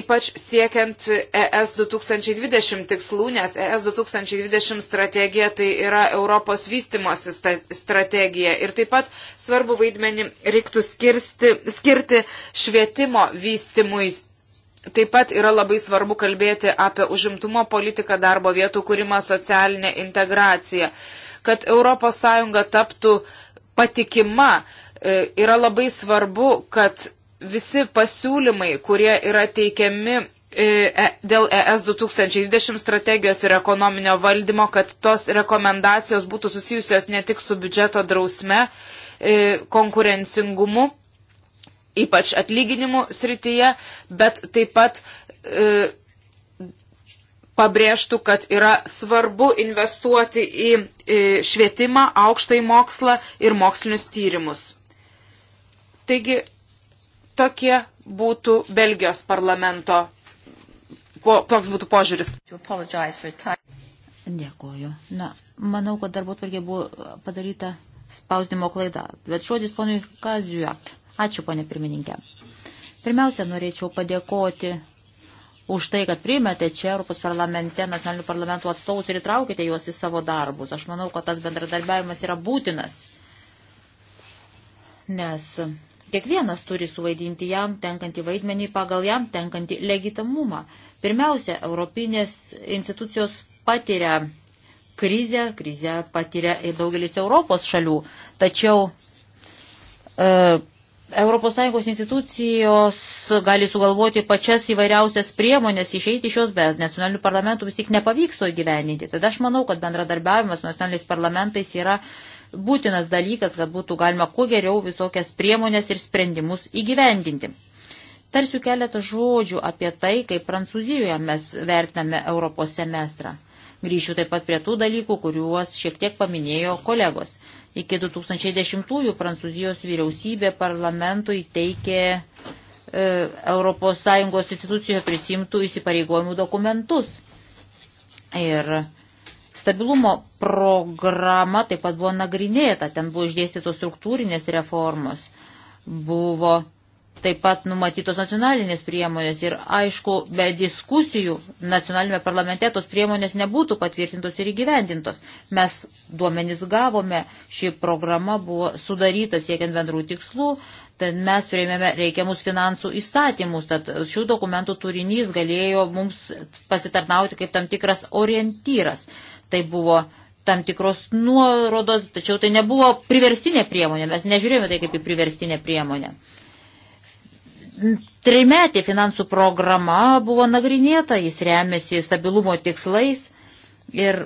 ypač siekiant ES 2020 tikslų, nes ES 2020 strategija tai yra Europos vystimosi strategija. Ir taip pat svarbu vaidmenį reiktų skirsti, skirti švietimo vystimui, Taip pat yra labai svarbu kalbėti apie užimtumo politiką, darbo vietų kūrimą, socialinę integraciją. Kad ES taptų patikima, e, yra labai svarbu, kad visi pasiūlymai, kurie yra teikiami e, e, dėl ES 2020 strategijos ir ekonominio valdymo, kad tos rekomendacijos būtų susijusios ne tik su biudžeto drausme, konkurencingumu, ypač atlyginimų srityje, bet taip pat e, pabrėžtų, kad yra svarbu investuoti į e, švietimą, aukštąjį mokslą ir mokslinius tyrimus. Taigi tokie būtų Belgijos parlamento, po, toks būtų požiūris. Dėkuoju. Na, manau, kad darbo tvarkė buvo padaryta spausdimo klaida, bet žodis ponui Kaziujak. Ačiū, ponė pirmininkė. Pirmiausia, norėčiau padėkoti už tai, kad priimėte čia Europos parlamente nacionalinių parlamentų atstovus ir įtraukite juos į savo darbus. Aš manau, kad tas bendradarbiavimas yra būtinas, nes kiekvienas turi suvaidinti jam tenkantį vaidmenį pagal jam tenkantį legitimumą. Pirmiausia, Europinės institucijos patiria krizę, krizę patiria ir daugelis Europos šalių, tačiau e, ES institucijos gali sugalvoti pačias įvairiausias priemonės išeiti iš jos, bet nacionalinių parlamentų vis tik nepavyks to įgyveninti. Tada aš manau, kad bendradarbiavimas su nacionaliniais parlamentais yra būtinas dalykas, kad būtų galima kuo geriau visokias priemonės ir sprendimus įgyvendinti. Tarsiu keletą žodžių apie tai, kaip Prancūzijoje mes vertiname Europos semestrą. Grįšiu taip pat prie tų dalykų, kuriuos šiek tiek paminėjo kolegos. Iki 2010-ųjų Prancūzijos vyriausybė parlamentui teikė e, ES institucijoje prisimtų įsipareigojimų dokumentus. Ir stabilumo programa taip pat buvo nagrinėta, ten buvo išdėstytos struktūrinės reformos, buvo taip pat numatytos nacionalinės priemonės ir aišku, be diskusijų nacionalinėme parlamente tos priemonės nebūtų patvirtintos ir įgyvendintos. Mes duomenys gavome, ši programa buvo sudaryta siekiant bendrų tikslų, tad mes prieimėme reikiamus finansų įstatymus, tad šių dokumentų turinys galėjo mums pasitarnauti kaip tam tikras orientyras. Tai buvo tam tikros nuorodos, tačiau tai nebuvo priverstinė priemonė, mes nežiūrėjome tai kaip į priverstinę priemonę. Trimetė finansų programa buvo nagrinėta, jis remiasi stabilumo tikslais ir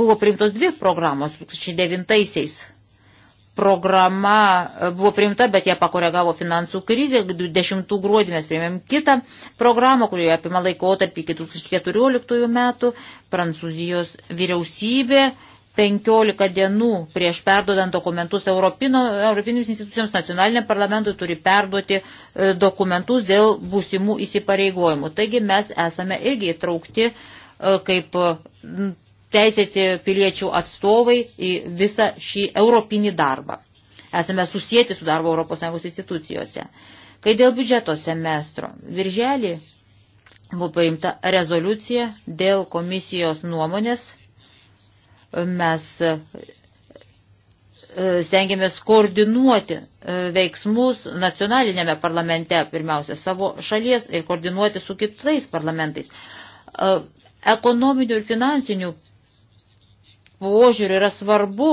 buvo priimtos dvi programos 2009-aisiais. Programa buvo priimta, bet ją pakoregavo finansų krizė. 20 gruodį mes priėmėm kitą programą, kurioje apima laikotarpį iki 2014 metų. Prancūzijos vyriausybė 15 dienų prieš perdodant dokumentus Europino, Europinėms institucijoms nacionaliniam parlamentui turi perduoti e, dokumentus dėl būsimų įsipareigojimų. Taigi mes esame irgi įtraukti e, kaip teisėti piliečių atstovai į visą šį europinį darbą. Esame susijęti su darbo ES institucijose. Kai dėl biudžeto semestro virželį buvo paimta rezoliucija dėl komisijos nuomonės Mes e, stengiamės koordinuoti e, veiksmus nacionalinėme parlamente, pirmiausia, savo šalies ir koordinuoti su kitais parlamentais. E, ekonominių ir finansinių požiūrį yra svarbu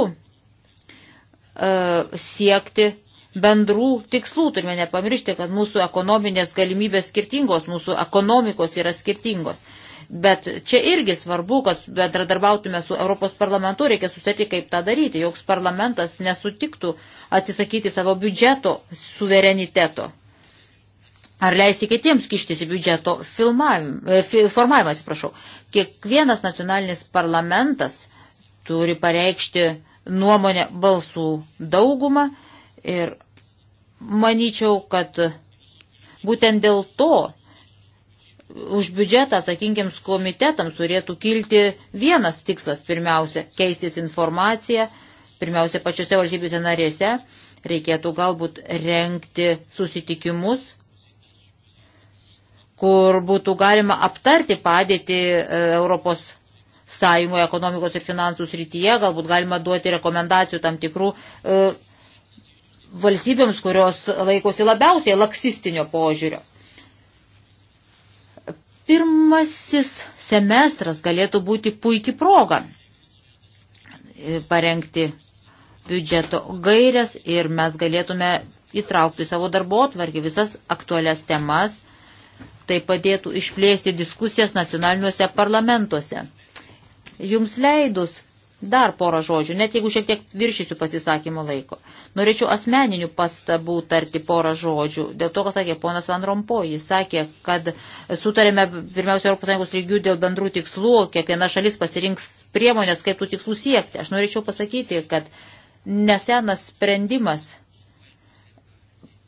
siekti bendrų tikslų. Turime nepamiršti, kad mūsų ekonominės galimybės skirtingos, mūsų ekonomikos yra skirtingos. Bet čia irgi svarbu, kad bendradarbiautume su Europos parlamentu, reikia susėti, kaip tą daryti. Joks parlamentas nesutiktų atsisakyti savo biudžeto suvereniteto. Ar leisti kitiems kištis į biudžeto e, formavimą, atsiprašau. Kiekvienas nacionalinis parlamentas turi pareikšti nuomonę balsų daugumą ir manyčiau, kad būtent dėl to už biudžetą atsakingiams komitetams turėtų kilti vienas tikslas pirmiausia - keistis informaciją, pirmiausia pačiose valstybėse narėse, reikėtų galbūt renkti susitikimus, kur būtų galima aptarti padėti e, Europos Sąjungoje ekonomikos ir finansų srityje, galbūt galima duoti rekomendacijų tam tikrų e, valstybėms, kurios laikosi labiausiai laksistinio požiūrio. Pirmasis semestras galėtų būti puikia proga parengti biudžeto gairias ir mes galėtume įtraukti savo darbo atvarkį visas aktualias temas, tai padėtų išplėsti diskusijas nacionaliniuose parlamentuose. Jums leidus Dar porą žodžių, net jeigu šiek tiek viršysiu pasisakymo laiko. Norėčiau asmeninių pastabų tarti porą žodžių. Dėl to, ką sakė ponas Van Rompo, jis sakė, kad sutarėme pirmiausia ES lygių dėl bendrų tikslų, kiekviena šalis pasirinks priemonės, kaip tų tikslų siekti. Aš norėčiau pasakyti, kad nesenas sprendimas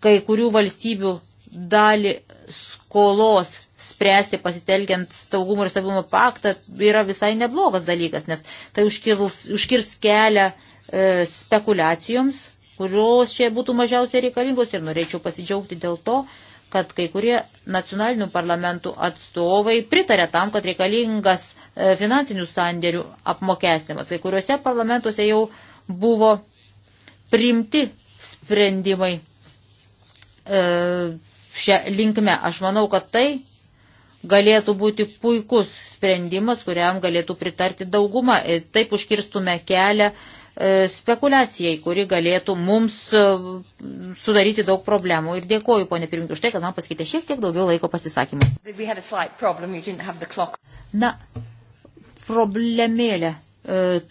kai kurių valstybių dalį skolos spręsti pasitelkiant saugumo ir stabilumo paktą yra visai neblogas dalykas, nes tai užkils, užkirs kelią e, spekulacijoms, kurios čia būtų mažiausiai reikalingos ir norėčiau pasidžiaugti dėl to, kad kai kurie nacionalinių parlamentų atstovai pritarė tam, kad reikalingas e, finansinių sandėrių apmokestinimas. Kai kuriuose parlamentuose jau buvo priimti sprendimai e, šią linkmę. Aš manau, kad tai galėtų būti puikus sprendimas, kuriam galėtų pritarti dauguma. E, taip užkirstume kelią e, spekulacijai, kuri galėtų mums e, sudaryti daug problemų. Ir dėkoju, ponė pirmininkė, už tai, kad man paskite šiek tiek daugiau laiko pasisakymui. Na, problemėlę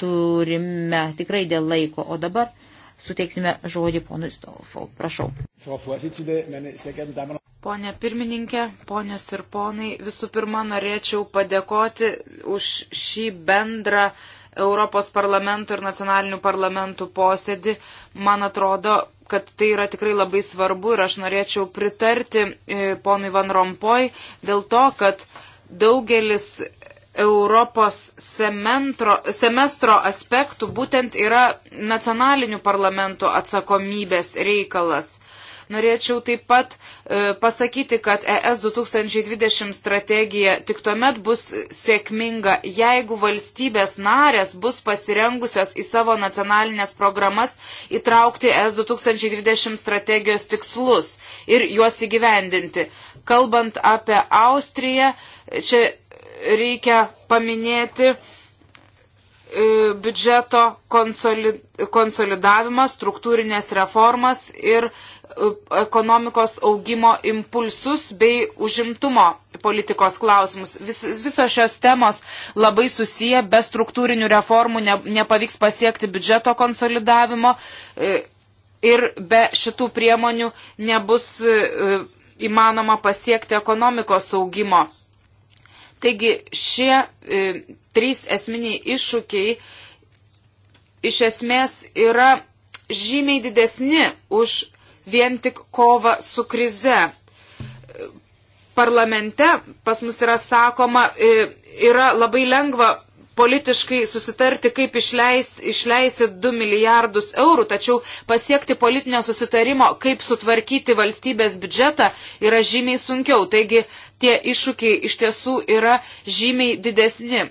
turime tikrai dėl laiko, o dabar suteiksime žodį ponui Stofau. Prašau. Pone pirmininkė, ponios ir ponai, visų pirma norėčiau padėkoti už šį bendrą Europos parlamentų ir nacionalinių parlamentų posėdį. Man atrodo, kad tai yra tikrai labai svarbu ir aš norėčiau pritarti e, ponui Van Rompoj dėl to, kad daugelis Europos semestro, semestro aspektų būtent yra nacionalinių parlamentų atsakomybės reikalas. Norėčiau taip pat e, pasakyti, kad ES 2020 strategija tik tuomet bus sėkminga, jeigu valstybės narės bus pasirengusios į savo nacionalinės programas įtraukti ES 2020 strategijos tikslus ir juos įgyvendinti. Kalbant apie Austriją, čia reikia paminėti e, biudžeto konsolidavimą, struktūrinės reformas ir e, ekonomikos augimo impulsus bei užimtumo politikos klausimus. Vis, visos šios temos labai susiję, be struktūrinių reformų ne, nepavyks pasiekti biudžeto konsolidavimo e, ir be šitų priemonių nebus įmanoma pasiekti ekonomikos augimo. Taigi šie e, trys esminiai iššūkiai iš esmės yra žymiai didesni už vien tik kovą su krize. Parlamente, pas mus yra sakoma, e, yra labai lengva politiškai susitarti, kaip išleis, išleisi 2 milijardus eurų, tačiau pasiekti politinio susitarimo, kaip sutvarkyti valstybės biudžetą, yra žymiai sunkiau. Taigi tie iššūkiai iš tiesų yra žymiai didesni.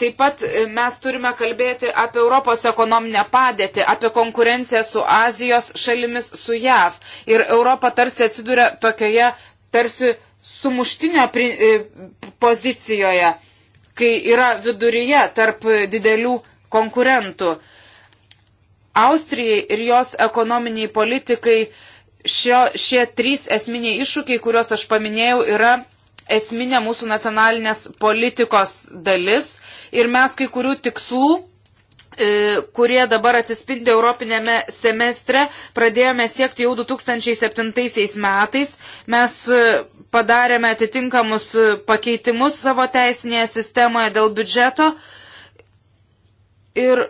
Taip pat e, mes turime kalbėti apie Europos ekonominę padėtį, apie konkurenciją su Azijos šalimis, su JAV. Ir Europa tarsi atsiduria tokioje tarsi sumuštinio e, pozicijoje kai yra viduryje tarp didelių konkurentų. Austrijai ir jos ekonominiai politikai šio, šie trys esminiai iššūkiai, kuriuos aš paminėjau, yra esminė mūsų nacionalinės politikos dalis ir mes kai kurių tikslų E, kurie dabar atsispindi Europinėme semestre, pradėjome siekti jau 2007 metais. Mes e, padarėme atitinkamus e, pakeitimus savo teisinėje sistemoje dėl biudžeto ir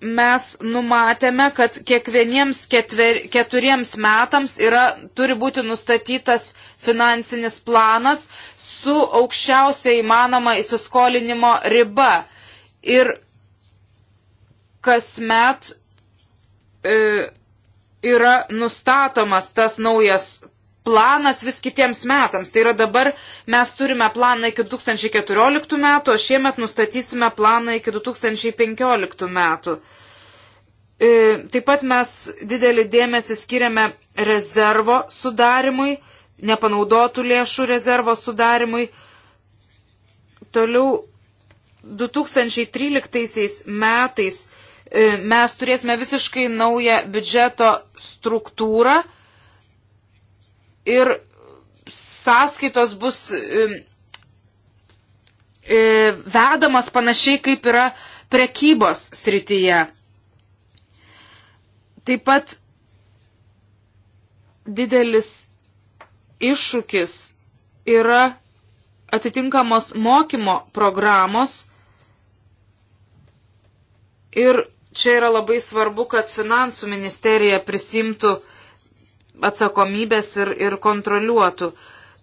mes numatėme, kad kiekvieniems ketver, keturiems metams yra, turi būti nustatytas finansinis planas su aukščiausia įmanoma įsiskolinimo riba. Ir kasmet e, yra nustatomas tas naujas planas vis kitiems metams. Tai yra dabar mes turime planą iki 2014 metų, o šiemet nustatysime planą iki 2015 metų. E, taip pat mes didelį dėmesį skiriame rezervo sudarimui, nepanaudotų lėšų rezervo sudarimui. Toliau 2013 metais E, mes turėsime visiškai naują biudžeto struktūrą ir sąskaitos bus e, e, vedamas panašiai kaip yra prekybos srityje. Taip pat didelis iššūkis yra atitinkamos mokymo programos ir čia yra labai svarbu, kad finansų ministerija prisimtų atsakomybės ir, ir kontroliuotų.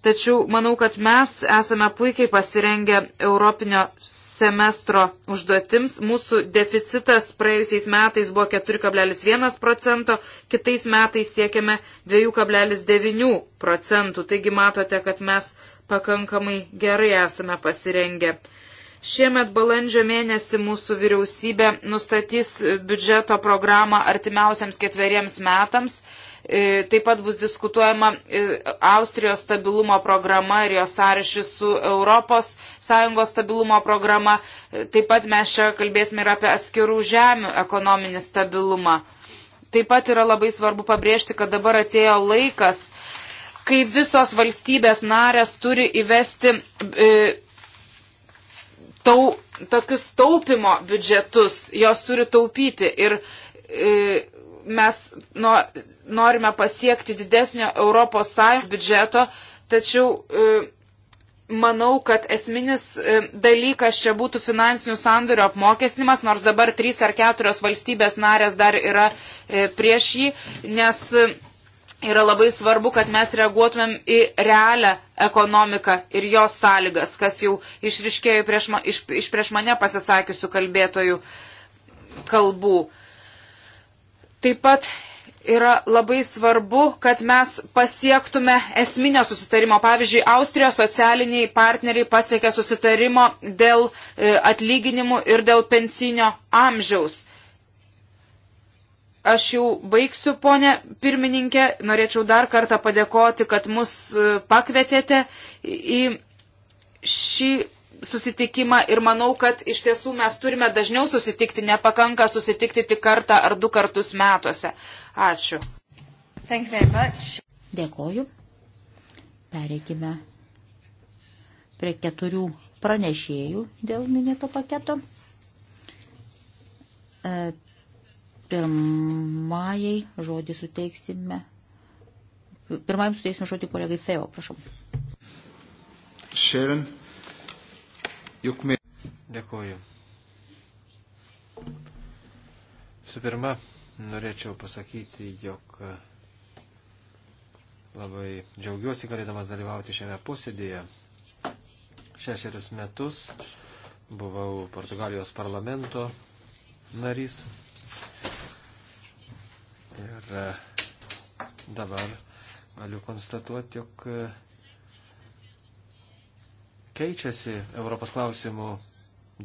Tačiau manau, kad mes esame puikiai pasirengę Europinio semestro užduotims. Mūsų deficitas praėjusiais metais buvo 4,1 procento, kitais metais siekiame 2,9 procentų. Taigi matote, kad mes pakankamai gerai esame pasirengę Šiemet balandžio mėnesį mūsų vyriausybė nustatys biudžeto programą artimiausiams ketveriems metams. E, taip pat bus diskutuojama e, Austrijos stabilumo programa ir jos sąryšis su ES stabilumo programa. E, taip pat mes čia kalbėsime ir apie atskirų žemių ekonominį stabilumą. Taip pat yra labai svarbu pabrėžti, kad dabar atėjo laikas, kai visos valstybės narės turi įvesti. E, tau, tokius taupimo biudžetus, jos turi taupyti ir e, mes no, norime pasiekti didesnio Europos Sąjungos biudžeto, tačiau e, manau, kad esminis e, dalykas čia būtų finansinių sandorių apmokestinimas, nors dabar trys ar keturios valstybės narės dar yra e, prieš jį, nes yra labai svarbu, kad mes reaguotumėm į realią ekonomiką ir jos sąlygas, kas jau išriškėjo prieš ma, iš, iš prieš mane pasisakiusių kalbėtojų kalbų. Taip pat yra labai svarbu, kad mes pasiektume esminio susitarimo. Pavyzdžiui, Austrijos socialiniai partneriai pasiekė susitarimo dėl e, atlyginimų ir dėl pensinio amžiaus. Aš jau baigsiu, ponė pirmininkė. Norėčiau dar kartą padėkoti, kad mus e, pakvietėte į šį susitikimą ir manau, kad iš tiesų mes turime dažniau susitikti, nepakanka susitikti tik kartą ar du kartus metuose. Ačiū. Dėkoju. Pereikime prie keturių pranešėjų dėl minėto paketo. E, Pirmajai žodį suteiksime. Pirmajam suteiksime žodį kolegai Fejo, prašom. Sharon, juk mė. Dėkuoju. Visų pirma, norėčiau pasakyti, jog labai džiaugiuosi galėdamas dalyvauti šiame posėdėje. Šešerius metus buvau Portugalijos parlamento narys Ir e, dabar galiu konstatuoti, jog e, keičiasi Europos klausimų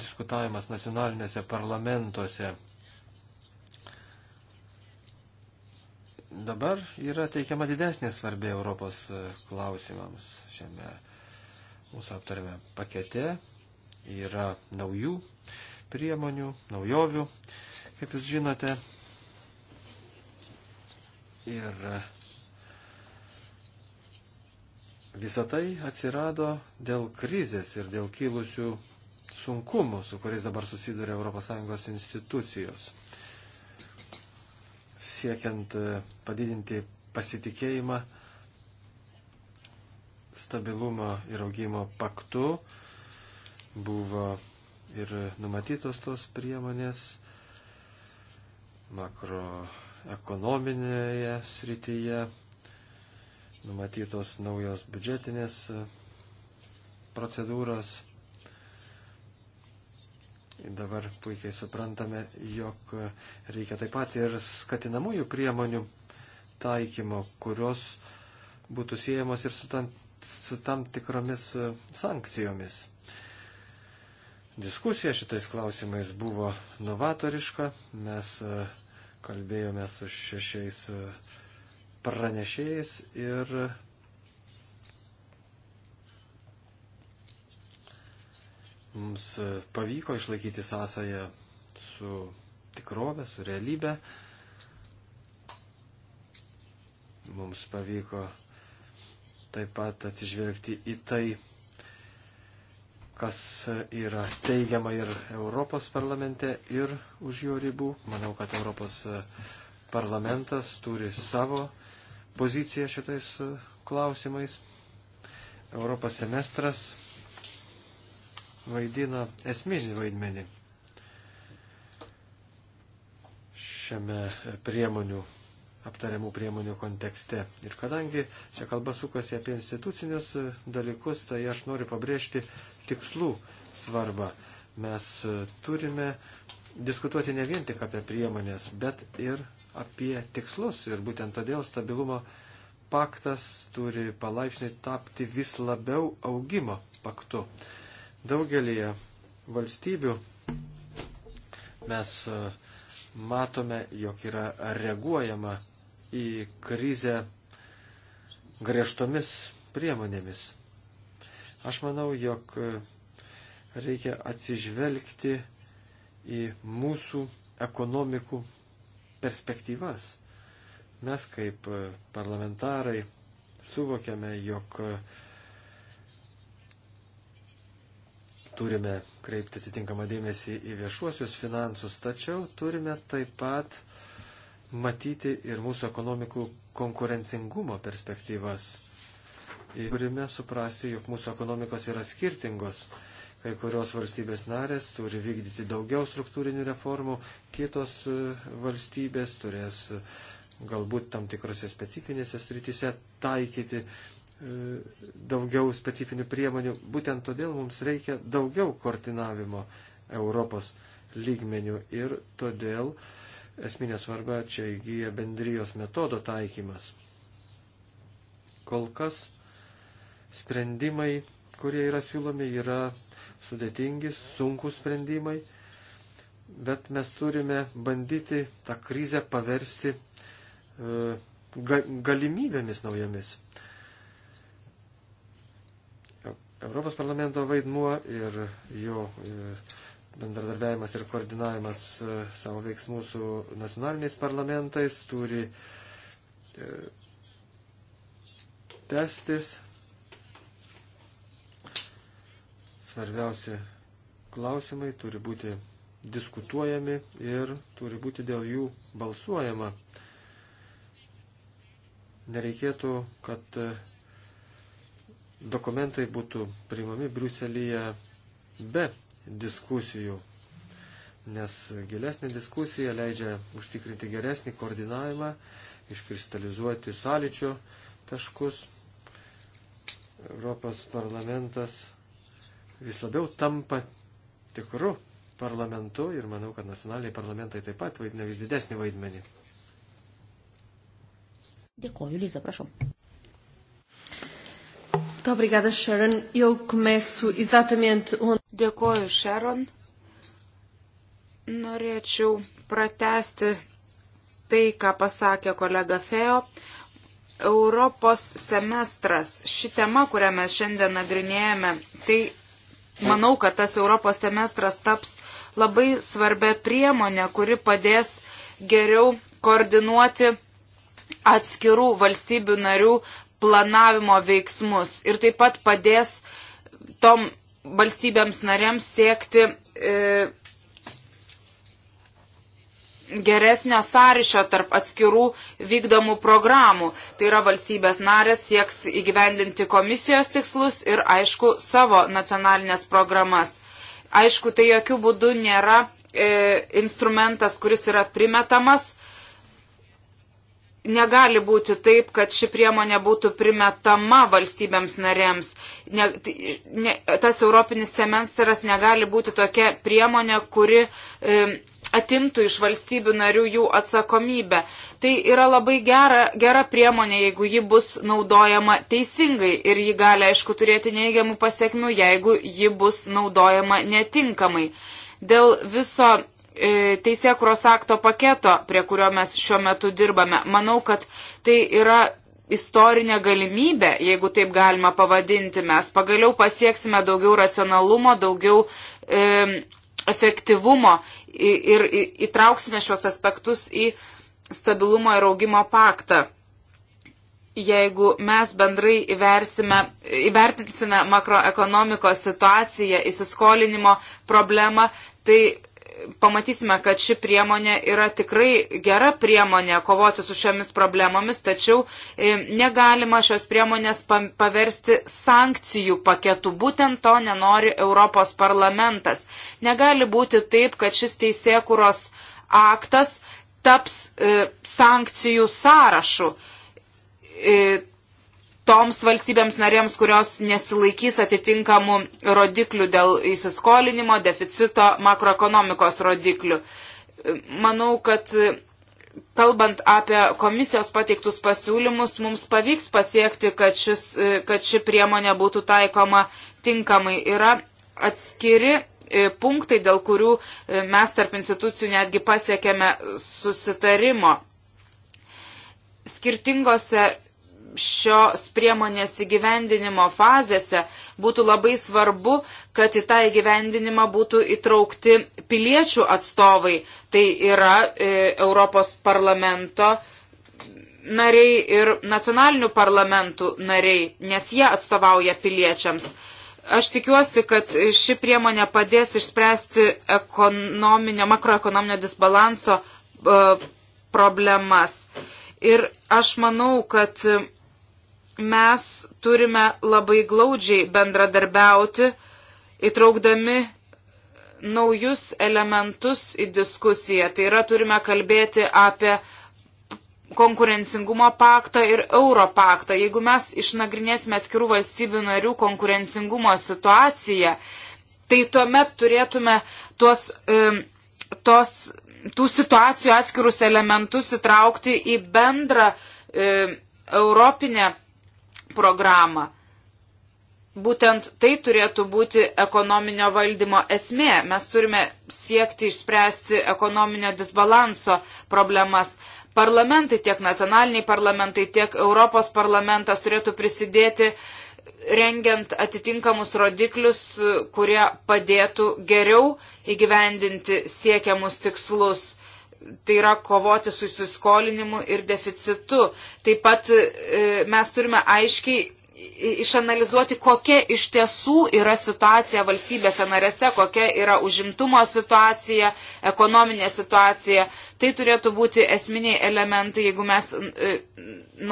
diskutavimas nacionalinėse parlamentuose. Dabar yra teikiama didesnė svarbė Europos e, klausimams. Šiame mūsų aptarime pakete yra naujų priemonių, naujovių kaip jūs žinote. Ir visą tai atsirado dėl krizės ir dėl kilusių sunkumų, su kuriais dabar susiduria ES institucijos. Siekiant e, padidinti pasitikėjimą, stabilumo ir augimo paktu buvo ir numatytos tos priemonės makroekonominėje srityje, numatytos naujos biudžetinės e, procedūros. Dabar puikiai suprantame, jog reikia taip pat ir skatinamųjų priemonių taikymo, kurios būtų siejamos ir su tam, su tam tikromis e, sankcijomis. Diskusija šitais klausimais buvo novatoriška, mes e, kalbėjome su šešiais e, pranešėjais ir mums e, pavyko išlaikyti sąsąją su tikrovė, su realybė. Mums pavyko taip pat atsižvelgti į tai, kas yra teigiama ir Europos parlamente, ir už jo ribų. Manau, kad Europos parlamentas turi savo poziciją šitais klausimais. Europos semestras vaidina esminį vaidmenį šiame priemonių, aptariamų priemonių kontekste. Ir kadangi čia kalba sukasi apie institucinius dalykus, tai aš noriu pabrėžti tikslų svarbą. Mes e, turime diskutuoti ne vien tik apie priemonės, bet ir apie tikslus. Ir būtent todėl stabilumo paktas turi palaipsniui tapti vis labiau augimo paktu. Daugelį valstybių mes e, matome, jog yra reaguojama į krizę griežtomis priemonėmis. Aš manau, jog e, reikia atsižvelgti į mūsų ekonomikų perspektyvas. Mes kaip e, parlamentarai suvokiame, jog e, turime kreipti atitinkamą dėmesį į viešuosius finansus, tačiau turime taip pat matyti ir mūsų ekonomikų konkurencingumo perspektyvas. Turime suprasti, jog mūsų ekonomikos yra skirtingos. Kai kurios valstybės narės turi vykdyti daugiau struktūrinių reformų, kitos e, valstybės turės e, galbūt tam tikrose specifinėse srityse taikyti e, daugiau specifinių priemonių. Būtent todėl mums reikia daugiau koordinavimo Europos lygmenių ir todėl esminė svarba čia įgyja bendrijos metodo taikymas. Kol kas sprendimai, kurie yra siūlomi, yra sudėtingi, sunkūs sprendimai, bet mes turime bandyti tą krizę paversti e, galimybėmis naujomis. Europos parlamento vaidmuo ir jo e, bendradarbiavimas ir koordinavimas e, savo veiksmų su nacionaliniais parlamentais turi testis, svarbiausi klausimai turi būti diskutuojami ir turi būti dėl jų balsuojama. Nereikėtų, kad e, dokumentai būtų priimami Briuselyje be diskusijų, nes gilesnė diskusija leidžia užtikrinti geresnį koordinavimą, iškristalizuoti sąlyčio taškus. Europos parlamentas vis labiau tampa tikru parlamentu ir manau, kad nacionaliniai parlamentai taip pat vaidina vis didesnį vaidmenį. Dėkoju, Liza, prašau. Muito obrigada, Sharon. Eu começo exatamente onde. Dėkoju, Sharon. Norėčiau pratesti tai, ką pasakė kolega Fejo. Europos semestras. Ši tema, kurią mes šiandien nagrinėjame, tai manau, kad tas Europos semestras taps labai svarbia priemonė, kuri padės geriau koordinuoti atskirų valstybių narių planavimo veiksmus ir taip pat padės tom valstybėms narėms siekti e, geresnio sąryšio tarp atskirų vykdomų programų. Tai yra valstybės narės sieks įgyvendinti komisijos tikslus ir, aišku, savo nacionalinės programas. Aišku, tai jokių būdų nėra e, instrumentas, kuris yra primetamas. Negali būti taip, kad ši priemonė būtų primetama valstybėms narėms. Ne, tai, ne, tas europinis semestras negali būti tokia priemonė, kuri e, atimtų iš valstybių narių jų atsakomybę. Tai yra labai gera, gera priemonė, jeigu ji bus naudojama teisingai ir ji gali, aišku, turėti neigiamų pasiekmių, jeigu ji bus naudojama netinkamai. Dėl viso e, teisėkuros akto paketo, prie kurio mes šiuo metu dirbame, manau, kad tai yra istorinė galimybė, jeigu taip galima pavadinti, mes pagaliau pasieksime daugiau racionalumo, daugiau e, efektyvumo ir įtrauksime šios aspektus į stabilumo ir augimo paktą. Jeigu mes bendrai įvertinsime makroekonomikos situaciją, įsiskolinimo problemą, tai pamatysime, kad ši priemonė yra tikrai gera priemonė kovoti su šiomis problemomis, tačiau e, negalima šios priemonės paversti sankcijų paketu. Būtent to nenori Europos parlamentas. Negali būti taip, kad šis teisėkuros aktas taps e, sankcijų sąrašu e, toms valstybėms narėms, kurios nesilaikys atitinkamų rodiklių dėl įsiskolinimo, deficito, makroekonomikos rodiklių. Manau, kad kalbant apie komisijos pateiktus pasiūlymus, mums pavyks pasiekti, kad, šis, kad ši priemonė būtų taikoma tinkamai. Yra atskiri e, punktai, dėl kurių e, mes tarp institucijų netgi pasiekėme susitarimo. Skirtingose šios priemonės įgyvendinimo fazėse būtų labai svarbu, kad į tą įgyvendinimą būtų įtraukti piliečių atstovai, tai yra e, Europos parlamento nariai ir nacionalinių parlamentų nariai, nes jie atstovauja piliečiams. Aš tikiuosi, kad ši priemonė padės išspręsti ekonominio, makroekonominio disbalanso e, problemas. Ir aš manau, kad mes turime labai glaudžiai bendradarbiauti, įtraukdami naujus elementus į diskusiją. Tai yra, turime kalbėti apie konkurencingumo paktą ir euro paktą. Jeigu mes išnagrinėsime atskirų valstybių narių konkurencingumo situaciją, tai tuomet turėtume tuos, tos, tų situacijų atskirus elementus įtraukti į bendrą e, europinę programą. Būtent tai turėtų būti ekonominio valdymo esmė. Mes turime siekti išspręsti ekonominio disbalanso problemas. Parlamentai, tiek nacionaliniai parlamentai, tiek Europos parlamentas turėtų prisidėti rengiant atitinkamus rodiklius, kurie padėtų geriau įgyvendinti siekiamus tikslus tai yra kovoti su įsiskolinimu ir deficitu. Taip pat e, mes turime aiškiai išanalizuoti, kokia iš tiesų yra situacija valstybėse narėse, kokia yra užimtumo situacija, ekonominė situacija. Tai turėtų būti esminiai elementai, jeigu mes e,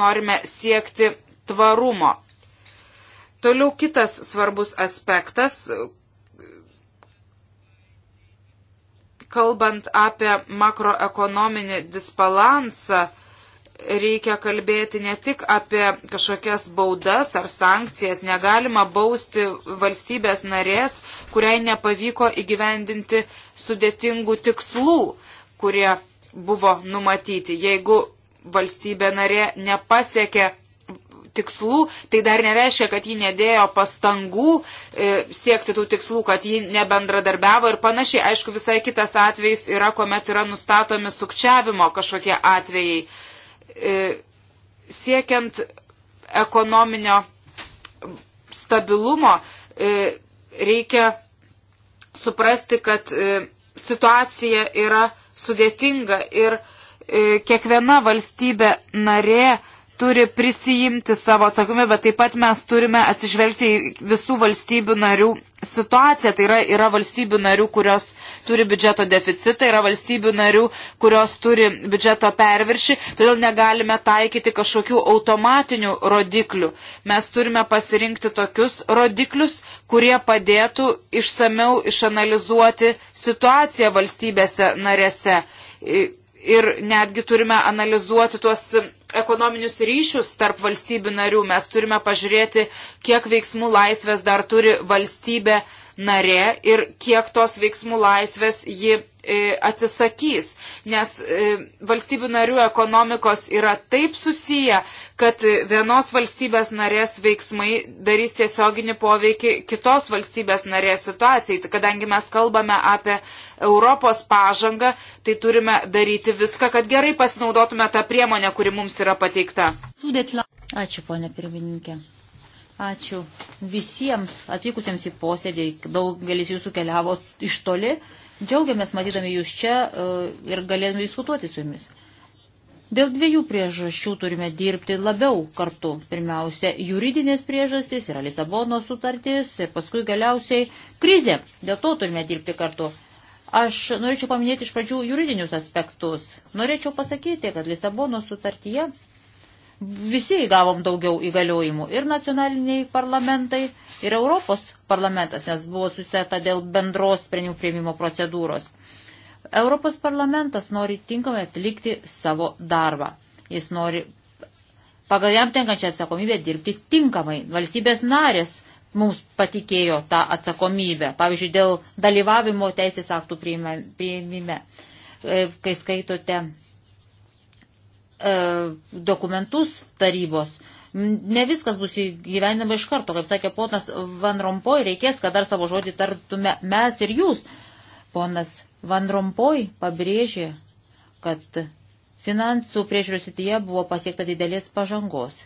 norime siekti tvarumo. Toliau kitas svarbus aspektas, kalbant apie makroekonominį disbalansą, reikia kalbėti ne tik apie kažkokias baudas ar sankcijas. Negalima bausti valstybės narės, kuriai nepavyko įgyvendinti sudėtingų tikslų, kurie buvo numatyti. Jeigu valstybė narė nepasiekė tikslų, tai dar nereiškia, kad ji nedėjo pastangų e, siekti tų tikslų, kad ji nebendradarbiavo ir panašiai. Aišku, visai kitas atvejs yra, kuomet yra nustatomi sukčiavimo kažkokie atvejai. E, siekiant ekonominio stabilumo e, reikia suprasti, kad situacija yra sudėtinga ir kiekviena valstybė narė turi prisijimti savo atsakomybę, bet taip pat mes turime atsižvelgti į visų valstybių narių situaciją. Tai yra, yra valstybių narių, kurios turi biudžeto deficitą, yra valstybių narių, kurios turi biudžeto perviršį, todėl negalime taikyti kažkokių automatinių rodiklių. Mes turime pasirinkti tokius rodiklius, kurie padėtų išsameu išanalizuoti situaciją valstybėse narėse. Ir netgi turime analizuoti tuos ekonominius ryšius tarp valstybių narių. Mes turime pažiūrėti, kiek veiksmų laisvės dar turi valstybė narė ir kiek tos veiksmų laisvės ji E, atsisakys, nes e, valstybių narių ekonomikos yra taip susiję, kad vienos valstybės narės veiksmai darys tiesioginį poveikį kitos valstybės narės situacijai. Tai kadangi mes kalbame apie Europos pažangą, tai turime daryti viską, kad gerai pasinaudotume tą priemonę, kuri mums yra pateikta. Ačiū, ponė pirmininkė. Ačiū visiems atvykusiems į posėdį. Daugelis jūsų keliavo iš toli. Džiaugiamės matydami jūs čia e, ir galėdami diskutuoti su jumis. Dėl dviejų priežasčių turime dirbti labiau kartu. Pirmiausia, juridinės priežastys yra Lisabono sutartis ir paskui galiausiai krizė. Dėl to turime dirbti kartu. Aš norėčiau paminėti iš pradžių juridinius aspektus. Norėčiau pasakyti, kad Lisabono sutartyje visi gavom daugiau įgaliojimų ir nacionaliniai parlamentai, ir Europos parlamentas, nes buvo susiteta dėl bendros sprendimų prieimimo procedūros. Europos parlamentas nori tinkamai atlikti savo darbą. Jis nori pagal jam tenkančią atsakomybę dirbti tinkamai. Valstybės narės mums patikėjo tą atsakomybę, pavyzdžiui, dėl dalyvavimo teisės aktų priėmime. E, kai skaitote E, dokumentus tarybos. Ne viskas bus įgyvenama iš karto, kaip sakė ponas Van Rompoj, reikės, kad dar savo žodį tartume mes ir jūs. Ponas Van Rompoj pabrėžė, kad finansų priežiūros sityje buvo pasiekta didelės pažangos.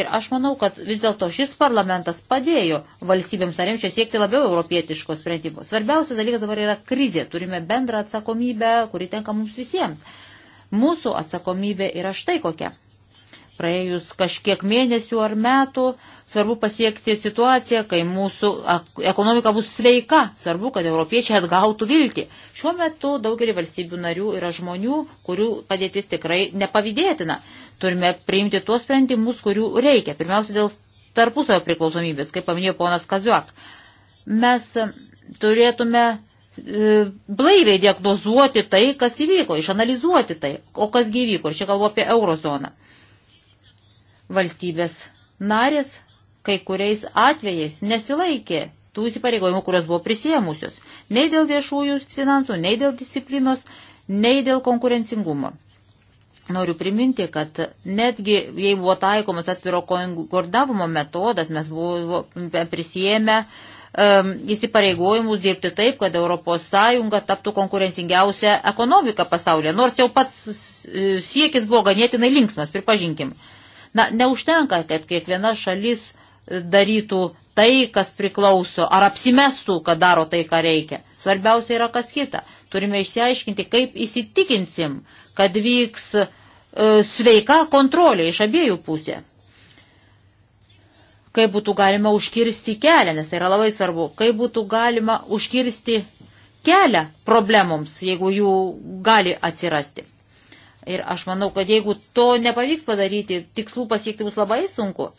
Ir aš manau, kad vis dėlto šis parlamentas padėjo valstybėms narėms čia siekti labiau europietiškos sprendimų. Svarbiausias dalykas dabar yra krizė. Turime bendrą atsakomybę, kuri tenka mums visiems. Mūsų atsakomybė yra štai kokia. Praėjus kažkiek mėnesių ar metų svarbu pasiekti situaciją, kai mūsų ekonomika bus sveika, svarbu, kad europiečiai atgautų viltį. Šiuo metu daugelį valstybių narių yra žmonių, kurių padėtis tikrai nepavydėtina. Turime priimti tuos sprendimus, kurių reikia. Pirmiausia, dėl tarpusavio priklausomybės, kaip paminėjo ponas Kaziuak. Mes turėtume E, blaiviai diagnozuoti tai, kas įvyko, išanalizuoti tai, o kas gyvyko. Ir čia kalbu apie eurozoną. Valstybės narės kai kuriais atvejais nesilaikė tų įsipareigojimų, kurios buvo prisėmusios. Nei dėl viešųjų finansų, nei dėl disciplinos, nei dėl konkurencingumo. Noriu priminti, kad netgi jei buvo taikomas atviro koordinavimo metodas, mes buvome prisėmę uh, Um, įsipareigojimus dirbti taip, kad ES taptų konkurencingiausia ekonomika pasaulyje, nors jau pats uh, siekis buvo ganėtinai linksmas, pripažinkim. Na, neužtenka, kad kiekviena šalis uh, darytų tai, kas priklauso, ar apsimestų, kad daro tai, ką reikia. Svarbiausia yra kas kita. Turime išsiaiškinti, kaip įsitikinsim, kad vyks e, sveika kontrolė iš abiejų pusė kaip būtų galima užkirsti kelią, nes tai yra labai svarbu, kaip būtų galima užkirsti kelią problemoms, jeigu jų gali atsirasti. Ir aš manau, kad jeigu to nepavyks padaryti, tikslų pasiekti bus labai sunku.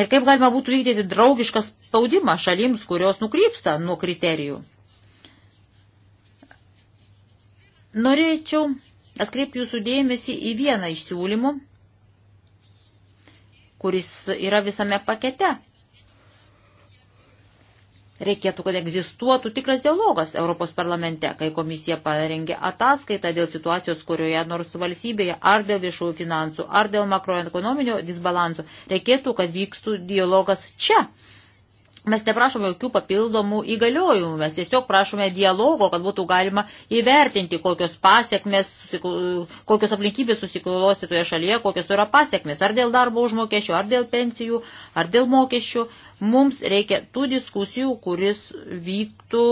Ir kaip galima būtų vykdyti draugišką spaudimą šalims, kurios nukrypsta nuo kriterijų. Norėčiau atkreipti jūsų dėmesį į vieną iš siūlymų kuris yra visame pakete. Reikėtų, kad egzistuotų tikras dialogas Europos parlamente, kai komisija parengė ataskaitą dėl situacijos, kurioje nors valstybėje, ar dėl viešųjų finansų, ar dėl makroekonominio disbalansų. Reikėtų, kad vykstų dialogas čia Mes neprašome jokių papildomų įgaliojimų, mes tiesiog prašome dialogo, kad būtų galima įvertinti, kokios pasiekmes, kokios aplinkybės susiklosti toje šalyje, kokios yra pasiekmes, ar dėl darbo užmokesčių, ar dėl pensijų, ar dėl mokesčių. Mums reikia tų diskusijų, kuris vyktų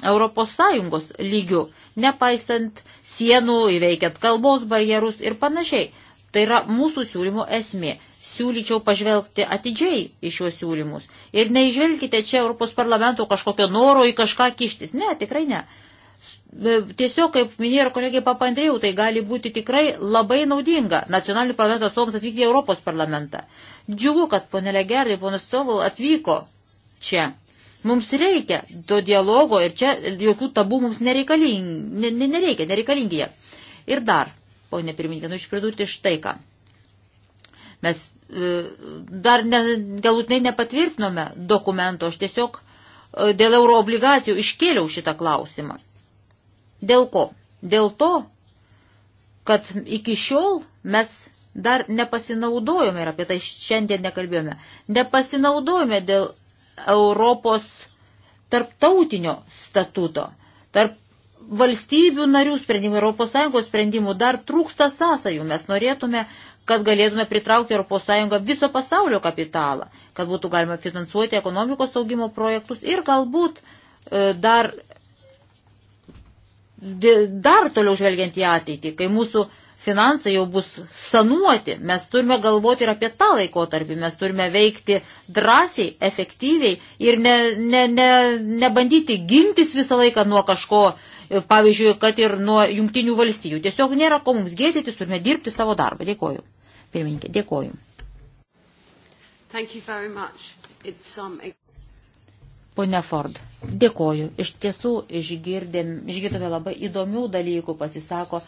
ES lygių, nepaisant sienų, įveikiant kalbos barjerus ir panašiai. Tai yra mūsų siūlymo esmė siūlyčiau pažvelgti atidžiai į šiuos siūlymus. Ir neižvelgite čia Europos parlamento kažkokio noro į kažką kištis. Ne, tikrai ne. E, tiesiog, kaip minėjo ir kolegė Papandrėjau, tai gali būti tikrai labai naudinga nacionalinių parlamento atstovams atvykti į Europos parlamentą. Džiugu, kad ponė Legerdai, ponas Sovol atvyko čia. Mums reikia to dialogo ir čia jokių tabų mums nereikalingi, nereikia, nereikalingi jie. Ir dar, ponė pirmininkė, noriu išpridurti štai ką. Mes e, dar ne, galutinai nepatvirtinome dokumento, aš tiesiog e, dėl euro obligacijų iškėliau šitą klausimą. Dėl ko? Dėl to, kad iki šiol mes dar nepasinaudojome, ir apie tai šiandien nekalbėjome, nepasinaudojome dėl Europos tarptautinio statuto, tarp valstybių narių sprendimų, ES sprendimų dar trūksta sąsajų. Mes norėtume kad galėtume pritraukti ES viso pasaulio kapitalą, kad būtų galima finansuoti ekonomikos augimo projektus ir galbūt e, dar, dar toliau žvelgiant į ateitį, kai mūsų finansai jau bus sanuoti, mes turime galvoti ir apie tą laikotarpį, mes turime veikti drąsiai, efektyviai ir nebandyti ne, ne, ne, ne gintis visą laiką nuo kažko, pavyzdžiui, kad ir nuo jungtinių valstybių. Tiesiog nėra ko mums gėdytis, turime dirbti savo darbą. Dėkoju. Pirmininkė, dėkoju. Um... Pone Ford, dėkoju. Iš tiesų išgirdėm, išgirdome labai įdomių dalykų, pasisako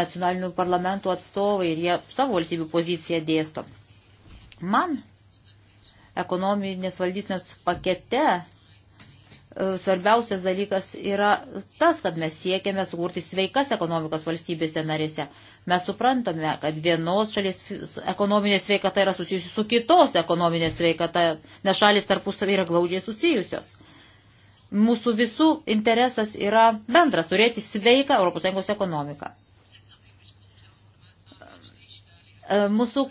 nacionalinių parlamentų atstovai ir jie savo valstybių poziciją dėsto. Man ekonominės valdysnės pakete svarbiausias dalykas yra tas, kad mes siekiame sukurti sveikas ekonomikas valstybėse narėse. Mes suprantame, kad vienos šalies ekonominė sveikata yra susijusi su kitos ekonominė sveikata, nes šalis tarpusavį yra glaudžiai susijusios. Mūsų visų interesas yra bendras - turėti sveiką ES ekonomiką. E, mūsų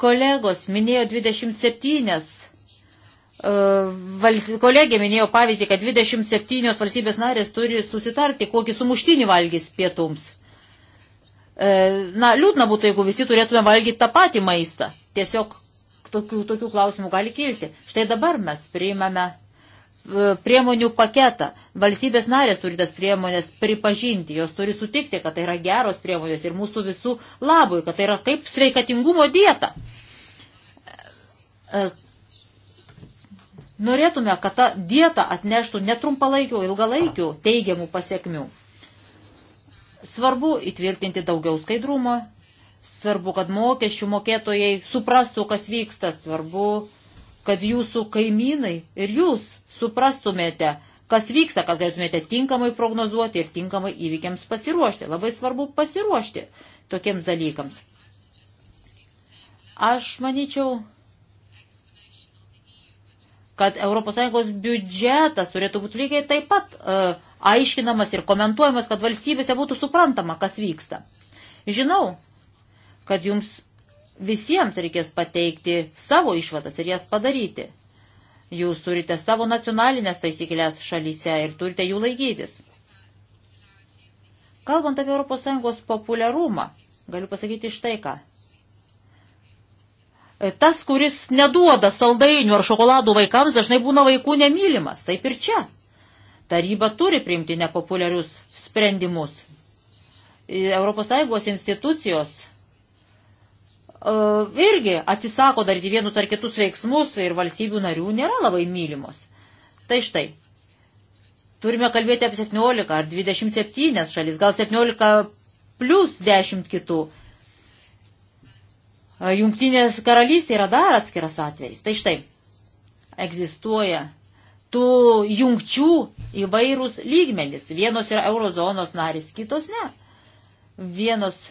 kolegos minėjo 27 E, kolegė minėjo pavyzdį, kad 27 valstybės narės turi susitarti, kokį sumuštinį valgys pietums. E, na, liūdna būtų, jeigu visi turėtume valgyti tą patį maistą. Tiesiog tokių, tokių klausimų gali kilti. Štai dabar mes priimame e, priemonių paketą. Valstybės narės turi tas priemonės pripažinti, jos turi sutikti, kad tai yra geros priemonės ir mūsų visų labui, kad tai yra kaip sveikatingumo dieta. Norėtume, kad ta dieta atneštų netrumpalaikių, ilgalaikių teigiamų pasiekmių. Svarbu įtvirtinti daugiau skaidrumo, svarbu, kad mokesčių mokėtojai suprastų, kas vyksta, svarbu, kad jūsų kaimynai ir jūs suprastumėte, kas vyksta, kad galėtumėte tinkamai prognozuoti ir tinkamai įvykiams pasiruošti. Labai svarbu pasiruošti tokiems dalykams. Aš manyčiau, kad ES biudžetas turėtų būti lygiai taip pat e, aiškinamas ir komentuojamas, kad valstybėse būtų suprantama, kas vyksta. Žinau, kad jums visiems reikės pateikti savo išvadas ir jas padaryti. Jūs turite savo nacionalinės taisyklės šalyse ir turite jų laikytis. Kalbant apie ES populiarumą, galiu pasakyti štai ką. E, tas, kuris neduoda saldainių ar šokoladų vaikams, dažnai būna vaikų nemylimas. Taip ir čia. Taryba turi priimti nepopuliarius sprendimus. ES institucijos uh, irgi atsisako daryti vienus ar kitus veiksmus ir valstybių narių nėra labai mylimos. Tai štai, turime kalbėti apie 17 ar 27 šalis, gal 17 plus 10 kitų. Jungtinės karalystė yra dar atskiras atvejis. Tai štai, egzistuoja tų jungčių įvairūs lygmenys. Vienos yra eurozonos narys, kitos ne. Vienos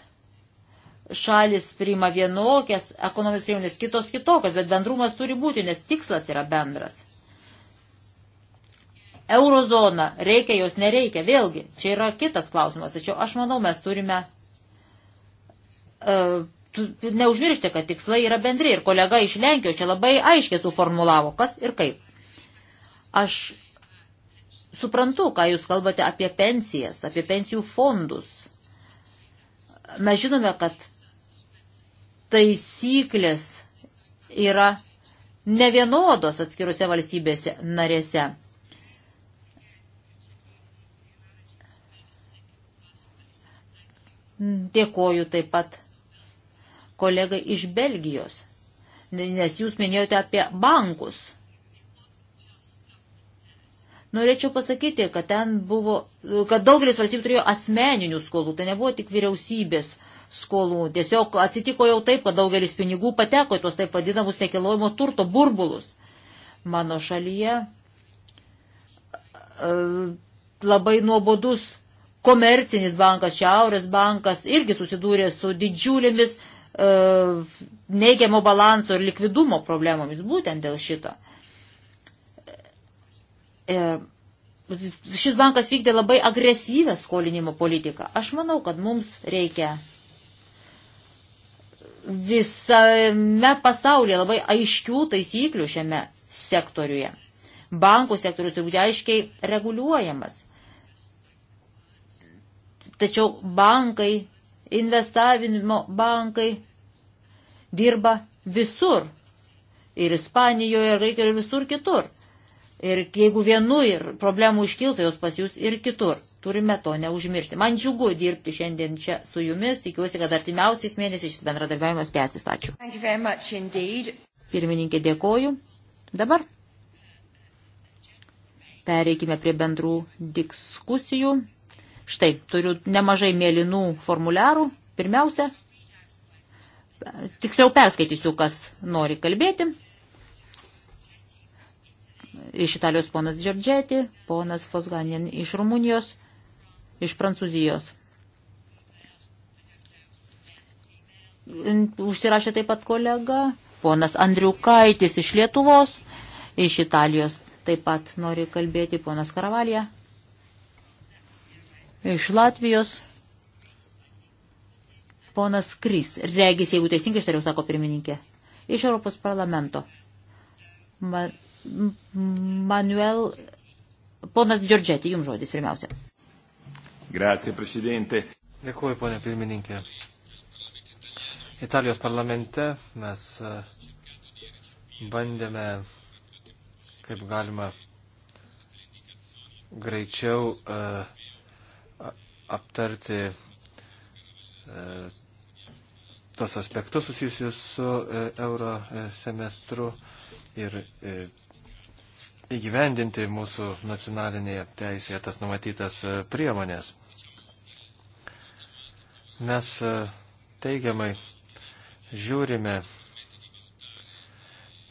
šalis priima vienokias ekonomis priemonės, kitos kitokias, bet bendrumas turi būti, nes tikslas yra bendras. Eurozona, reikia jos nereikia, vėlgi, čia yra kitas klausimas, tačiau aš manau, mes turime uh, neužmiršti, kad tikslai yra bendri ir kolega iš Lenkijos čia labai aiškiai suformulavo, kas ir kaip. Aš suprantu, ką jūs kalbate apie pensijas, apie pensijų fondus. Mes žinome, kad taisyklės yra nevienodos atskiruose valstybėse narėse. Dėkoju taip pat kolegai iš Belgijos, nes jūs minėjote apie bankus. Norėčiau pasakyti, kad ten buvo, kad daugelis valstybių turėjo asmeninių skolų, tai nebuvo tik vyriausybės skolų. Tiesiog atsitiko jau taip, kad daugelis pinigų pateko į tuos taip vadinamus nekilojimo turto burbulus. Mano šalyje e, labai nuobodus komercinis bankas, Šiaurės bankas irgi susidūrė su didžiulėmis E, neigiamo balanso ir likvidumo problemomis būtent dėl šito. E, šis bankas vykdė labai agresyvę skolinimo politiką. Aš manau, kad mums reikia visame pasaulyje labai aiškių taisyklių šiame sektoriuje. Bankų sektorius turi būti aiškiai reguliuojamas. Tačiau bankai Investavimo bankai dirba visur. Ir Ispanijoje, ir Graikijoje, ir visur kitur. Ir jeigu vienu ir problemų iškilta, jos pas jūs ir kitur. Turime to neužmiršti. Man džiugu dirbti šiandien čia su jumis. Tikiuosi, kad artimiausiais mėnesiais šis bendradarbiavimas tęsis. Ačiū. Pirmininkė, dėkoju. Dabar pereikime prie bendrų diskusijų. Štai, turiu nemažai mėlynų formuliarų. Pirmiausia, tiksliau perskaitysiu, kas nori kalbėti. Iš Italijos ponas Džordžeti, ponas Fosganien iš Rumunijos, iš Prancūzijos. Užsirašė taip pat kolega, ponas Andriukaitis iš Lietuvos, iš Italijos taip pat nori kalbėti ponas Karavalija iš Latvijos. Ponas Krys, regis, jeigu teisingai ištariau, sako pirmininkė, iš Europos parlamento. Ma, Manuel, ponas Džordžetį, jums žodis pirmiausia. Grazie, prezidente. Dėkuoju, ponė pirmininkė. Italijos parlamente mes e, bandėme, kaip galima, greičiau uh, aptarti e, tos aspektus susijusius su e, euro e, semestru ir e, įgyvendinti mūsų nacionalinėje teisėje tas numatytas e, priemonės. Mes e, teigiamai žiūrime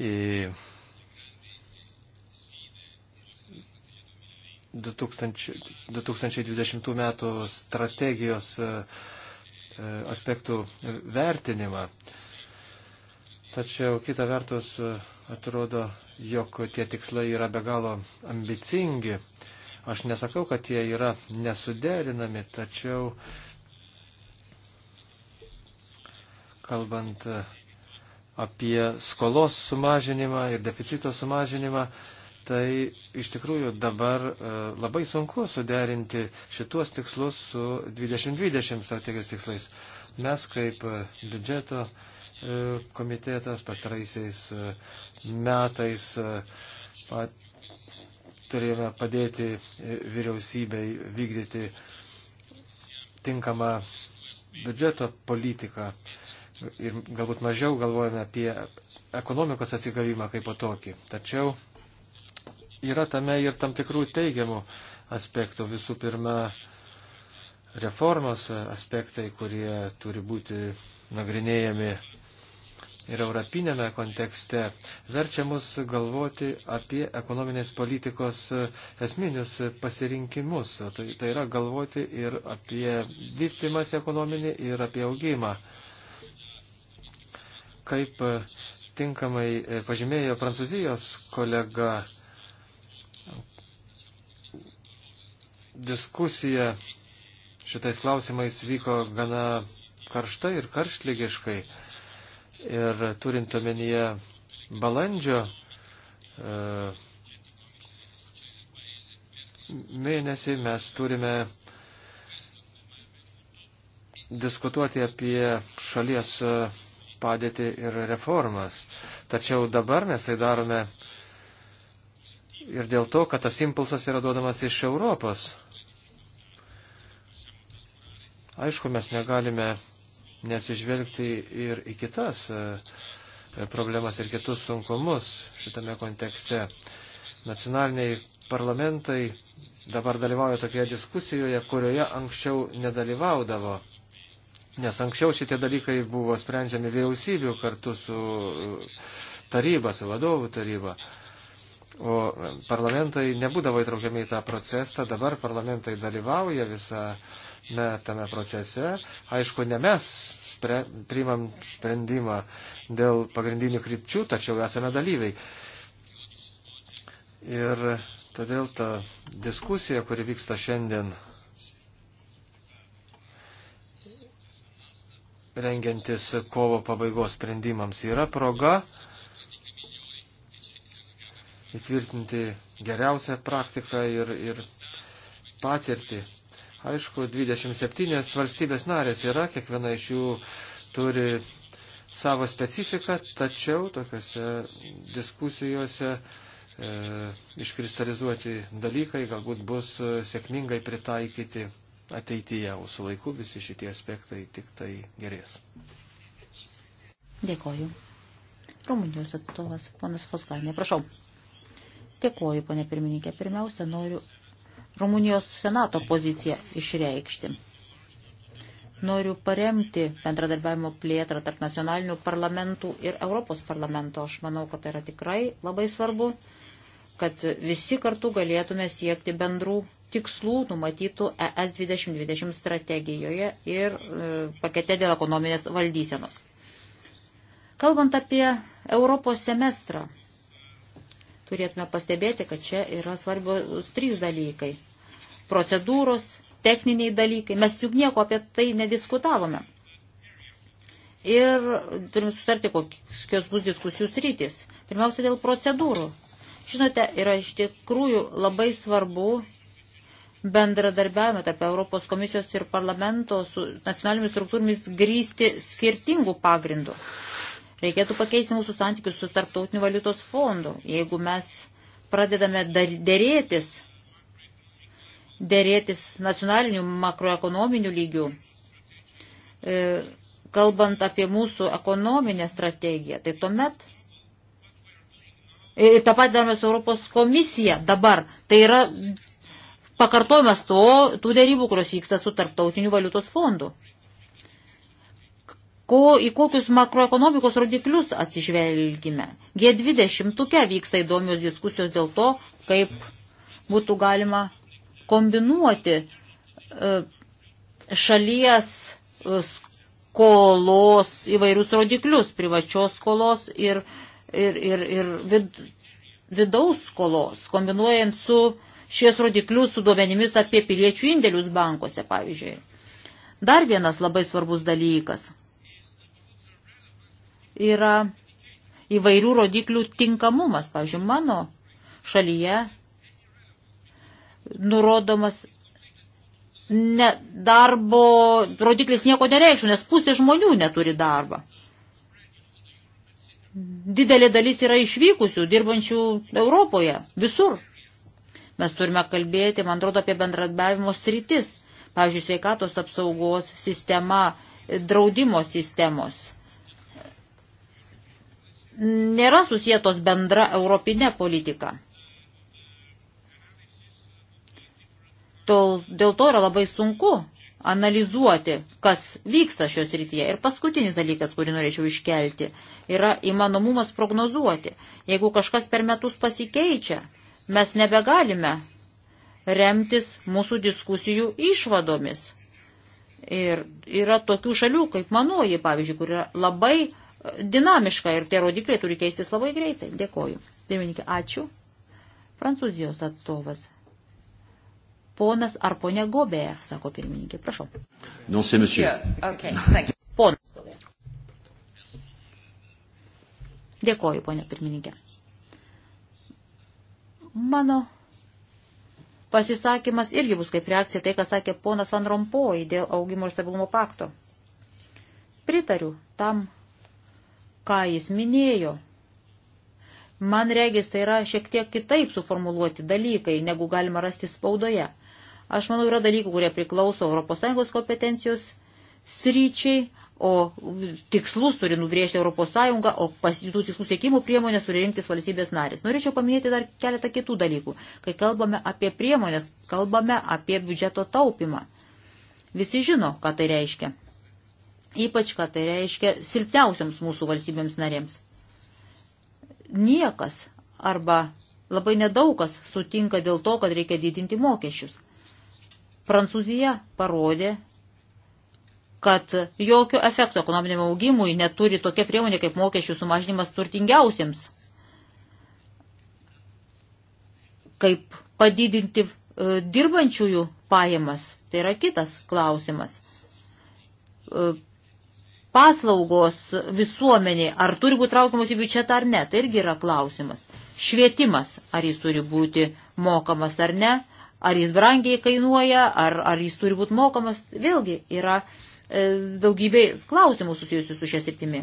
į 2020 metų strategijos e, e, aspektų vertinimą. Tačiau kita vertus e, atrodo, jog tie tikslai yra be galo ambicingi. Aš nesakau, kad jie yra nesuderinami, tačiau kalbant apie skolos sumažinimą ir deficito sumažinimą, tai iš tikrųjų dabar e, labai sunku suderinti šitos tikslus su 2020 strategijos tikslais. Mes kaip e, biudžeto e, komitetas pastaraisiais metais pat, turėjome padėti vyriausybei vykdyti tinkamą biudžeto politiką ir galbūt mažiau galvojame apie ekonomikos atsigavimą kaip po tokį. Tačiau yra tame ir tam tikrų teigiamų aspektų. Visų pirma, reformos aspektai, kurie turi būti nagrinėjami ir europinėme kontekste, verčia mus galvoti apie ekonominės politikos esminius pasirinkimus. Tai, tai yra galvoti ir apie vystimas ekonominį, ir apie augimą. Kaip tinkamai pažymėjo prancūzijos kolega, diskusija šitais klausimais vyko gana karštai ir karštlygiškai. Ir turint omenyje balandžio e, mėnesį mes turime diskutuoti apie šalies e, padėtį ir reformas. Tačiau dabar mes tai darome ir dėl to, kad tas impulsas yra duodamas iš Europos. Aišku, mes negalime nesižvelgti ir į kitas e, problemas ir kitus sunkumus šitame kontekste. Nacionaliniai parlamentai dabar dalyvauja tokioje diskusijoje, kurioje anksčiau nedalyvaudavo. Nes anksčiau šitie dalykai buvo sprendžiami vyriausybių kartu su e, taryba, su vadovų taryba. O e, parlamentai nebūdavo įtraukiami į tą procesą, dabar parlamentai dalyvauja visą na, tame procese. Aišku, ne mes spre, priimam sprendimą dėl pagrindinių krypčių, tačiau esame dalyviai. Ir todėl ta diskusija, kuri vyksta šiandien, rengiantis kovo pabaigos sprendimams, yra proga įtvirtinti geriausią praktiką ir, ir patirtį Aišku, 27 valstybės narės yra, kiekviena iš jų turi savo specifiką, tačiau tokiuose diskusijuose e, iškristalizuoti dalykai galbūt bus e, sėkmingai pritaikyti ateityje, o su laiku visi šitie aspektai tik tai gerės. Dėkoju. Rumunijos atstovas, ponas Foskanė, prašau. Dėkoju, ponė pirmininkė. Pirmiausia, noriu Rumunijos senato poziciją išreikšti. Noriu paremti bendradarbiavimo plėtrą tarp nacionalinių parlamentų ir Europos parlamento. Aš manau, kad tai yra tikrai labai svarbu, kad visi kartu galėtume siekti bendrų tikslų numatytų ES 2020 strategijoje ir e, pakete dėl ekonominės valdysenos. Kalbant apie Europos semestrą, turėtume pastebėti, kad čia yra svarbios trys dalykai. Procedūros, techniniai dalykai. Mes juk nieko apie tai nediskutavome. Ir turim sutarti, kokios bus diskusijų sritis. Pirmiausia, dėl procedūrų. Žinote, yra iš tikrųjų labai svarbu bendradarbiavimą tarp Europos komisijos ir parlamento su nacionalinėmis struktūromis grįsti skirtingų pagrindų. Reikėtų pakeisti mūsų santykius su Tarptautiniu valiutos fondu. Jeigu mes pradedame dėrėtis, dėrėtis nacionalinių makroekonominių lygių, e, kalbant apie mūsų ekonominę strategiją, tai tuomet e, tą patį darome su Europos komisija dabar. Tai yra pakartojimas to, tų dėrybų, kurios vyksta su Tarptautiniu valiutos fondu ko, į kokius makroekonomikos rodiklius atsižvelgime. G20 tuke vyksta įdomios diskusijos dėl to, kaip būtų galima kombinuoti e, šalies e, skolos įvairius rodiklius, privačios skolos ir, ir, ir, ir vid, vidaus skolos, kombinuojant su šies rodiklius su duomenimis apie piliečių indėlius bankuose, pavyzdžiui. Dar vienas labai svarbus dalykas yra įvairių rodiklių tinkamumas. Pavyzdžiui, mano šalyje nurodomas ne, darbo rodiklis nieko nereikštų, nes pusė žmonių neturi darbą. Didelė dalis yra išvykusių, dirbančių Europoje, visur. Mes turime kalbėti, man atrodo, apie bendradarbiavimo sritis. Pavyzdžiui, sveikatos apsaugos sistema, draudimo sistemos nėra susijėtos bendra europinė politika. Tol, dėl to yra labai sunku analizuoti, kas vyksta šios rytyje. Ir paskutinis dalykas, kurį norėčiau iškelti, yra įmanomumas prognozuoti. Jeigu kažkas per metus pasikeičia, mes nebegalime remtis mūsų diskusijų išvadomis. Ir yra tokių šalių, kaip manoji, pavyzdžiui, kur yra labai dinamiška ir tie rodikliai turi keistis labai greitai. Dėkoju. Pirmininkė, ačiū. Prancūzijos atstovas. Ponas ar ponia Gobė, sako pirmininkė. Prašau. Non, c'est monsieur. Okay, Ponas. Dėkoju, ponia pirmininkė. Mano pasisakymas irgi bus kaip reakcija tai, ką sakė ponas Van Rompoj dėl augimo ir stabilumo pakto. Pritariu tam ką jis minėjo. Man regis, tai yra šiek tiek kitaip suformuluoti dalykai, negu galima rasti spaudoje. Aš manau, yra dalykų, kurie priklauso ES kompetencijos sryčiai, o tikslus turi nubrėžti ES, o pasitų tikslų siekimų priemonės turi rinktis valstybės narės. Norėčiau paminėti dar keletą kitų dalykų. Kai kalbame apie priemonės, kalbame apie biudžeto taupimą. Visi žino, ką tai reiškia. Ypač, ką tai reiškia silpniausiams mūsų valstybėms narėms. Niekas arba labai nedaugas sutinka dėl to, kad reikia didinti mokesčius. Prancūzija parodė, kad jokio efekto ekonominiam augimui neturi tokia priemonė kaip mokesčių sumažinimas turtingiausiems, kaip padidinti e, dirbančiųjų pajamas. Tai yra kitas klausimas. E, paslaugos visuomeniai, ar turi būti traukiamos į biudžetą ar ne, tai irgi yra klausimas. Švietimas, ar jis turi būti mokamas ar ne, ar jis brangiai kainuoja, ar, ar jis turi būti mokamas, vėlgi yra e, daugybė klausimų susijusių su šia sritimi.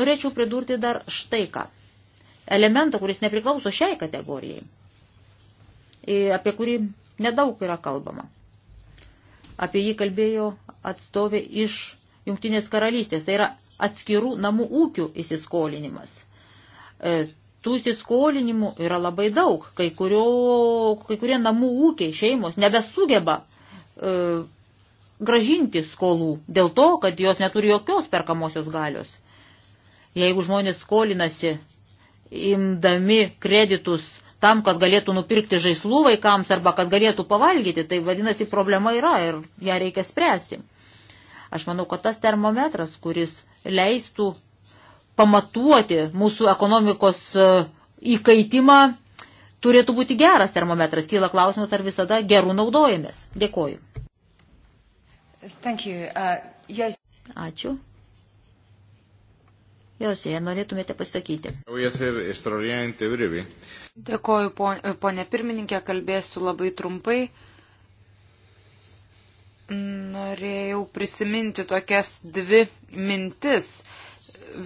Norėčiau pridurti dar štai ką. Elementą, kuris nepriklauso šiai kategorijai, apie kurį nedaug yra kalbama. Apie jį kalbėjo atstovė iš Junktinės karalystės. Tai yra atskirų namų ūkių įsiskolinimas. E, tų įsiskolinimų yra labai daug. Kai, kurio, kai kurie namų ūkiai, šeimos nebesugeba e, gražinti skolų dėl to, kad jos neturi jokios perkamosios galios. Jeigu žmonės skolinasi imdami kreditus tam, kad galėtų nupirkti žaislų vaikams arba kad galėtų pavalgyti, tai vadinasi problema yra ir ją reikia spręsti. Aš manau, kad tas termometras, kuris leistų pamatuoti mūsų ekonomikos e, įkaitimą, turėtų būti geras termometras. Kyla klausimas, ar visada gerų naudojamės. Dėkoju. Uh, yes. Ačiū. Jos, jei norėtumėte pasakyti. Dėkoju, ponė pirmininkė, kalbėsiu labai trumpai norėjau prisiminti tokias dvi mintis.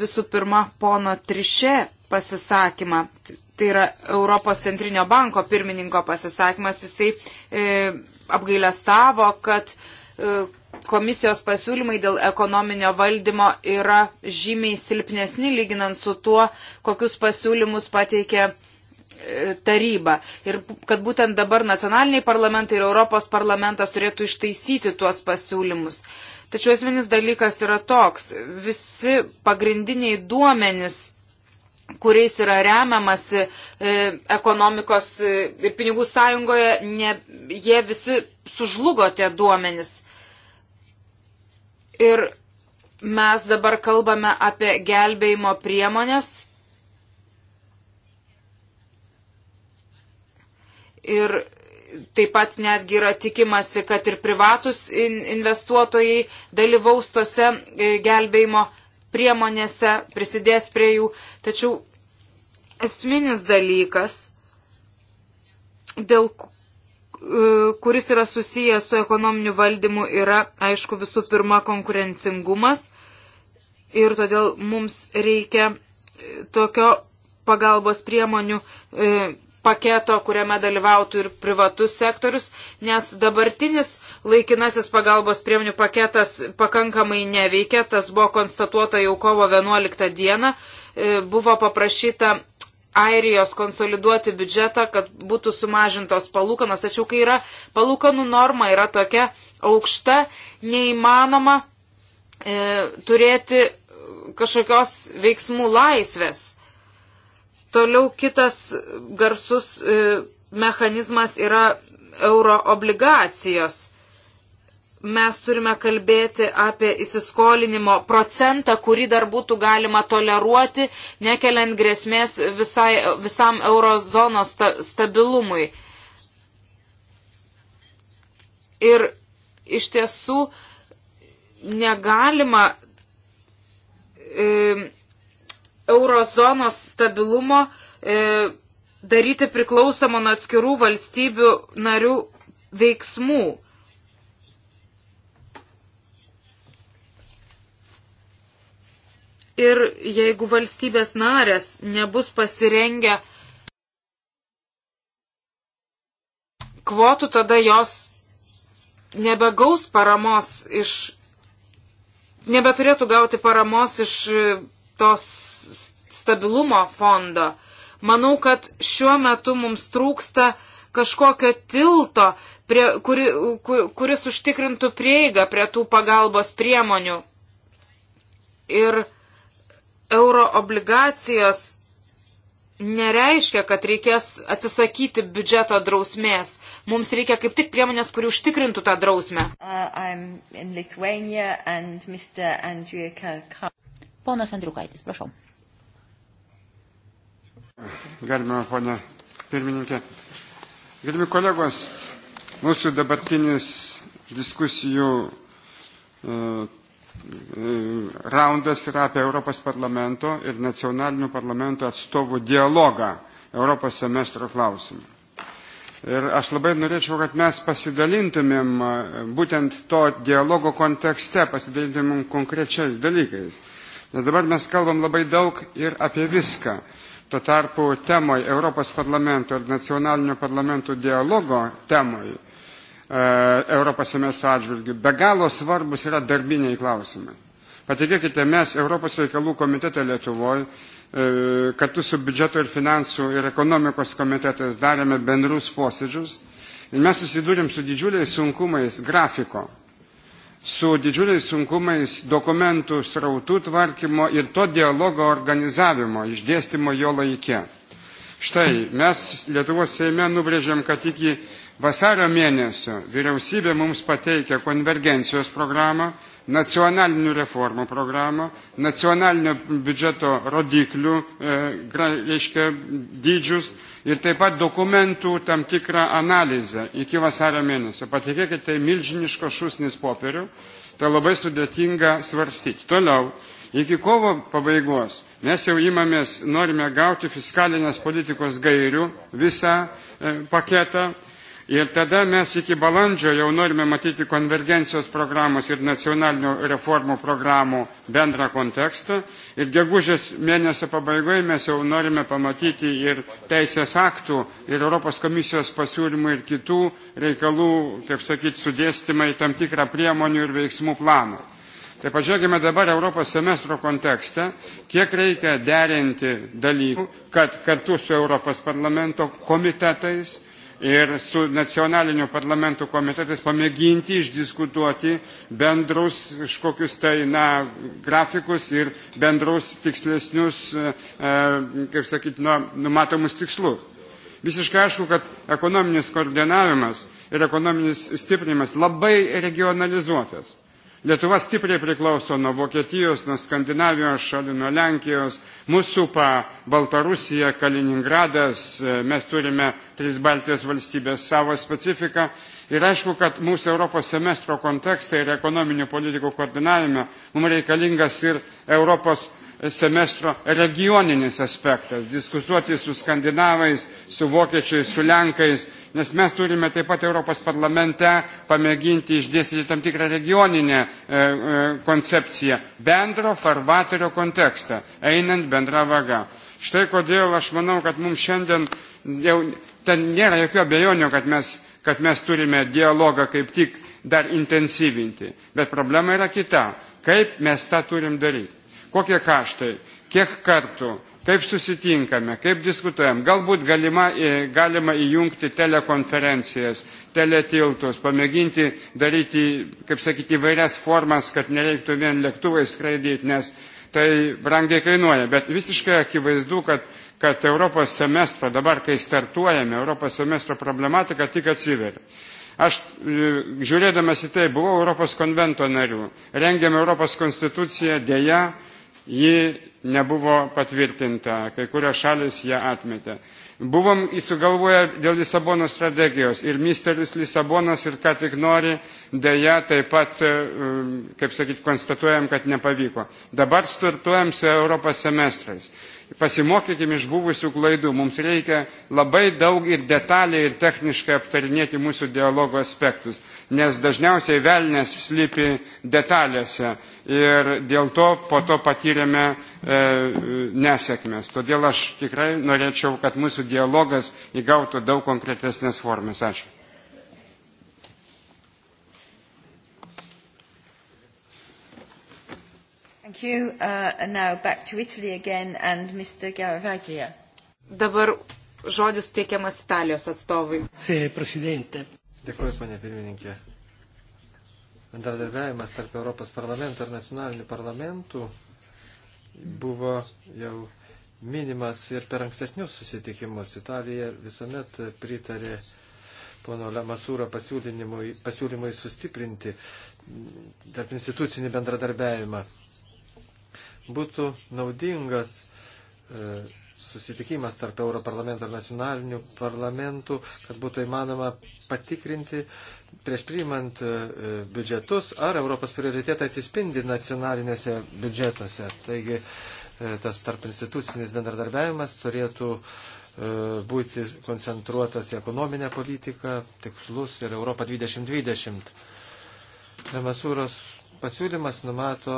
Visų pirma, pono Trišė pasisakymą. Tai yra Europos centrinio banko pirmininko pasisakymas. Jisai e, apgailestavo, kad e, komisijos pasiūlymai dėl ekonominio valdymo yra žymiai silpnesni lyginant su tuo, kokius pasiūlymus pateikė taryba. Ir kad būtent dabar nacionaliniai parlamentai ir Europos parlamentas turėtų ištaisyti tuos pasiūlymus. Tačiau esminis dalykas yra toks. Visi pagrindiniai duomenys kuriais yra remiamasi e, ekonomikos e, ir pinigų sąjungoje, ne, jie visi sužlugo tie duomenys. Ir mes dabar kalbame apie gelbėjimo priemonės, ir taip pat netgi yra tikimasi, kad ir privatus investuotojai dalyvaus tose e, gelbėjimo priemonėse, prisidės prie jų. Tačiau esminis dalykas, dėl e, kuris yra susijęs su ekonominiu valdymu, yra, aišku, visų pirma, konkurencingumas. Ir todėl mums reikia e, tokio pagalbos priemonių paketo, kuriame dalyvautų ir privatus sektorius, nes dabartinis laikinasis pagalbos priemonių paketas pakankamai neveikia, tas buvo konstatuota jau kovo 11 dieną, e, buvo paprašyta Airijos konsoliduoti biudžetą, kad būtų sumažintos palūkanos, tačiau kai yra palūkanų norma yra tokia aukšta, neįmanoma e, turėti kažkokios veiksmų laisvės Toliau kitas garsus e, mechanizmas yra euro obligacijos. Mes turime kalbėti apie įsiskolinimo procentą, kurį dar būtų galima toleruoti, nekeliant grėsmės visai, visam eurozonos sta, stabilumui. Ir iš tiesų negalima e, eurozonos stabilumo e, daryti priklausomą nuo atskirų valstybių narių veiksmų. Ir jeigu valstybės narės nebus pasirengę kvotų, tada jos nebegaus paramos iš, nebeturėtų gauti paramos iš tos stabilumo fondo. Manau, kad šiuo metu mums trūksta kažkokio tilto, prie, kuri, kur, kuris užtikrintų prieigą prie tų pagalbos priemonių. Ir euro obligacijos nereiškia, kad reikės atsisakyti biudžeto drausmės. Mums reikia kaip tik priemonės, kuri užtikrintų tą drausmę. Uh, Ponas Andriukaitis, prašau. Galime, ponia pirmininkė. Gerbimi kolegos, mūsų dabartinis diskusijų e, e, raundas yra apie Europos parlamento ir nacionalinių parlamento atstovų dialogą Europos semestro klausimu. Ir aš labai norėčiau, kad mes pasidalintumėm e, būtent to dialogo kontekste, pasidalintumėm konkrečiais dalykais. Nes dabar mes kalbam labai daug ir apie viską. Tuo tarpu temoj Europos parlamento ir nacionalinio parlamento dialogo temoj e, Europos semestro atžvilgių be galo svarbus yra darbiniai klausimai. Patikėkite, mes Europos reikalų komitete Lietuvoje kartu su biudžeto ir finansų ir ekonomikos komitetais darėme bendrus posėdžius ir mes susidūrėm su didžiuliais sunkumais grafiko su didžiuliais sunkumais dokumentų srautų tvarkymo ir to dialogo organizavimo, išdėstymo jo laikė. Štai mes Lietuvos Seime nubrėžėm, kad iki vasario mėnesio vyriausybė mums pateikia konvergencijos programą, nacionalinių reformų programą, nacionalinio biudžeto rodiklių, e, reiškia, dydžius ir taip pat dokumentų tam tikrą analizę iki vasario mėnesio. Patikėkite, tai milžiniškos šusnis popierių, tai labai sudėtinga svarstyti. Toliau. Iki kovo pabaigos mes jau imamės, norime gauti fiskalinės politikos gairių visą e, paketą Ir tada mes iki balandžio jau norime matyti konvergencijos programos ir nacionalinių reformų programų bendrą kontekstą. Ir gegužės mėnesio pabaigoje mes jau norime pamatyti ir teisės aktų, ir Europos komisijos pasiūlymų, ir kitų reikalų, kaip sakyti, sudėstymai tam tikrą priemonių ir veiksmų planą. Tai pažiūrėkime dabar Europos semestro kontekste, kiek reikia derinti dalykų, kad kartu su Europos parlamento komitetais ir su nacionaliniu parlamentu komitetais pamėginti išdiskutuoti bendrus kažkokius tai na, grafikus ir bendrus tikslesnius, e, e, kaip sakyti, nu, numatomus tikslus. Visiškai aišku, kad ekonominis koordinavimas ir ekonominis stiprinimas labai regionalizuotas. Lietuva stipriai priklauso nuo Vokietijos, nuo Skandinavijos šalių, nuo Lenkijos, mūsų supa Baltarusija, Kaliningradas, e, mes turime tris Baltijos valstybės savo specifiką. Ir aišku, kad mūsų Europos semestro kontekstai ir ekonominių politikų koordinavime mums reikalingas ir Europos semestro regioninis aspektas, diskusuoti su skandinavais, su vokiečiais, su lenkais, nes mes turime taip pat Europos parlamente pamėginti išdėstyti tam tikrą regioninę e, e, koncepciją, bendro farvaterio kontekstą, einant bendrą vagą. Štai kodėl aš manau, kad mums šiandien jau ten nėra jokių abejonių, kad mes, kad mes turime dialogą kaip tik dar intensyvinti. Bet problema yra kita. Kaip mes tą turim daryti? kokie kaštai, kiek kartų, kaip susitinkame, kaip diskutuojam. Galbūt galima, e, galima įjungti telekonferencijas, teletiltus, pamėginti daryti, kaip sakyti, įvairias formas, kad nereiktų vien lėktuvai skraidyti, nes tai brangiai kainuoja. Bet visiškai akivaizdu, kad kad Europos semestro, dabar kai startuojame, Europos semestro problematika tik atsiveria. Aš e, žiūrėdamas į tai buvau Europos konvento narių, rengėme Europos konstituciją, dėja, ji nebuvo patvirtinta, kai kurios šalis ją atmetė. Buvom įsigalvoję dėl Lisabonos strategijos ir misteris Lisabonas ir ką tik nori, dėja taip pat, e, kaip sakyti, konstatuojam, kad nepavyko. Dabar startuojam su Europos semestrais pasimokykime iš buvusių klaidų. Mums reikia labai daug ir detaliai ir techniškai aptarinėti mūsų dialogo aspektus, nes dažniausiai velnės slypi detalėse ir dėl to po to patyrėme e, nesėkmės. Todėl aš tikrai norėčiau, kad mūsų dialogas įgautų daug konkretesnės formas. Ačiū. Thank you. Uh, and now back to Italy again and Mr. Garavaglia. Dabar žodis teikiamas Italijos atstovui. Sė, prezidentė. Dėkuoju, panė pirmininkė. Bendradarbiavimas tarp Europos parlamento ir nacionalinių parlamentų buvo jau minimas ir per ankstesnius susitikimus. Italija visuomet pritarė pono Lemasūro pasiūlymui, pasiūlymui sustiprinti tarp institucinį bendradarbiavimą būtų naudingas e, susitikimas tarp Europarlamento ir nacionalinių parlamentų, kad būtų įmanoma patikrinti prieš priimant e, e, biudžetus, ar Europos prioritetai atsispindi nacionalinėse biudžetuose. Taigi tas tarp institucinis bendradarbiavimas turėtų būti koncentruotas į ekonominę politiką, tikslus ir Europą 2020. Damasūros pasiūlymas numato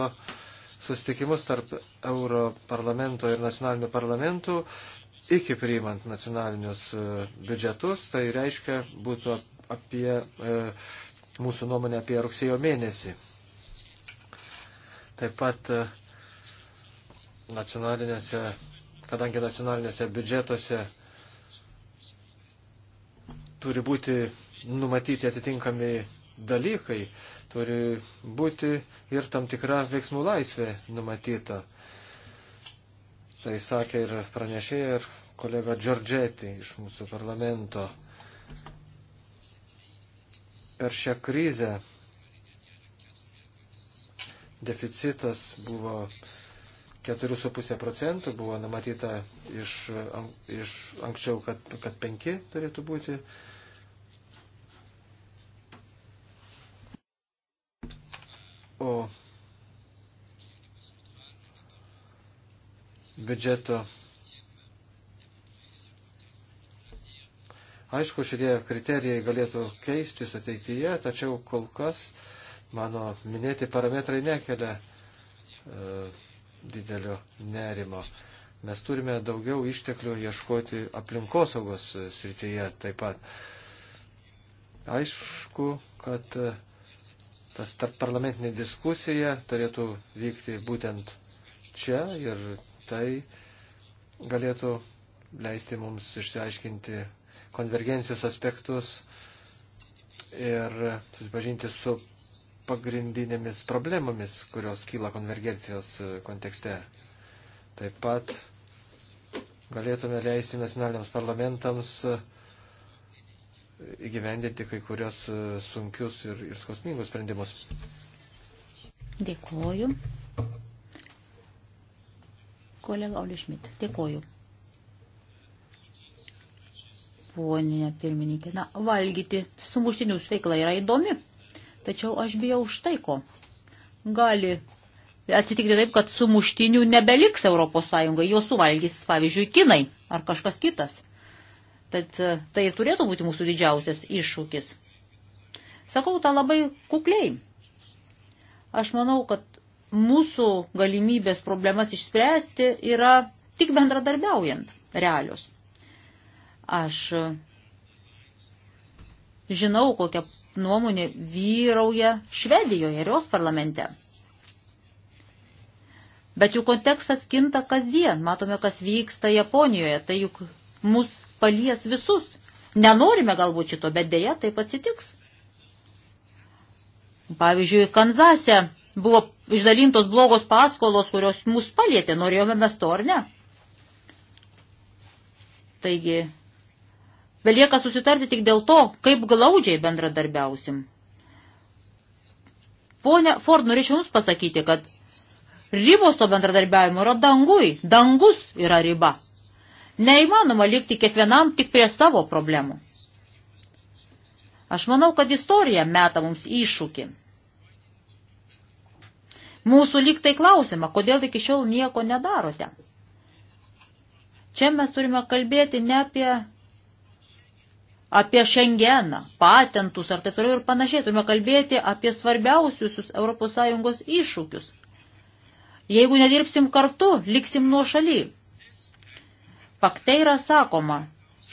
sustikimus tarp Europarlamento ir nacionalinių parlamentų iki priimant nacionalinius e, biudžetus, tai reiškia būtų apie e, mūsų nuomonę apie rugsėjo mėnesį. Taip pat e, nacionalinėse, kadangi nacionalinėse biudžetuose turi būti numatyti atitinkami dalykai, turi būti ir tam tikra veiksmų laisvė numatyta. Tai sakė ir pranešėja, ir kolega Džordžetį iš mūsų parlamento. Per šią krizę deficitas buvo 4,5 procentų, buvo numatyta iš, iš anksčiau, kad, kad 5 turėtų būti. Uh, o biudžeto. Aišku, šitie kriterijai galėtų keistis ateityje, tačiau kol kas mano minėti parametrai nekelia e, didelio nerimo. Mes turime daugiau išteklių ieškoti aplinkosaugos srityje taip pat. Aišku, kad e, tas parlamentinė diskusija turėtų vykti būtent čia ir tai galėtų leisti mums išsiaiškinti konvergencijos aspektus ir susipažinti su pagrindinėmis problemomis, kurios kyla konvergencijos kontekste. Taip pat galėtume leisti nacionaliniams parlamentams uh, įgyvendinti kai kurias e, sunkius ir, ir skausmingus sprendimus. Dėkoju. Kolega Olišmit, dėkoju. Poninė pirmininkė, na, valgyti sumuštinius veikla yra įdomi, tačiau aš bijau už tai, ko. Gali atsitikti taip, kad sumuštinių nebeliks ES, juos suvalgys, pavyzdžiui, kinai ar kažkas kitas. Tad e, tai ir turėtų būti mūsų didžiausias iššūkis. Sakau tą labai kukliai. Aš manau, kad mūsų galimybės problemas išspręsti yra tik bendradarbiaujant realius. Aš e, žinau, kokią nuomonė vyrauja Švedijoje ir jos parlamente. Bet jų kontekstas kinta kasdien. Matome, kas vyksta Japonijoje. Tai juk mus palies visus. Nenorime galbūt šito, bet dėja taip atsitiks. Pavyzdžiui, Kanzase buvo išdalintos blogos paskolos, kurios mus palietė, norėjome mes to ar ne. Taigi, belieka susitarti tik dėl to, kaip glaudžiai bendradarbiausim. Pone Ford, norėčiau Jums pasakyti, kad ribos to bendradarbiavimo yra dangui, dangus yra riba. Neįmanoma likti kiekvienam tik prie savo problemų. Aš manau, kad istorija meta mums iššūkį. Mūsų liktai klausima, kodėl iki šiol nieko nedarote. Čia mes turime kalbėti ne apie, apie šengeną, patentus ar taip toliau ir panašiai. Turime kalbėti apie svarbiausius ES iššūkius. Jeigu nedirbsim kartu, liksim nuo šaly. Pakte yra sakoma,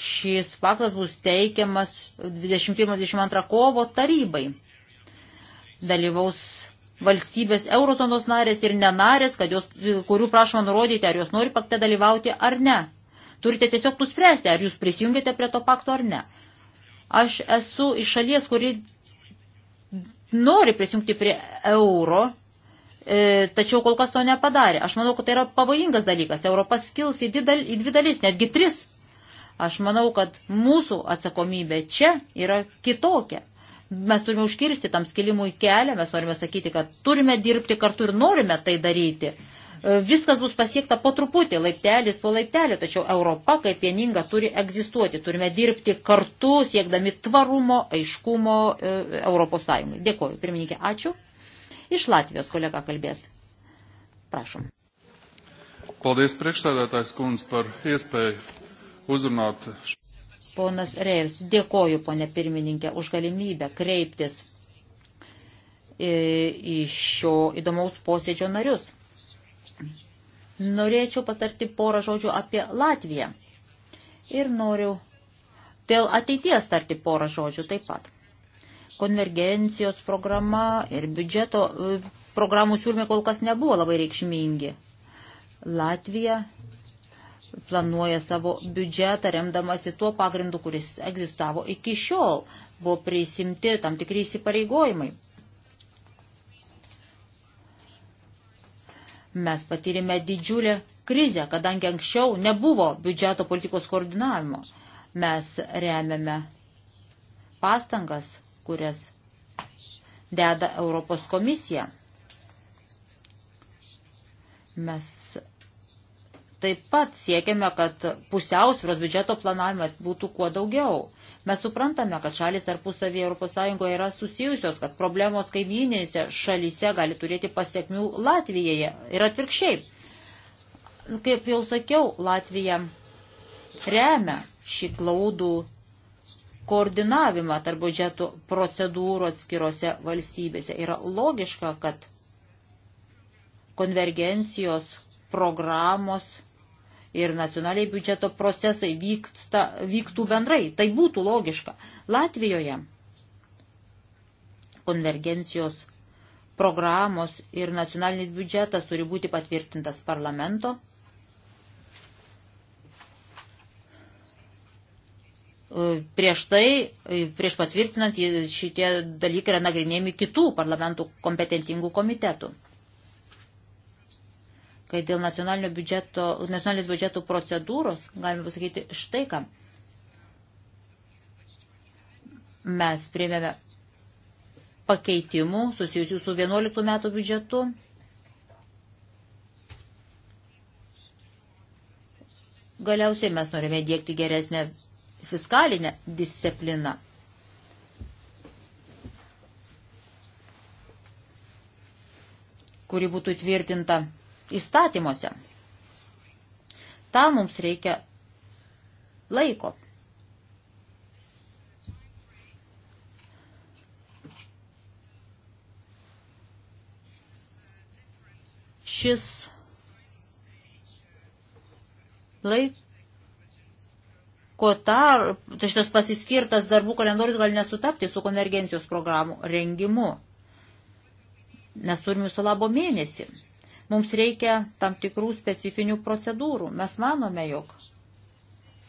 šis paktas bus teikiamas 21-22 kovo tarybai. Dalyvaus valstybės eurozonos narės ir nenarės, jos, kurių prašoma nurodyti, ar jos nori pakte dalyvauti ar ne. Turite tiesiog nuspręsti, ar jūs prisijungiate prie to pakto ar ne. Aš esu iš šalies, kuri nori prisijungti prie euro E, tačiau kol kas to nepadarė. Aš manau, kad tai yra pavojingas dalykas. Europa skils į, didal, į dvi dalis, netgi tris. Aš manau, kad mūsų atsakomybė čia yra kitokia. Mes turime užkirsti tam skilimui kelią, mes norime sakyti, kad turime dirbti kartu ir norime tai daryti. E, viskas bus pasiekta po truputį, laiptelis po laiptelio, tačiau Europa kaip vieninga turi egzistuoti. Turime dirbti kartu, siekdami tvarumo, aiškumo e, Europos Sąjungai. Dėkoju, pirmininkė, ačiū. Iš Latvijos kolega kalbės. Prašom. Paldies priekšstādātājs kundz par iespēju uzrunāt. Ponas Reirs, dėkoju, ponė pirmininkė, už galimybę kreiptis e, į šio įdomaus posėdžio narius. Norėčiau patarti porą žodžių apie Latviją. Ir noriu dėl ateities tarti porą žodžių taip pat konvergencijos programa ir biudžeto e, programų siūlymai kol kas nebuvo labai reikšmingi. Latvija planuoja savo biudžetą remdamasi tuo pagrindu, kuris egzistavo iki šiol. Buvo prisimti tam tikri įsipareigojimai. Mes patyrėme didžiulę krizę, kadangi anksčiau nebuvo biudžeto politikos koordinavimo. Mes remiame pastangas kurias deda Europos komisija. Mes taip pat siekiame, kad pusiausvėros biudžeto planavime būtų kuo daugiau. Mes suprantame, kad šalis tarpusavį ES yra susijusios, kad problemos kaiminėse šalyse gali turėti pasiekmių Latvijoje ir atvirkščiai. Kaip jau sakiau, Latvija remia šį glaudų koordinavimą tarp budžetų procedūrų atskirose valstybėse. Yra logiška, kad konvergencijos programos ir nacionaliai biudžeto procesai vyksta, vyktų bendrai. Tai būtų logiška. Latvijoje konvergencijos programos ir nacionalinis biudžetas turi būti patvirtintas parlamento Prieš tai, e, prieš patvirtinant, šitie dalykai yra nagrinėjami kitų parlamentų kompetentingų komitetų. Kai dėl nacionalinio biudžeto, nacionalinės biudžeto procedūros, galime pasakyti štai ką. Mes priėmėme pakeitimų susijusių su 11 metų biudžetu. Galiausiai mes norime dėkti geresnę fiskalinę discipliną. kuri būtų tvirtinta įstatymuose. Tam mums reikia laiko. Šis laik, Ko tar, tai šitas pasiskirtas darbų kalendorius gali nesutapti su konvergencijos programų rengimu. Nes turime su labo mėnesį. Mums reikia tam tikrų specifinių procedūrų. Mes manome, jog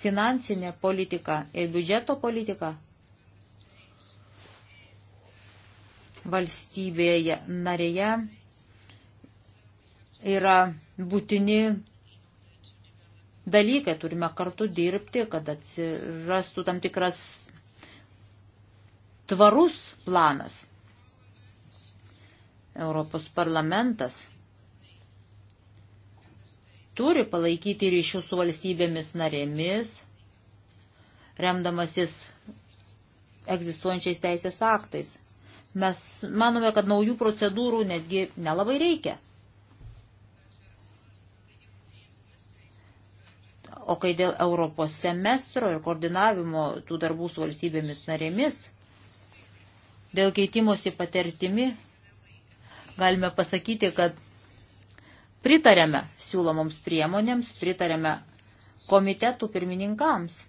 finansinė politika ir biudžeto politika valstybėje narėje yra būtini dalykai. Turime kartu dirbti, kad atsirastų tam tikras tvarus planas. Europos parlamentas turi palaikyti ryšių su valstybėmis narėmis, remdamasis egzistuojančiais teisės aktais. Mes manome, kad naujų procedūrų netgi nelabai reikia. O kai dėl Europos semestro ir koordinavimo tų darbų su valstybėmis narėmis, dėl keitimosi patirtimi, galime pasakyti, kad pritarėme siūlomoms priemonėms, pritarėme komitetų pirmininkams,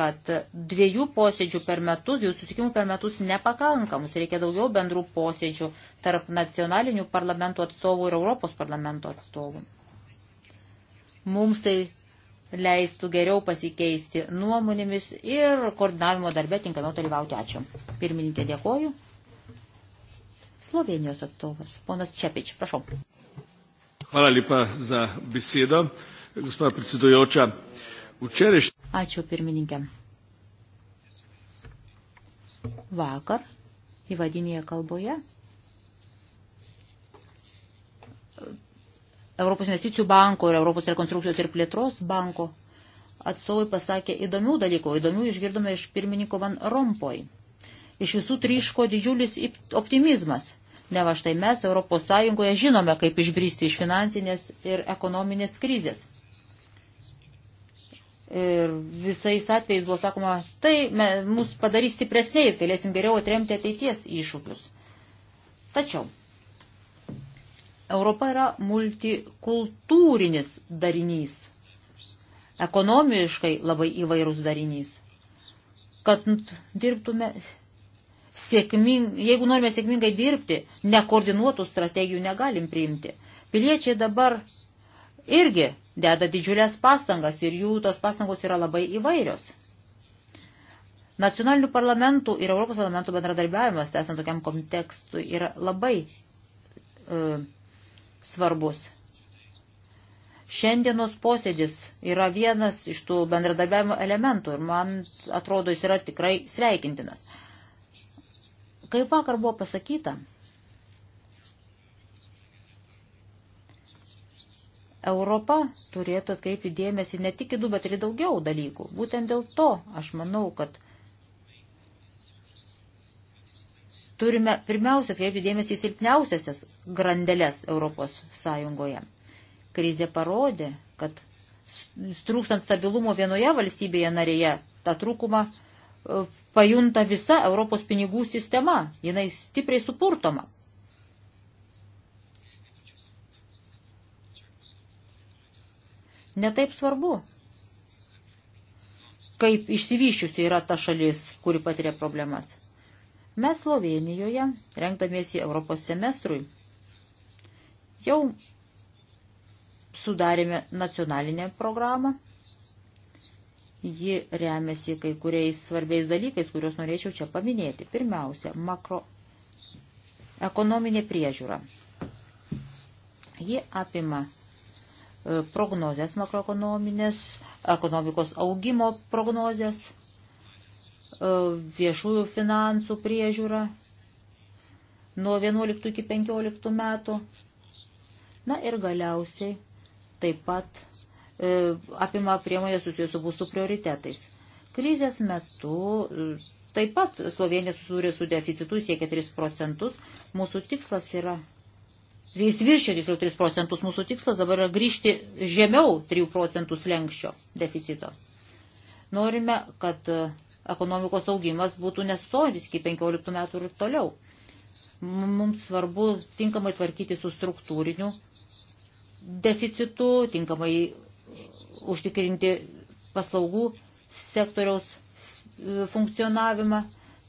kad dviejų posėdžių per metus, jų susitikimų per metus nepakankamus, reikia daugiau bendrų posėdžių tarp nacionalinių parlamentų atstovų ir Europos parlamento atstovų. Mums tai leistų geriau pasikeisti nuomonėmis ir koordinavimo darbe tinkamiau dalyvauti. Ačiū. Pirmininkė, dėkoju. Slovenijos atstovas, ponas Čepič, prašau. Hvala lepa za besedo, gospod predsedujoča. Včerajš... Ačiū pirmininkė. Vakar įvadinėje kalboje Europos investicijų banko ir Europos rekonstrukcijos ir plėtros banko atstovai pasakė įdomių dalykų, įdomių išgirdome iš pirmininko Van Rompoj. Iš visų triško didžiulis optimizmas. Ne va štai mes Europos Sąjungoje žinome, kaip išbristi iš finansinės ir ekonominės krizės. Ir visais atvejais buvo sakoma, tai mus padarys stipresniais, galėsim geriau atremti ateities iššūkius. Tačiau Europa yra multikultūrinis darinys, ekonomiškai labai įvairūs darinys. Kad dirbtume sėkmingai, jeigu norime sėkmingai dirbti, nekoordinuotų strategijų negalim priimti. Piliečiai dabar irgi deda didžiulės pastangas ir jų tos pastangos yra labai įvairios. Nacionalinių parlamentų ir Europos parlamentų bendradarbiavimas, esant tokiam kontekstui, yra labai e, svarbus. Šiandienos posėdis yra vienas iš tų bendradarbiavimo elementų ir man atrodo jis yra tikrai sveikintinas. Kaip vakar buvo pasakyta, Europa turėtų atkreipti dėmesį ne tik į du, bet ir į daugiau dalykų. Būtent dėl to aš manau, kad Turime pirmiausia atkreipti dėmesį į silpniausiasias grandelės Europos Sąjungoje. Krizė parodė, kad trūkstant stabilumo vienoje valstybėje narėje, tą trūkumą e, pajunta visa Europos pinigų sistema, jinai stipriai supurtoma. Netaip svarbu, kaip išsivyščiusi yra ta šalis, kuri patiria problemas. Mes Slovenijoje, renkdamiesi Europos semestrui, jau sudarėme nacionalinę programą. Ji remiasi kai kuriais svarbiais dalykais, kuriuos norėčiau čia paminėti. Pirmiausia, makroekonominė priežiūra. Ji apima e, prognozes makroekonominės, ekonomikos augimo prognozes, E, viešųjų finansų priežiūra nuo 11 iki 15 metų. Na ir galiausiai taip pat e, apima priemonės susijusių būsų prioritetais. Krizės metu e, taip pat Slovenija susidūrė su deficitu, siekia 3 procentus. Mūsų tikslas yra, jis viršė tiksliau 3 procentus, mūsų tikslas dabar yra grįžti žemiau 3 procentų slengščio deficito. Norime, kad e, ekonomikos augimas būtų nestojantis iki 15 metų ir toliau. Mums svarbu tinkamai tvarkyti su struktūriniu deficitu, tinkamai uh, užtikrinti paslaugų sektoriaus uh, funkcionavimą,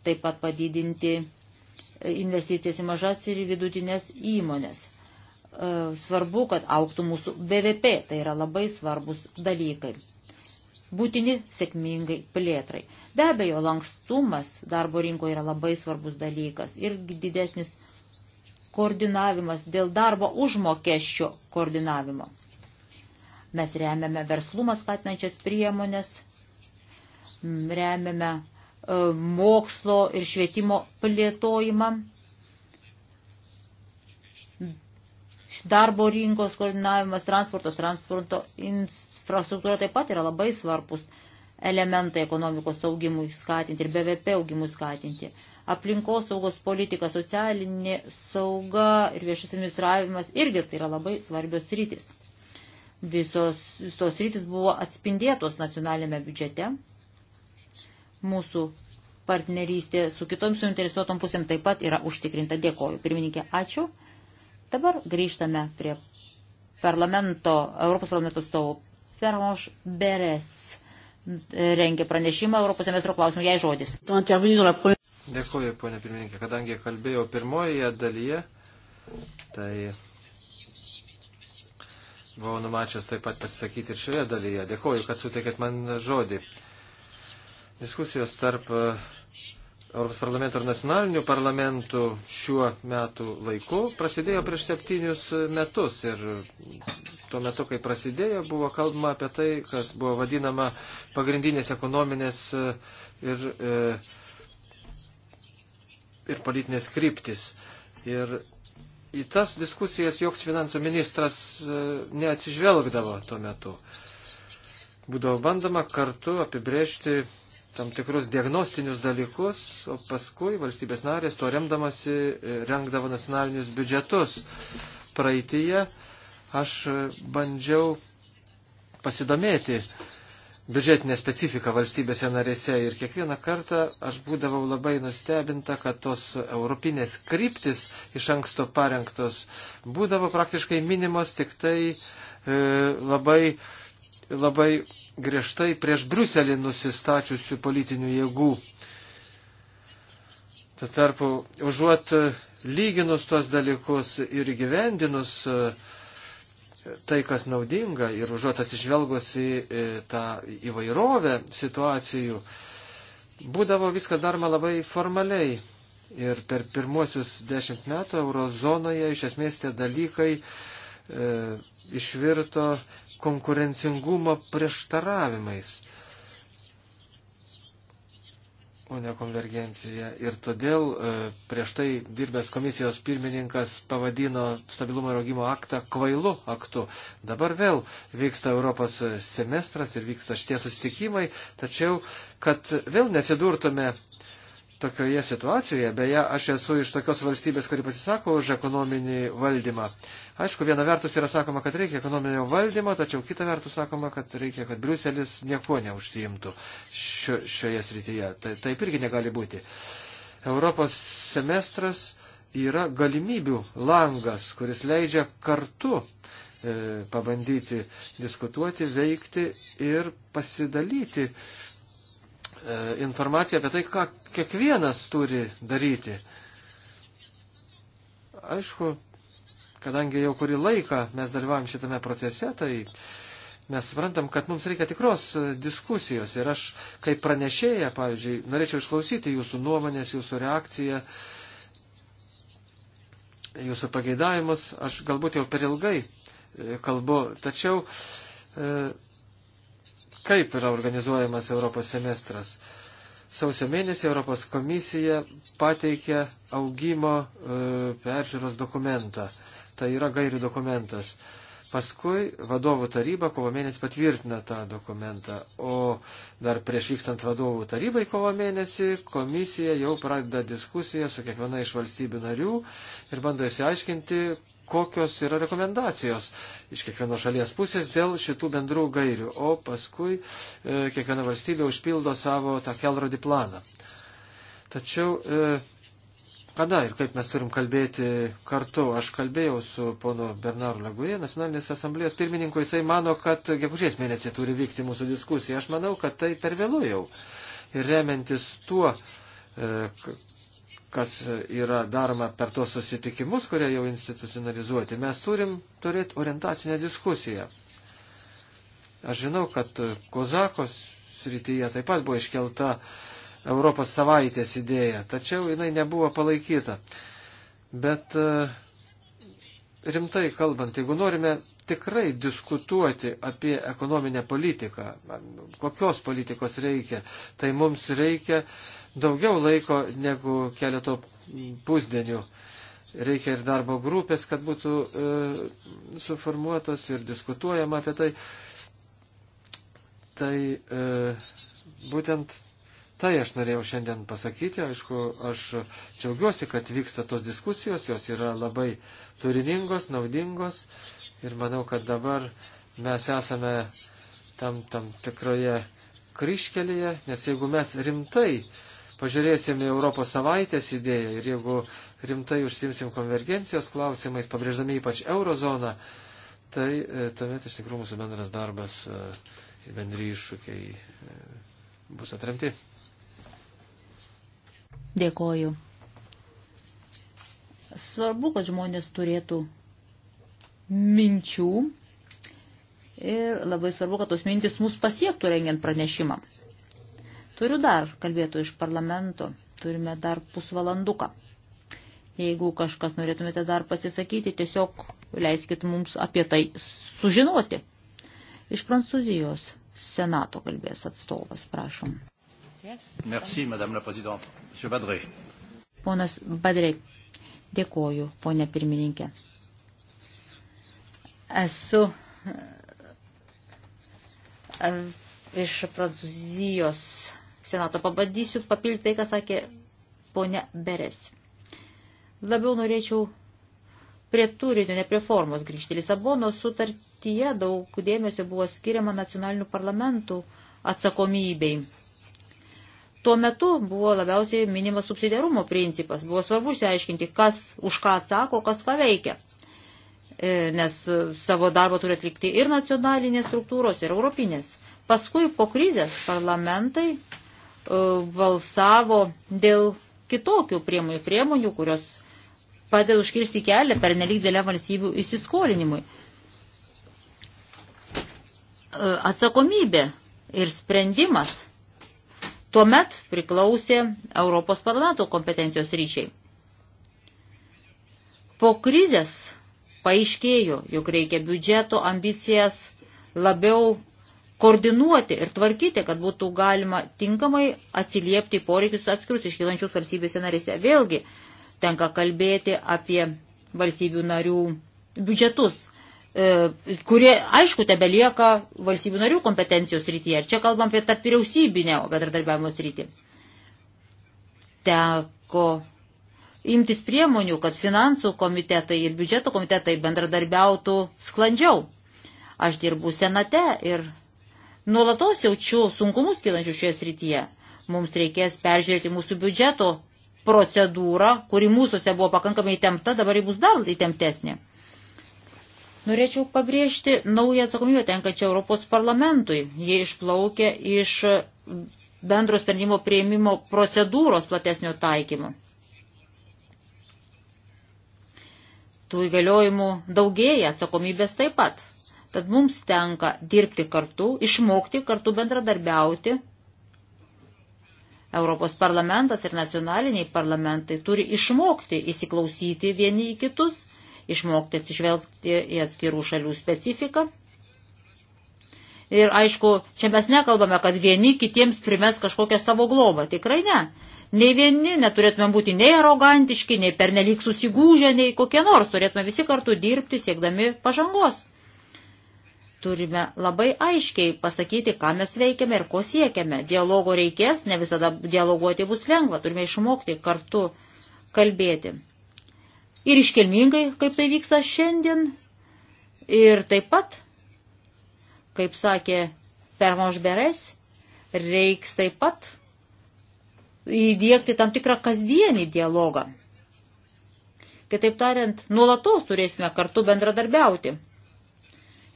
taip pat padidinti uh, investicijas į mažas ir vidutinės įmonės. Svarbu, kad auktų mūsų BVP, tai yra labai svarbus dalykai būtini sėkmingai plėtrai. Be abejo, lankstumas darbo rinkoje yra labai svarbus dalykas ir didesnis koordinavimas dėl darbo užmokesčio koordinavimo. Mes remiame verslumą skatinančias priemonės, remiame e, mokslo ir švietimo plėtojimą, darbo rinkos koordinavimas, transportos, transporto ins infrastruktūra taip pat yra labai svarbus elementai ekonomikos augimui skatinti ir BVP augimui skatinti. Aplinkos saugos politika, socialinė sauga ir viešas administravimas irgi tai yra labai svarbios rytis. Visos tos rytis buvo atspindėtos nacionalinėme biudžete. Mūsų partnerystė su kitom suinteresuotom pusėm taip pat yra užtikrinta. Dėkoju. Pirmininkė, ačiū. Dabar grįžtame prie parlamento, Europos parlamento atstovų Ferroš Beres rengia pranešimą Europos semestro klausimų, jai žodis. Dėkuoju, ponė pirmininkė, kadangi kalbėjau pirmoje dalyje, tai buvau numačęs taip pat pasisakyti ir šioje dalyje. Dėkuoju, kad suteikėt man žodį. Diskusijos tarp Europos parlamento ir nacionalinių parlamentų šiuo metu laiku prasidėjo prieš septynius metus. Ir tuo metu, kai prasidėjo, buvo kalbama apie tai, kas buvo vadinama pagrindinės ekonominės e, ir, e, ir politinės kryptis. Ir į tas diskusijas joks finansų ministras e, neatsižvelgdavo tuo metu. Būdavo bandoma kartu apibrėžti tam tikrus diagnostinius dalykus, o paskui valstybės narės to remdamasi e, rengdavo nacionalinius biudžetus. Praeitįje aš bandžiau pasidomėti biudžetinę specifiką valstybėse narėse ir kiekvieną kartą aš būdavau labai nustebinta, kad tos europinės kryptis iš anksto parengtos būdavo praktiškai minimos tik tai e, labai, labai griežtai prieš Bruselį nusistačiusių politinių jėgų. Tuo tarpu, užuot e, lyginus tuos dalykus ir gyvendinus e, tai, kas naudinga, ir užuot atsižvelgus į e, tą įvairovę situacijų, būdavo viskas daroma labai formaliai. Ir per pirmuosius dešimt metų eurozonoje iš esmės tie dalykai e, išvirto konkurencingumo prieštaravimais, o ne konvergencija. Ir todėl e, prieš tai dirbęs komisijos pirmininkas pavadino stabilumo ir augimo aktą kvailu aktu. Dabar vėl vyksta Europos semestras ir vyksta šitie susitikimai, tačiau, kad vėl nesidurtume tokioje situacijoje, beje, aš esu iš tokios valstybės, kuri pasisako už ekonominį valdymą. Aišku, viena vertus yra sakoma, kad reikia ekonominio valdymo, tačiau kita vertus sakoma, kad reikia, kad Briuselis nieko neužsiimtų šio, šioje srityje. Ta, taip irgi negali būti. Europos semestras yra galimybių langas, kuris leidžia kartu e, pabandyti diskutuoti, veikti ir pasidalyti. E, E, informaciją apie tai, ką kiekvienas turi daryti. Aišku, kadangi jau kurį laiką mes dalyvavom šitame procese, tai mes suprantam, kad mums reikia tikros diskusijos. Ir aš, kaip pranešėja, pavyzdžiui, norėčiau išklausyti jūsų nuomonės, jūsų reakciją, jūsų pageidavimus. Aš galbūt jau per ilgai e, kalbu, tačiau. E, kaip yra organizuojamas Europos semestras. Sausio mėnesį Europos komisija pateikė augimo e, peržiūros dokumentą. Tai yra gairių dokumentas. Paskui vadovų taryba kovo mėnesį patvirtina tą dokumentą, o dar prieš vykstant vadovų tarybai kovo mėnesį komisija jau pradeda diskusiją su kiekviena iš valstybių narių ir bando įsiaiškinti, kokios yra rekomendacijos iš kiekvienos šalies pusės dėl šitų bendrų gairių, o paskui e, kiekviena valstybė užpildo savo tą kelrodį planą. Tačiau e, kada ir kaip mes turim kalbėti kartu. Aš kalbėjau su pono Bernaru Laguje, nacionalinės asamblėjos pirmininku, jisai mano, kad gegužės mėnesį turi vykti mūsų diskusija. Aš manau, kad tai per vėlu jau. Ir remiantis tuo, e, kas yra daroma per tos susitikimus, kurie jau institucionalizuoti, mes turim turėti orientacinę diskusiją. Aš žinau, kad Kozakos srityje taip pat buvo iškelta Europos savaitės idėja, tačiau jinai nebuvo palaikyta. Bet e, rimtai kalbant, jeigu norime tikrai diskutuoti apie ekonominę politiką, kokios politikos reikia, tai mums reikia daugiau laiko negu keleto pusdienių. Reikia ir darbo grupės, kad būtų e, suformuotos ir diskutuojama apie tai. Tai e, būtent tai aš norėjau šiandien pasakyti. Aišku, aš džiaugiuosi, kad vyksta tos diskusijos, jos yra labai turiningos, naudingos ir manau, kad dabar mes esame tam, tam tikroje kryškelėje, nes jeigu mes rimtai pažiūrėsim į Europos savaitės idėją ir jeigu rimtai užsimsim konvergencijos klausimais, pabrėždami ypač eurozoną, tai e, tuomet iš tikrųjų mūsų bendras darbas e, ir bendri iššūkiai e, bus atremti. Dėkoju. Svarbu, kad žmonės turėtų minčių ir labai svarbu, kad tos mintis mus pasiektų rengiant pranešimą. Turiu dar kalbėtų iš parlamento, turime dar pusvalanduką. Jeigu kažkas norėtumėte dar pasisakyti, tiesiog leiskit mums apie tai sužinoti. Iš Prancūzijos senato kalbės atstovas, prašom. Yes. Merci, madame la présidente. Monsieur Badré. Ponas Badrė, dėkoju, ponė pirmininkė. Esu e, iš Prancūzijos senato. Pabandysiu papildyti tai, ką sakė ponia Beres. Labiau norėčiau prie turinio, ne prie formos grįžti. Lisabono sutartyje daug dėmesio buvo skiriama nacionalinių parlamentų atsakomybei. Tuo metu buvo labiausiai minimas subsidiarumo principas. Buvo svarbu išsiaiškinti, kas už ką atsako, kas ką veikia. E, nes savo darbą turi atlikti ir nacionalinės struktūros, ir europinės. Paskui po krizės parlamentai E, balsavo dėl kitokių priemonių, priemonių, kurios padeda užkirsti kelią per nelygdėlę valstybių įsiskolinimui. E, atsakomybė ir sprendimas tuomet priklausė Europos parlamento kompetencijos ryčiai. Po krizės paaiškėjo, jog reikia biudžeto ambicijas labiau koordinuoti ir tvarkyti, kad būtų galima tinkamai atsiliepti poreikius atskirus iškylančius valstybėse narėse. Vėlgi tenka kalbėti apie valstybių narių biudžetus, e, kurie, aišku, tebe lieka valstybių narių kompetencijos rytyje. Ir čia kalbam apie tarp vyriausybinę bendradarbiavimo srity. Teko imtis priemonių, kad finansų komitetai ir biudžeto komitetai bendradarbiautų sklandžiau. Aš dirbu senate ir Nuolatos jaučiu sunkumus kilančius šioje srityje. Mums reikės peržiūrėti mūsų biudžeto procedūrą, kuri mūsųse buvo pakankamai įtempta, dabar ji bus dar įtemptesnė. Norėčiau pabrėžti naują atsakomybę tenkačią Europos parlamentui. Jie išplaukia iš bendro sprendimo prieimimo procedūros platesnio taikymo. Tų įgaliojimų daugėja atsakomybės taip pat. Tad mums tenka dirbti kartu, išmokti kartu bendradarbiauti. Europos parlamentas ir nacionaliniai parlamentai turi išmokti įsiklausyti vieni į kitus, išmokti atsižvelgti į atskirų šalių specifiką. Ir aišku, čia mes nekalbame, kad vieni kitiems primes kažkokią savo globą. Tikrai ne. Nei vieni neturėtume būti nei arogantiški, nei pernelyg susigūžę, nei kokie nors. Turėtume visi kartu dirbti, siekdami pažangos turime labai aiškiai pasakyti, ką mes veikiame ir ko siekiame. Dialogo reikės, ne visada dialoguoti bus lengva, turime išmokti kartu kalbėti. Ir iškilmingai, kaip tai vyksta šiandien, ir taip pat, kaip sakė Permonžberes, reiks taip pat įdėkti tam tikrą kasdienį dialogą. Kitaip tariant, nuolatos turėsime kartu bendradarbiauti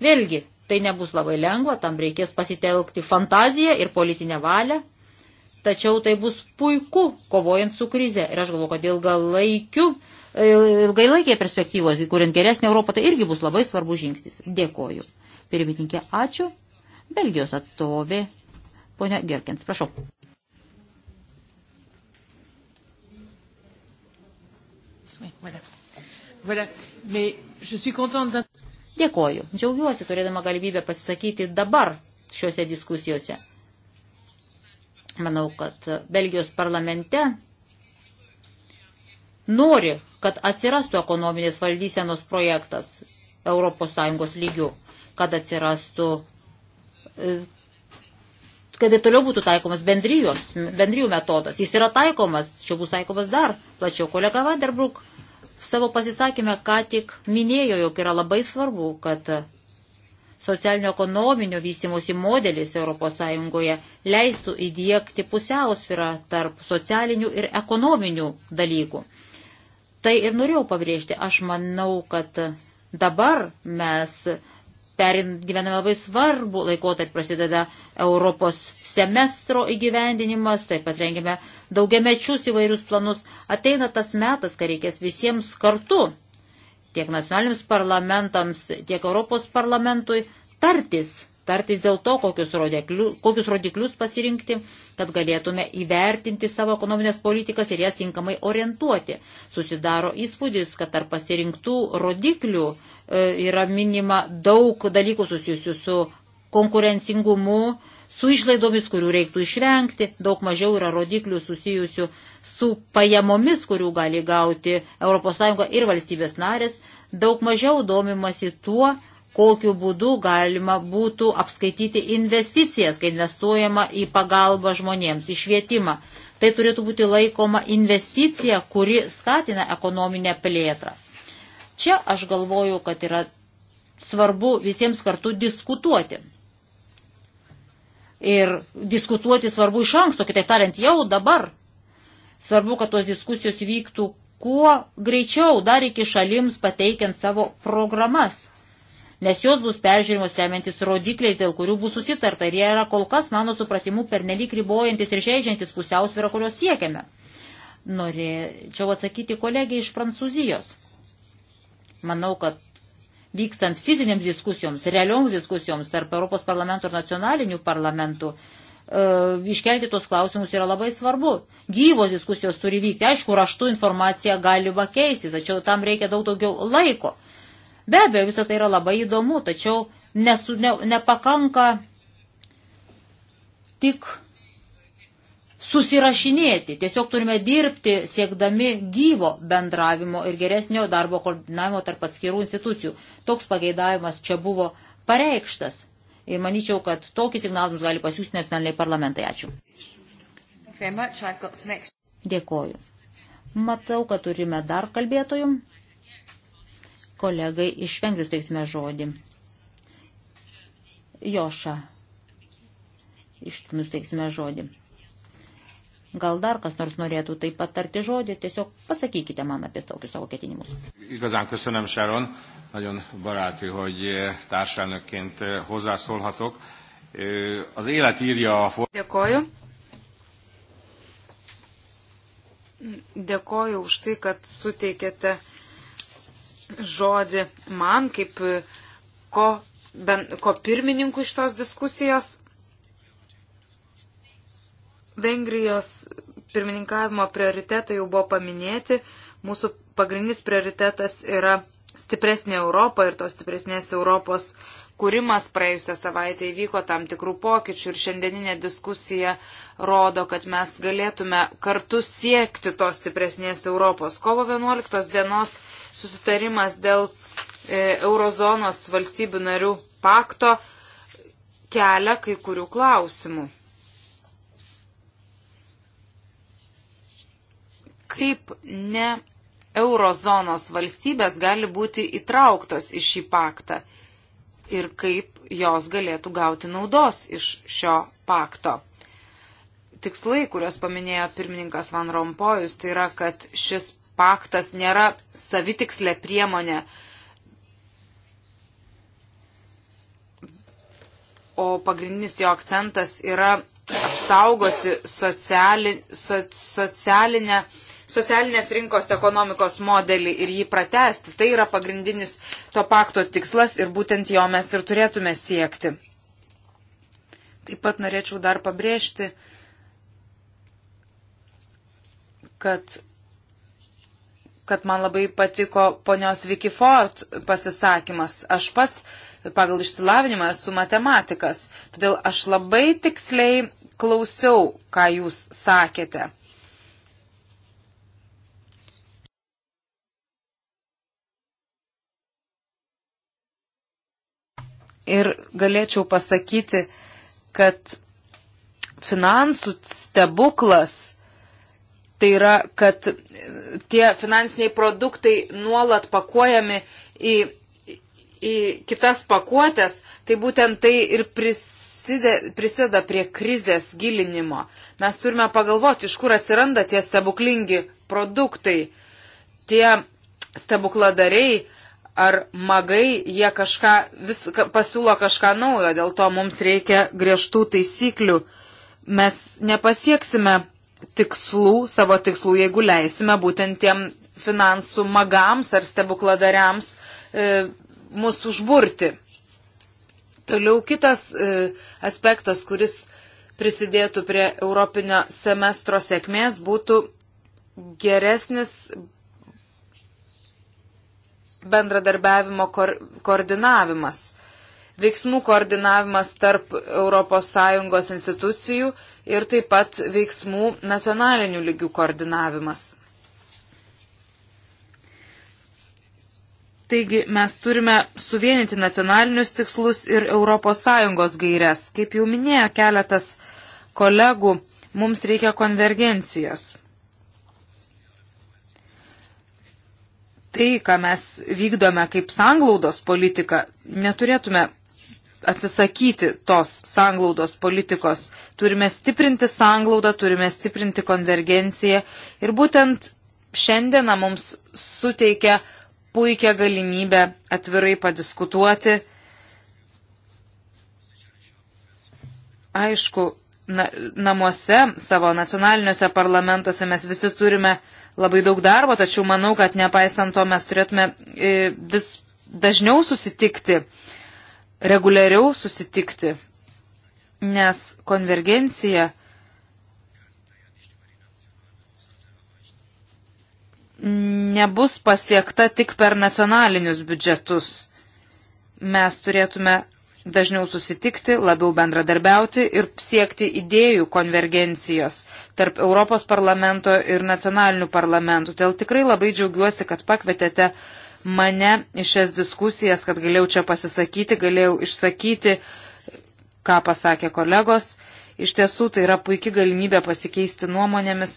Vėlgi, tai nebus labai lengva, tam reikės pasitelkti fantaziją ir politinę valią, tačiau tai bus puiku, kovojant su krize. Ir aš galvoju, kad ilgalaikiu, ilgalaikėje perspektyvos, kuriant geresnį Europą, tai irgi bus labai svarbus žingsnis. Dėkoju. Pirmininkė, ačiū. Belgijos atstovė, ponia Gerkins, prašau. Voilà. Voilà. Mais je suis contente Dėkoju. Džiaugiuosi turėdama galimybę pasisakyti dabar šiuose diskusijose. Manau, kad Belgijos parlamente nori, kad atsirastų ekonominės valdysenos projektas ES lygių, kad atsirastų, e, kad ir toliau būtų taikomas bendrijos, bendrijų metodas. Jis yra taikomas, čia bus taikomas dar plačiau. Kolega Vanderbruk savo pasisakymę ką tik minėjo, jog yra labai svarbu, kad socialinio-ekonominio vystimosi modelis ES leistų įdėkti pusiausvyrą tarp socialinių ir ekonominių dalykų. Tai ir norėjau pabrėžti. Aš manau, kad dabar mes gyvename labai svarbu laikotarpį, prasideda Europos semestro įgyvendinimas, taip pat rengiame daugiamečius įvairius planus. Ateina tas metas, kai reikės visiems kartu, tiek nacionaliniams parlamentams, tiek Europos parlamentui, tartis tartis dėl to, kokius, rodikliu, kokius rodiklius pasirinkti, kad galėtume įvertinti savo ekonominės politikas ir jas tinkamai orientuoti. Susidaro įspūdis, kad tarp pasirinktų rodiklių e, yra minima daug dalykų susijusių su konkurencingumu, su išlaidomis, kurių reiktų išvengti, daug mažiau yra rodiklių susijusių su pajamomis, kurių gali gauti ES ir valstybės narės, daug mažiau domimasi tuo, kokiu būdu galima būtų apskaityti investicijas, kai investuojama į pagalbą žmonėms, į švietimą. Tai turėtų būti laikoma investicija, kuri skatina ekonominę plėtrą. Čia aš galvoju, kad yra svarbu visiems kartu diskutuoti. Ir diskutuoti svarbu iš anksto, kitaip tariant, jau dabar. Svarbu, kad tos diskusijos vyktų kuo greičiau, dar iki šalims pateikiant savo programas nes jos bus peržiūrimos remiantis rodikliais, dėl kurių bus susitarta ir jie yra kol kas, mano supratimu, pernelyg ribojantis ir žaidžiantis pusiausvyrą, kurios siekiame. Norėčiau atsakyti kolegiai iš Prancūzijos. Manau, kad vykstant fizinėms diskusijoms, realioms diskusijoms tarp Europos parlamento ir nacionalinių parlamentų, e, iškelti tos klausimus yra labai svarbu. Gyvos diskusijos turi vykti. Aišku, raštų informacija galima keisti, tačiau tam reikia daug daugiau laiko. Be abejo, visą tai yra labai įdomu, tačiau nesu, ne, nepakanka tik susirašinėti. Tiesiog turime dirbti siekdami gyvo bendravimo ir geresnio darbo koordinavimo tarp atskirų institucijų. Toks pageidavimas čia buvo pareikštas. Ir manyčiau, kad tokį signalą mums gali pasiūsti nacionaliniai parlamentai. Ačiū. Dėkoju. Matau, kad turime dar kalbėtojų kolegai iš Vengrijos teiksime žodį. Joša, iš nusteiksime žodį. Gal dar kas nors norėtų taip pat tarti žodį, tiesiog pasakykite man apie tokius savo ketinimus. Igazán köszönöm, Sharon. Nagyon baráti, hogy eh, társelnökként eh, hozzászólhatok. Eh, az élet írja a... Dėkoju. Dėkoju už tai, kad suteikėte žodį man kaip e, ko, ben, ko pirmininkų iš tos diskusijos. Vengrijos pirmininkavimo prioritetai jau buvo paminėti. Mūsų pagrindinis prioritetas yra stipresnė Europa ir tos stipresnės Europos kūrimas praėjusią savaitę įvyko tam tikrų pokyčių ir šiandieninė diskusija rodo, kad mes galėtume kartu siekti tos stipresnės Europos. Kovo 11 dienos susitarimas dėl e, eurozonos valstybių narių pakto kelia kai kurių klausimų. Kaip ne eurozonos valstybės gali būti įtrauktos į šį paktą ir kaip jos galėtų gauti naudos iš šio pakto. Tikslai, kuriuos paminėjo pirmininkas Van Rompojus, tai yra, kad šis paktas nėra savitikslė priemonė. O pagrindinis jo akcentas yra apsaugoti sociali, so, socialinę, socialinės rinkos ekonomikos modelį ir jį pratesti. Tai yra pagrindinis to pakto tikslas ir būtent jo mes ir turėtume siekti. Taip pat norėčiau dar pabrėžti, kad kad man labai patiko ponios Vicky Ford pasisakymas. Aš pats pagal išsilavinimą esu matematikas, todėl aš labai tiksliai klausiau, ką jūs sakėte. Ir galėčiau pasakyti, kad finansų stebuklas tai yra, kad e, tie finansiniai produktai nuolat pakuojami į, į kitas pakuotės, tai būtent tai ir prisideda, prisideda prie krizės gilinimo. Mes turime pagalvoti, iš kur atsiranda tie stebuklingi produktai. Tie stebukladariai ar magai, jie kažką, vis, pasiūlo kažką naujo, dėl to mums reikia griežtų taisyklių. Mes nepasieksime tikslų, savo tikslų, jeigu leisime būtent tiem finansų magams ar stebukladariams e, mūsų užburti. Toliau kitas e, aspektas, kuris prisidėtų prie Europinio semestro sėkmės, būtų geresnis bendradarbiavimo ko koordinavimas veiksmų koordinavimas tarp ES institucijų ir taip pat veiksmų nacionalinių lygių koordinavimas. Taigi mes turime suvienyti nacionalinius tikslus ir ES gairias. Kaip jau minėjo keletas kolegų, mums reikia konvergencijos. tai, ką mes vykdome kaip sanglaudos politiką, neturėtume atsisakyti tos sanglaudos politikos. Turime stiprinti sanglaudą, turime stiprinti konvergenciją ir būtent šiandieną mums suteikia puikia galimybė atvirai padiskutuoti. Aišku, na, namuose, savo nacionaliniuose parlamentuose mes visi turime labai daug darbo, tačiau manau, kad nepaisant to mes turėtume e, vis dažniau susitikti reguliariau susitikti, nes konvergencija nebus pasiekta tik per nacionalinius biudžetus. Mes turėtume dažniau susitikti, labiau bendradarbiauti ir siekti idėjų konvergencijos tarp Europos parlamento ir nacionalinių parlamentų. Todėl tikrai labai džiaugiuosi, kad pakvietėte uh, mane į šias diskusijas, kad galėjau čia pasisakyti, galėjau išsakyti, ką pasakė kolegos. Iš tiesų tai yra puikia galimybė pasikeisti nuomonėmis.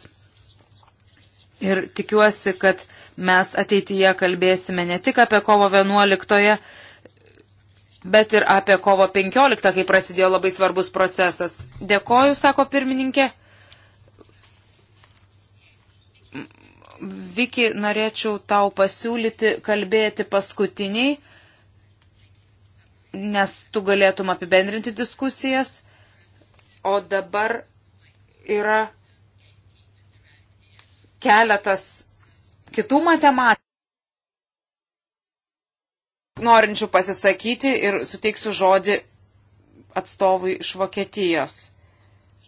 Ir tikiuosi, kad mes ateityje kalbėsime ne tik apie kovo 11, bet ir apie kovo 15, kai prasidėjo labai svarbus procesas. Dėkoju, sako pirmininkė. Viki, norėčiau tau pasiūlyti kalbėti paskutiniai, nes tu galėtum apibendrinti diskusijas. O dabar yra keletas kitų matematikų norinčių pasisakyti ir suteiksiu žodį atstovui iš Vokietijos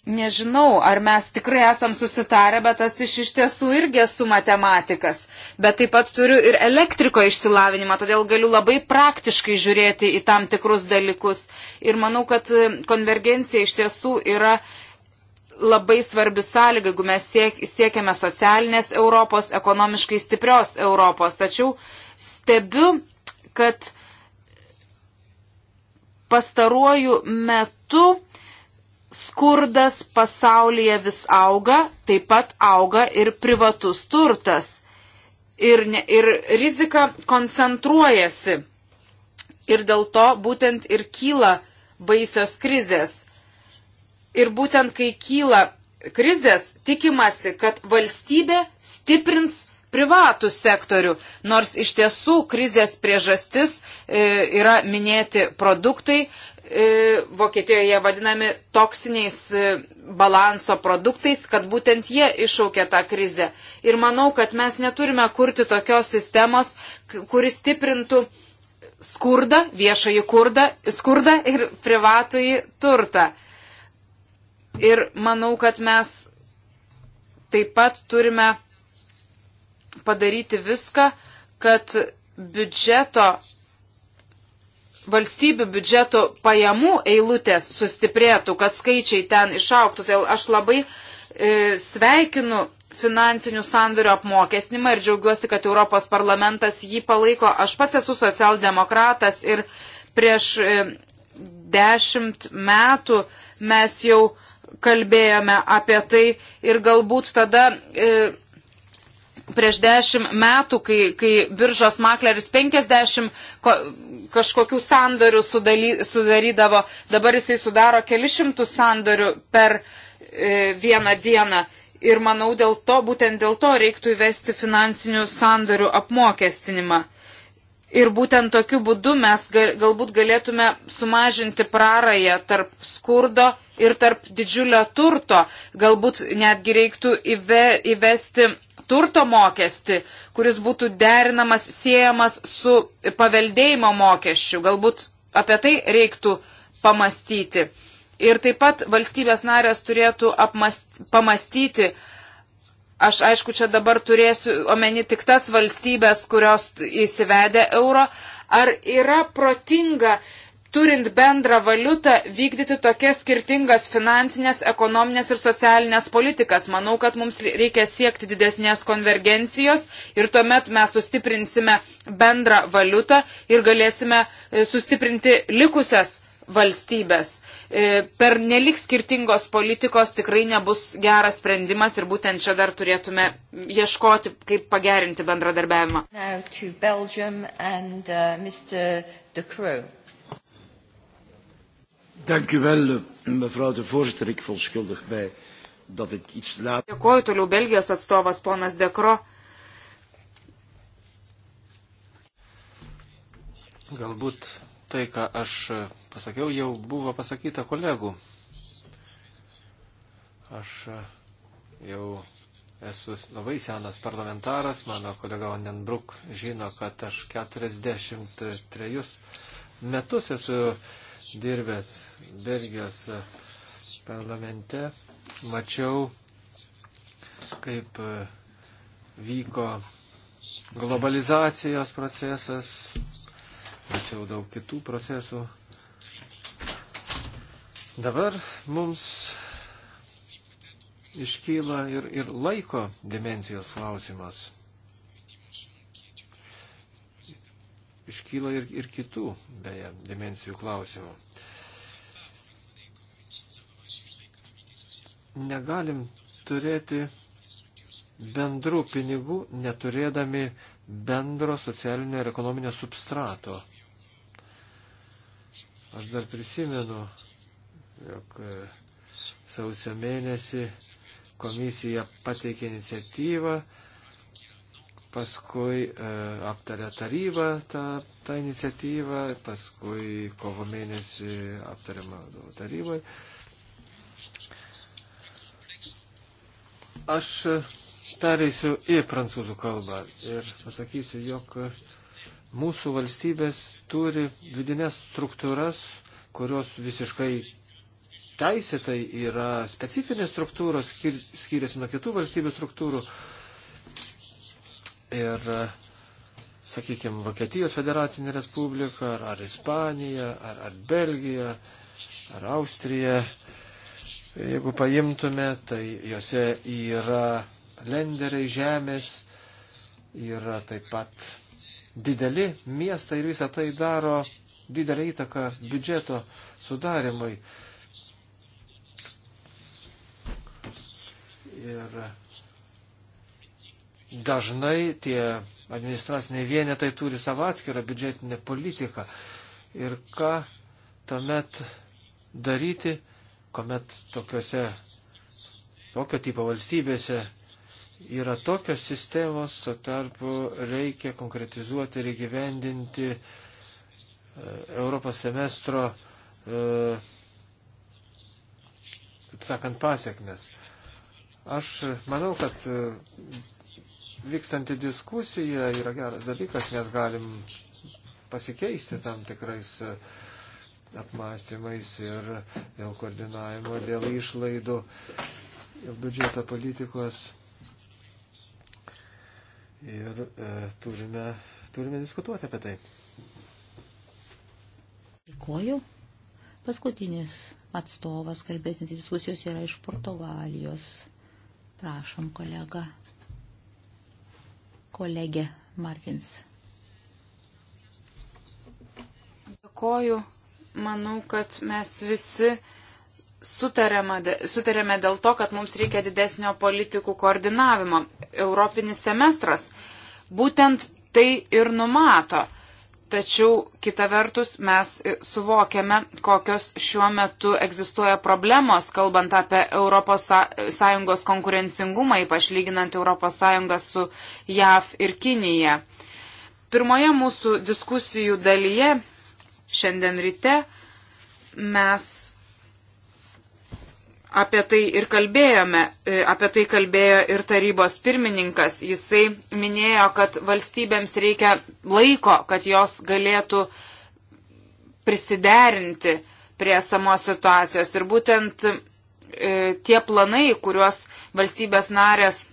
nežinau, ar mes tikrai esam susitarę, bet tas iš, iš tiesų irgi esu matematikas. Bet taip pat turiu ir elektriko išsilavinimą, todėl galiu labai praktiškai žiūrėti į tam tikrus dalykus. Ir manau, kad e, konvergencija iš tiesų yra labai svarbi sąlyga, jeigu mes siek, siekiame socialinės Europos, ekonomiškai stiprios Europos. Tačiau stebiu, kad pastaruoju metu skurdas pasaulyje vis auga, taip pat auga ir privatus turtas. Ir, ne, ir rizika koncentruojasi. Ir dėl to būtent ir kyla baisios krizės. Ir būtent kai kyla krizės, tikimasi, kad valstybė stiprins privatų sektorių, nors iš tiesų krizės priežastis e, yra minėti produktai, E, Vokietijoje vadinami toksiniais e, balanso produktais, kad būtent jie išaukė tą krizę. Ir manau, kad mes neturime kurti tokios sistemos, kuris stiprintų skurdą, viešąjį kurdą, skurdą ir privatųjį turtą. Ir manau, kad mes taip pat turime padaryti viską, kad biudžeto valstybių biudžeto pajamų eilutės sustiprėtų, kad skaičiai ten išauktų. Todėl aš labai e, sveikinu finansinių sandorių apmokestinimą ir džiaugiuosi, kad Europos parlamentas jį palaiko. Aš pats esu socialdemokratas ir prieš e, dešimt metų mes jau kalbėjome apie tai ir galbūt tada. E, prieš 10 metų, kai, kai biržos makleris 50 ko, kažkokių sandorių sudaly, sudarydavo, dabar jisai sudaro kelišimtų sandorių per e, vieną dieną. Ir manau, dėl to, būtent dėl to reiktų įvesti finansinių sandorių apmokestinimą. Ir būtent tokiu būdu mes galbūt galėtume sumažinti prarąją tarp skurdo ir tarp didžiulio turto. Galbūt netgi reiktų įve, įvesti turto mokestį, kuris būtų derinamas, siejamas su paveldėjimo mokesčiu. Galbūt apie tai reiktų pamastyti. Ir taip pat valstybės narės turėtų apmast, pamastyti, aš aišku čia dabar turėsiu omeny tik tas valstybės, kurios įsivedė euro, ar yra protinga turint bendrą valiutą, vykdyti tokias skirtingas finansinės, ekonominės ir socialinės politikas. Manau, kad mums reikia siekti didesnės konvergencijos ir tuomet mes sustiprinsime bendrą valiutą ir galėsime e, sustiprinti likusias valstybės. E, per nelik skirtingos politikos tikrai nebus geras sprendimas ir būtent čia dar turėtume ieškoti, kaip pagerinti bendradarbiavimą. Now to Belgium and uh, Mr. De Croo. Dank u wel, mevrouw de voorzitter. Ik verontschuldig mij dat ik iets laat. Dėkuoju toliau Belgijos atstovas ponas Dekro. Galbūt tai, ką aš e, pasakiau, jau buvo pasakyta kolegų. Aš e, jau esu labai senas parlamentaras, mano kolega Vandenbruk žino, kad aš 43 metus esu dirbęs Belgijos parlamente, mačiau, kaip vyko globalizacijos procesas, mačiau daug kitų procesų. Dabar mums iškyla ir, ir laiko dimensijos klausimas. iškyla ir, ir kitų, beje, dimensijų klausimų. Negalim turėti bendrų pinigų, neturėdami bendro socialinio ir ekonominio substrato. Aš dar prisimenu, jog e, sausio mėnesį komisija pateikė iniciatyvą paskui e, aptarė taryba tą, tą iniciatyvą, paskui kovo mėnesį aptariama tarybai. Aš e, pereisiu į prancūzų kalbą ir pasakysiu, jog mūsų valstybės turi vidinės struktūras, kurios visiškai teisėtai yra specifinės struktūros, skiriasi nuo kitų valstybių struktūrų. E, ir, sakykime, Vokietijos federacinė respublika, ar, ar Ispanija, ar, ar Belgija, ar Austrija, jeigu paimtume, tai juose yra lenderiai žemės, yra taip pat dideli miestai ir visą tai daro didelį įtaką biudžeto sudarimui. Ir dažnai tie administraciniai vienetai turi savo atskirą biudžetinę politiką. Ir ką tuomet daryti, kuomet tokiuose, tokio tipo valstybėse yra tokios sistemos, o tarpu reikia konkretizuoti ir įgyvendinti e, Europos semestro, e, taip sakant, pasiekmes. Aš manau, kad vykstanti diskusija yra geras dalykas, nes galim pasikeisti tam tikrais e, apmąstymais ir dėl koordinavimo, dėl išlaidų, dėl biudžeto politikos. Ir e, turime, turime diskutuoti apie tai. Dėkuoju. Paskutinis atstovas kalbėsintis diskusijos yra iš Portugalijos. Prašom, kolega kolegė Martins. Dėkoju. Manau, kad mes visi sutarėme dėl to, kad mums reikia didesnio politikų koordinavimo. Europinis semestras būtent tai ir numato. Tačiau kita vertus mes suvokiame, kokios šiuo metu egzistuoja problemos, kalbant apie ES konkurencingumą, ypač lyginant ES su JAV ir Kinija. Pirmoje mūsų diskusijų dalyje šiandien ryte mes apie tai ir kalbėjome, e, apie tai kalbėjo ir tarybos pirmininkas. Jisai minėjo, kad valstybėms reikia laiko, kad jos galėtų prisiderinti prie samos situacijos. Ir būtent e, tie planai, kuriuos valstybės narės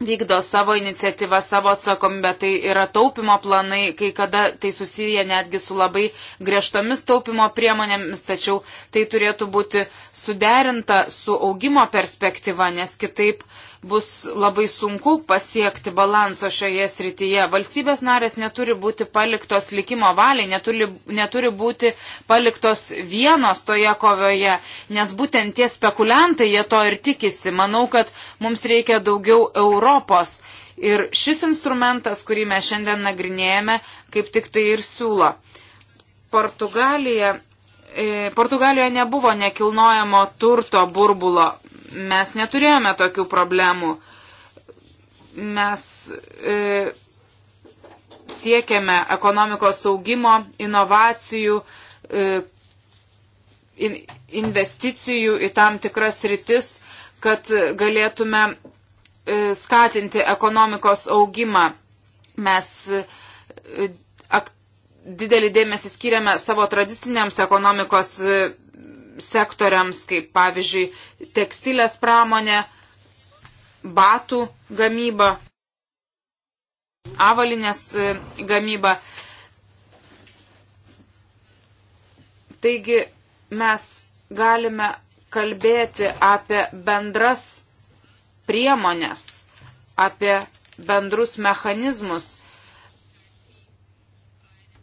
vykdo savo iniciatyvą, savo atsakomybę, tai yra taupimo planai, kai kada tai susiję netgi su labai griežtomis taupimo priemonėmis, tačiau tai turėtų būti suderinta su augimo perspektyva, nes kitaip uh, bus labai sunku pasiekti balanso šioje srityje. Valstybės narės neturi būti paliktos likimo valiai, neturi, neturi būti paliktos vienos toje kovoje, nes būtent tie spekuliantai jie to ir tikisi. Manau, kad mums reikia daugiau Europos. Ir šis instrumentas, kurį mes šiandien nagrinėjame, kaip tik tai ir siūlo. Portugalija e, Portugalijoje nebuvo nekilnojamo turto burbulo mes neturėjome tokių problemų. Mes e, siekiame ekonomikos saugimo, inovacijų, e, in, investicijų į tam tikras rytis, kad galėtume e, skatinti ekonomikos augimą. Mes e, ak, didelį dėmesį skiriame savo tradiciniams ekonomikos. E, sektoriams, kaip pavyzdžiui tekstilės pramonė, batų gamyba, avalinės e, gamyba. Taigi mes galime kalbėti apie bendras priemonės, apie bendrus mechanizmus,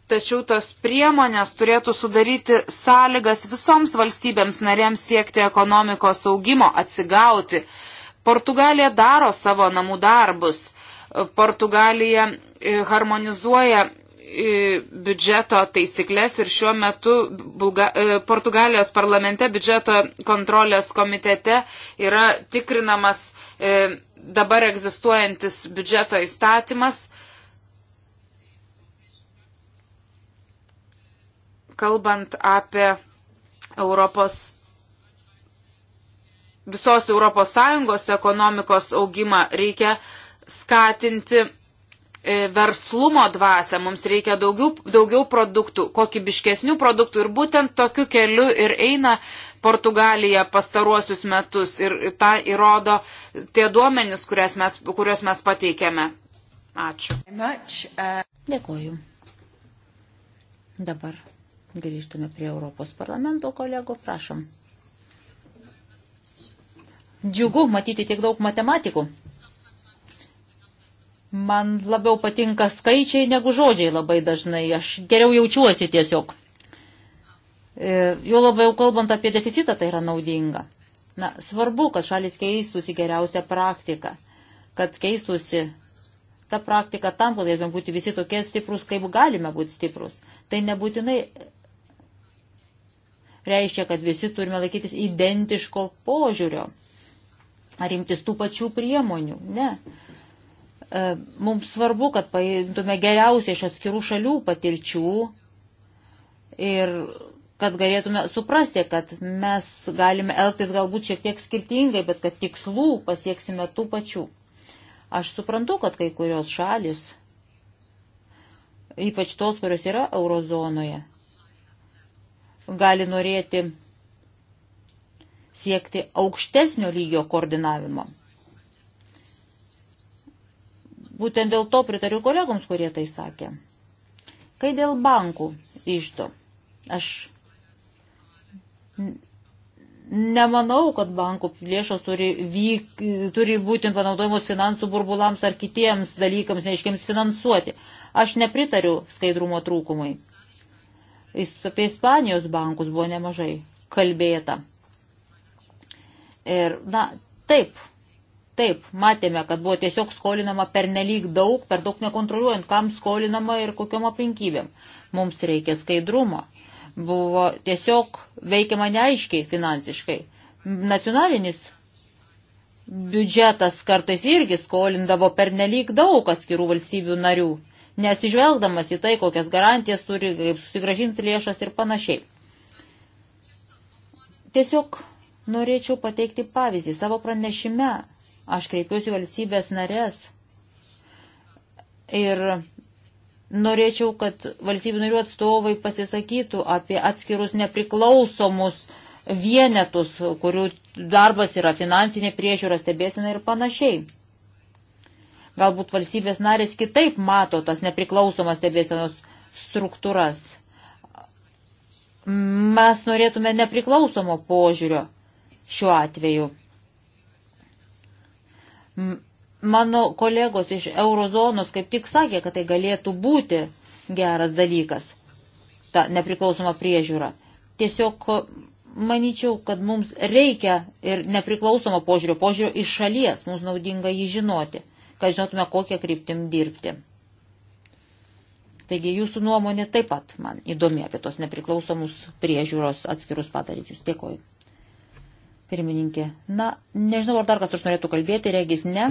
Tačiau tos priemonės turėtų sudaryti sąlygas visoms valstybėms narėms siekti ekonomikos augimo, atsigauti. Portugalija daro savo namų darbus. Portugalija e, harmonizuoja e, biudžeto taisyklės ir šiuo metu Bulga, e, Portugalijos parlamente biudžeto kontrolės komitete yra tikrinamas dabar egzistuojantis biudžeto įstatymas kalbant apie Europos visos Europos Sąjungos ekonomikos augimą, reikia skatinti e, verslumo dvasę, mums reikia daugiau, daugiau produktų, kokybiškesnių produktų ir būtent tokiu keliu ir eina Portugalija pastaruosius metus ir tą įrodo tie duomenys, mes, kuriuos mes pateikėme. Ačiū. Dėkuoju. Dabar Grįžtame prie Europos parlamento kolegų, prašom. Džiugu matyti tiek daug matematikų. Man labiau patinka skaičiai negu žodžiai labai dažnai. Aš geriau jaučiuosi tiesiog. E, jo labiau kalbant apie deficitą, tai yra naudinga. Na, svarbu, kad šalis keistųsi geriausią praktiką, kad keistųsi tą praktiką tam, kad galėtume būti visi tokie stiprus, kaip galime būti stiprus. Tai nebūtinai reiškia, kad visi turime laikytis identiško požiūrio ar imtis tų pačių priemonių. Ne. E, mums svarbu, kad paimtume geriausiai iš atskirų šalių patirčių ir kad galėtume suprasti, kad mes galime elgtis galbūt šiek tiek skirtingai, bet kad tikslų pasieksime tų pačių. Aš suprantu, kad kai kurios šalis, ypač tos, kurios yra eurozonoje, gali norėti siekti aukštesnio lygio koordinavimo. Būtent dėl to pritariu kolegoms, kurie tai sakė. Kai dėl bankų išdo, aš nemanau, kad bankų lėšos turi, vyk, turi būti panaudojamos finansų burbulams ar kitiems dalykams, neaiškiams finansuoti. Aš nepritariu skaidrumo trūkumui. Apie Ispanijos bankus buvo nemažai kalbėta. Ir, na, taip, taip, matėme, kad buvo tiesiog skolinama per nelik daug, per daug nekontroliuojant, kam skolinama ir kokiam aplinkybėm. Mums reikia skaidrumo. Buvo tiesiog veikiama neaiškiai finansiškai. Nacionalinis biudžetas kartais irgi skolindavo per nelik daug atskirų valstybių narių neatsižvelgdamas į tai, kokias garantijas turi, kaip susigražinti lėšas ir panašiai. Tiesiog norėčiau pateikti pavyzdį. Savo pranešime aš kreipiuosi valstybės narės ir norėčiau, kad valstybių narių atstovai pasisakytų apie atskirus nepriklausomus vienetus, kurių darbas yra finansinė priežiūra, stebėsina ir panašiai. Galbūt valstybės narės kitaip mato tas nepriklausomas stebėsenos struktūras. Mes norėtume nepriklausomo požiūrio šiuo atveju. Mano kolegos iš eurozonos kaip tik sakė, kad tai galėtų būti geras dalykas, ta nepriklausoma priežiūra. Tiesiog manyčiau, kad mums reikia ir nepriklausomo požiūrio, požiūrio iš šalies, mums naudinga jį žinoti kad žinotume, kokią kryptim dirbti. Taigi jūsų nuomonė taip pat man įdomi apie tos nepriklausomus priežiūros atskirus padarytus. Dėkoju. Pirmininkė, na, nežinau, ar dar kas nors norėtų kalbėti, regis ne.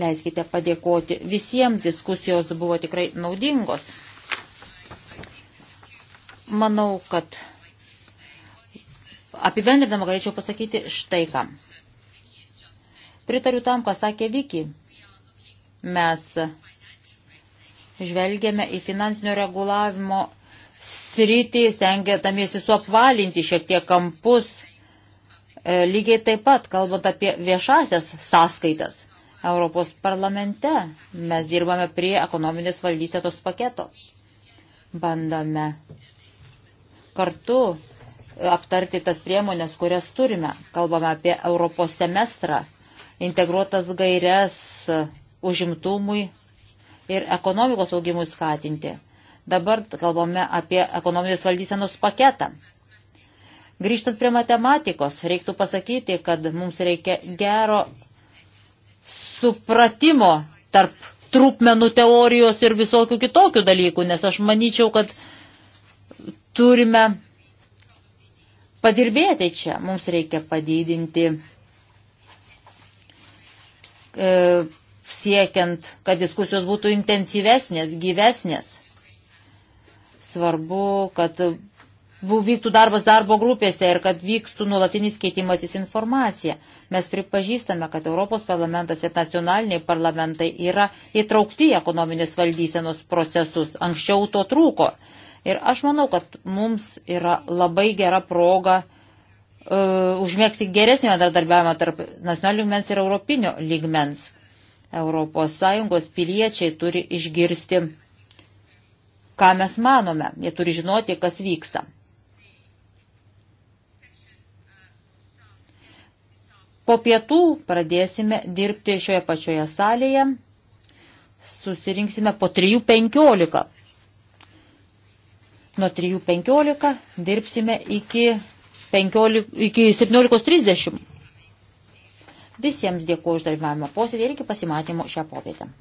Leiskite padėkoti visiems, diskusijos buvo tikrai naudingos. Manau, kad apibendrinama galėčiau pasakyti štai kam. Pritariu tam, ką sakė Viki. Mes žvelgėme į finansinio reguliavimo sritį, stengiatamiesi suapvalinti šiek tiek kampus. E, lygiai taip pat, kalbant apie viešasias sąskaitas, Europos parlamente mes dirbame prie ekonominės valdysetos paketo. Bandame kartu e, aptarti tas priemonės, kurias turime. Kalbame apie Europos semestrą, integruotas gairias užimtumui ir ekonomikos augimui skatinti. Dabar kalbame apie ekonominės valdysenos paketą. Grįžtant prie matematikos, reiktų pasakyti, kad mums reikia gero supratimo tarp trupmenų teorijos ir visokių kitokių dalykų, nes aš manyčiau, kad turime padirbėti čia. Mums reikia padidinti e, siekiant, kad diskusijos būtų intensyvesnės, gyvesnės. Svarbu, kad vyktų darbas darbo grupėse ir kad vyktų nulatinis keitimasis informacija. Mes pripažįstame, kad Europos parlamentas ir nacionaliniai parlamentai yra įtraukti į ekonominės valdysenos procesus. Anksčiau to trūko. Ir aš manau, kad mums yra labai gera proga E, užmėgti geresnį bendradarbiavimą tarp nacionalinių lygmens ir europinio lygmens. ES piliečiai turi išgirsti, ką mes manome, jie turi žinoti, kas vyksta. Po pietų pradėsime dirbti šioje pačioje salėje. Susirinksime po 3.15. Nuo 3.15 dirbsime iki 15, iki 17.30. Visiems dėkuoju už dalyvavimą posėdį ir iki pasimatymo šią popietę.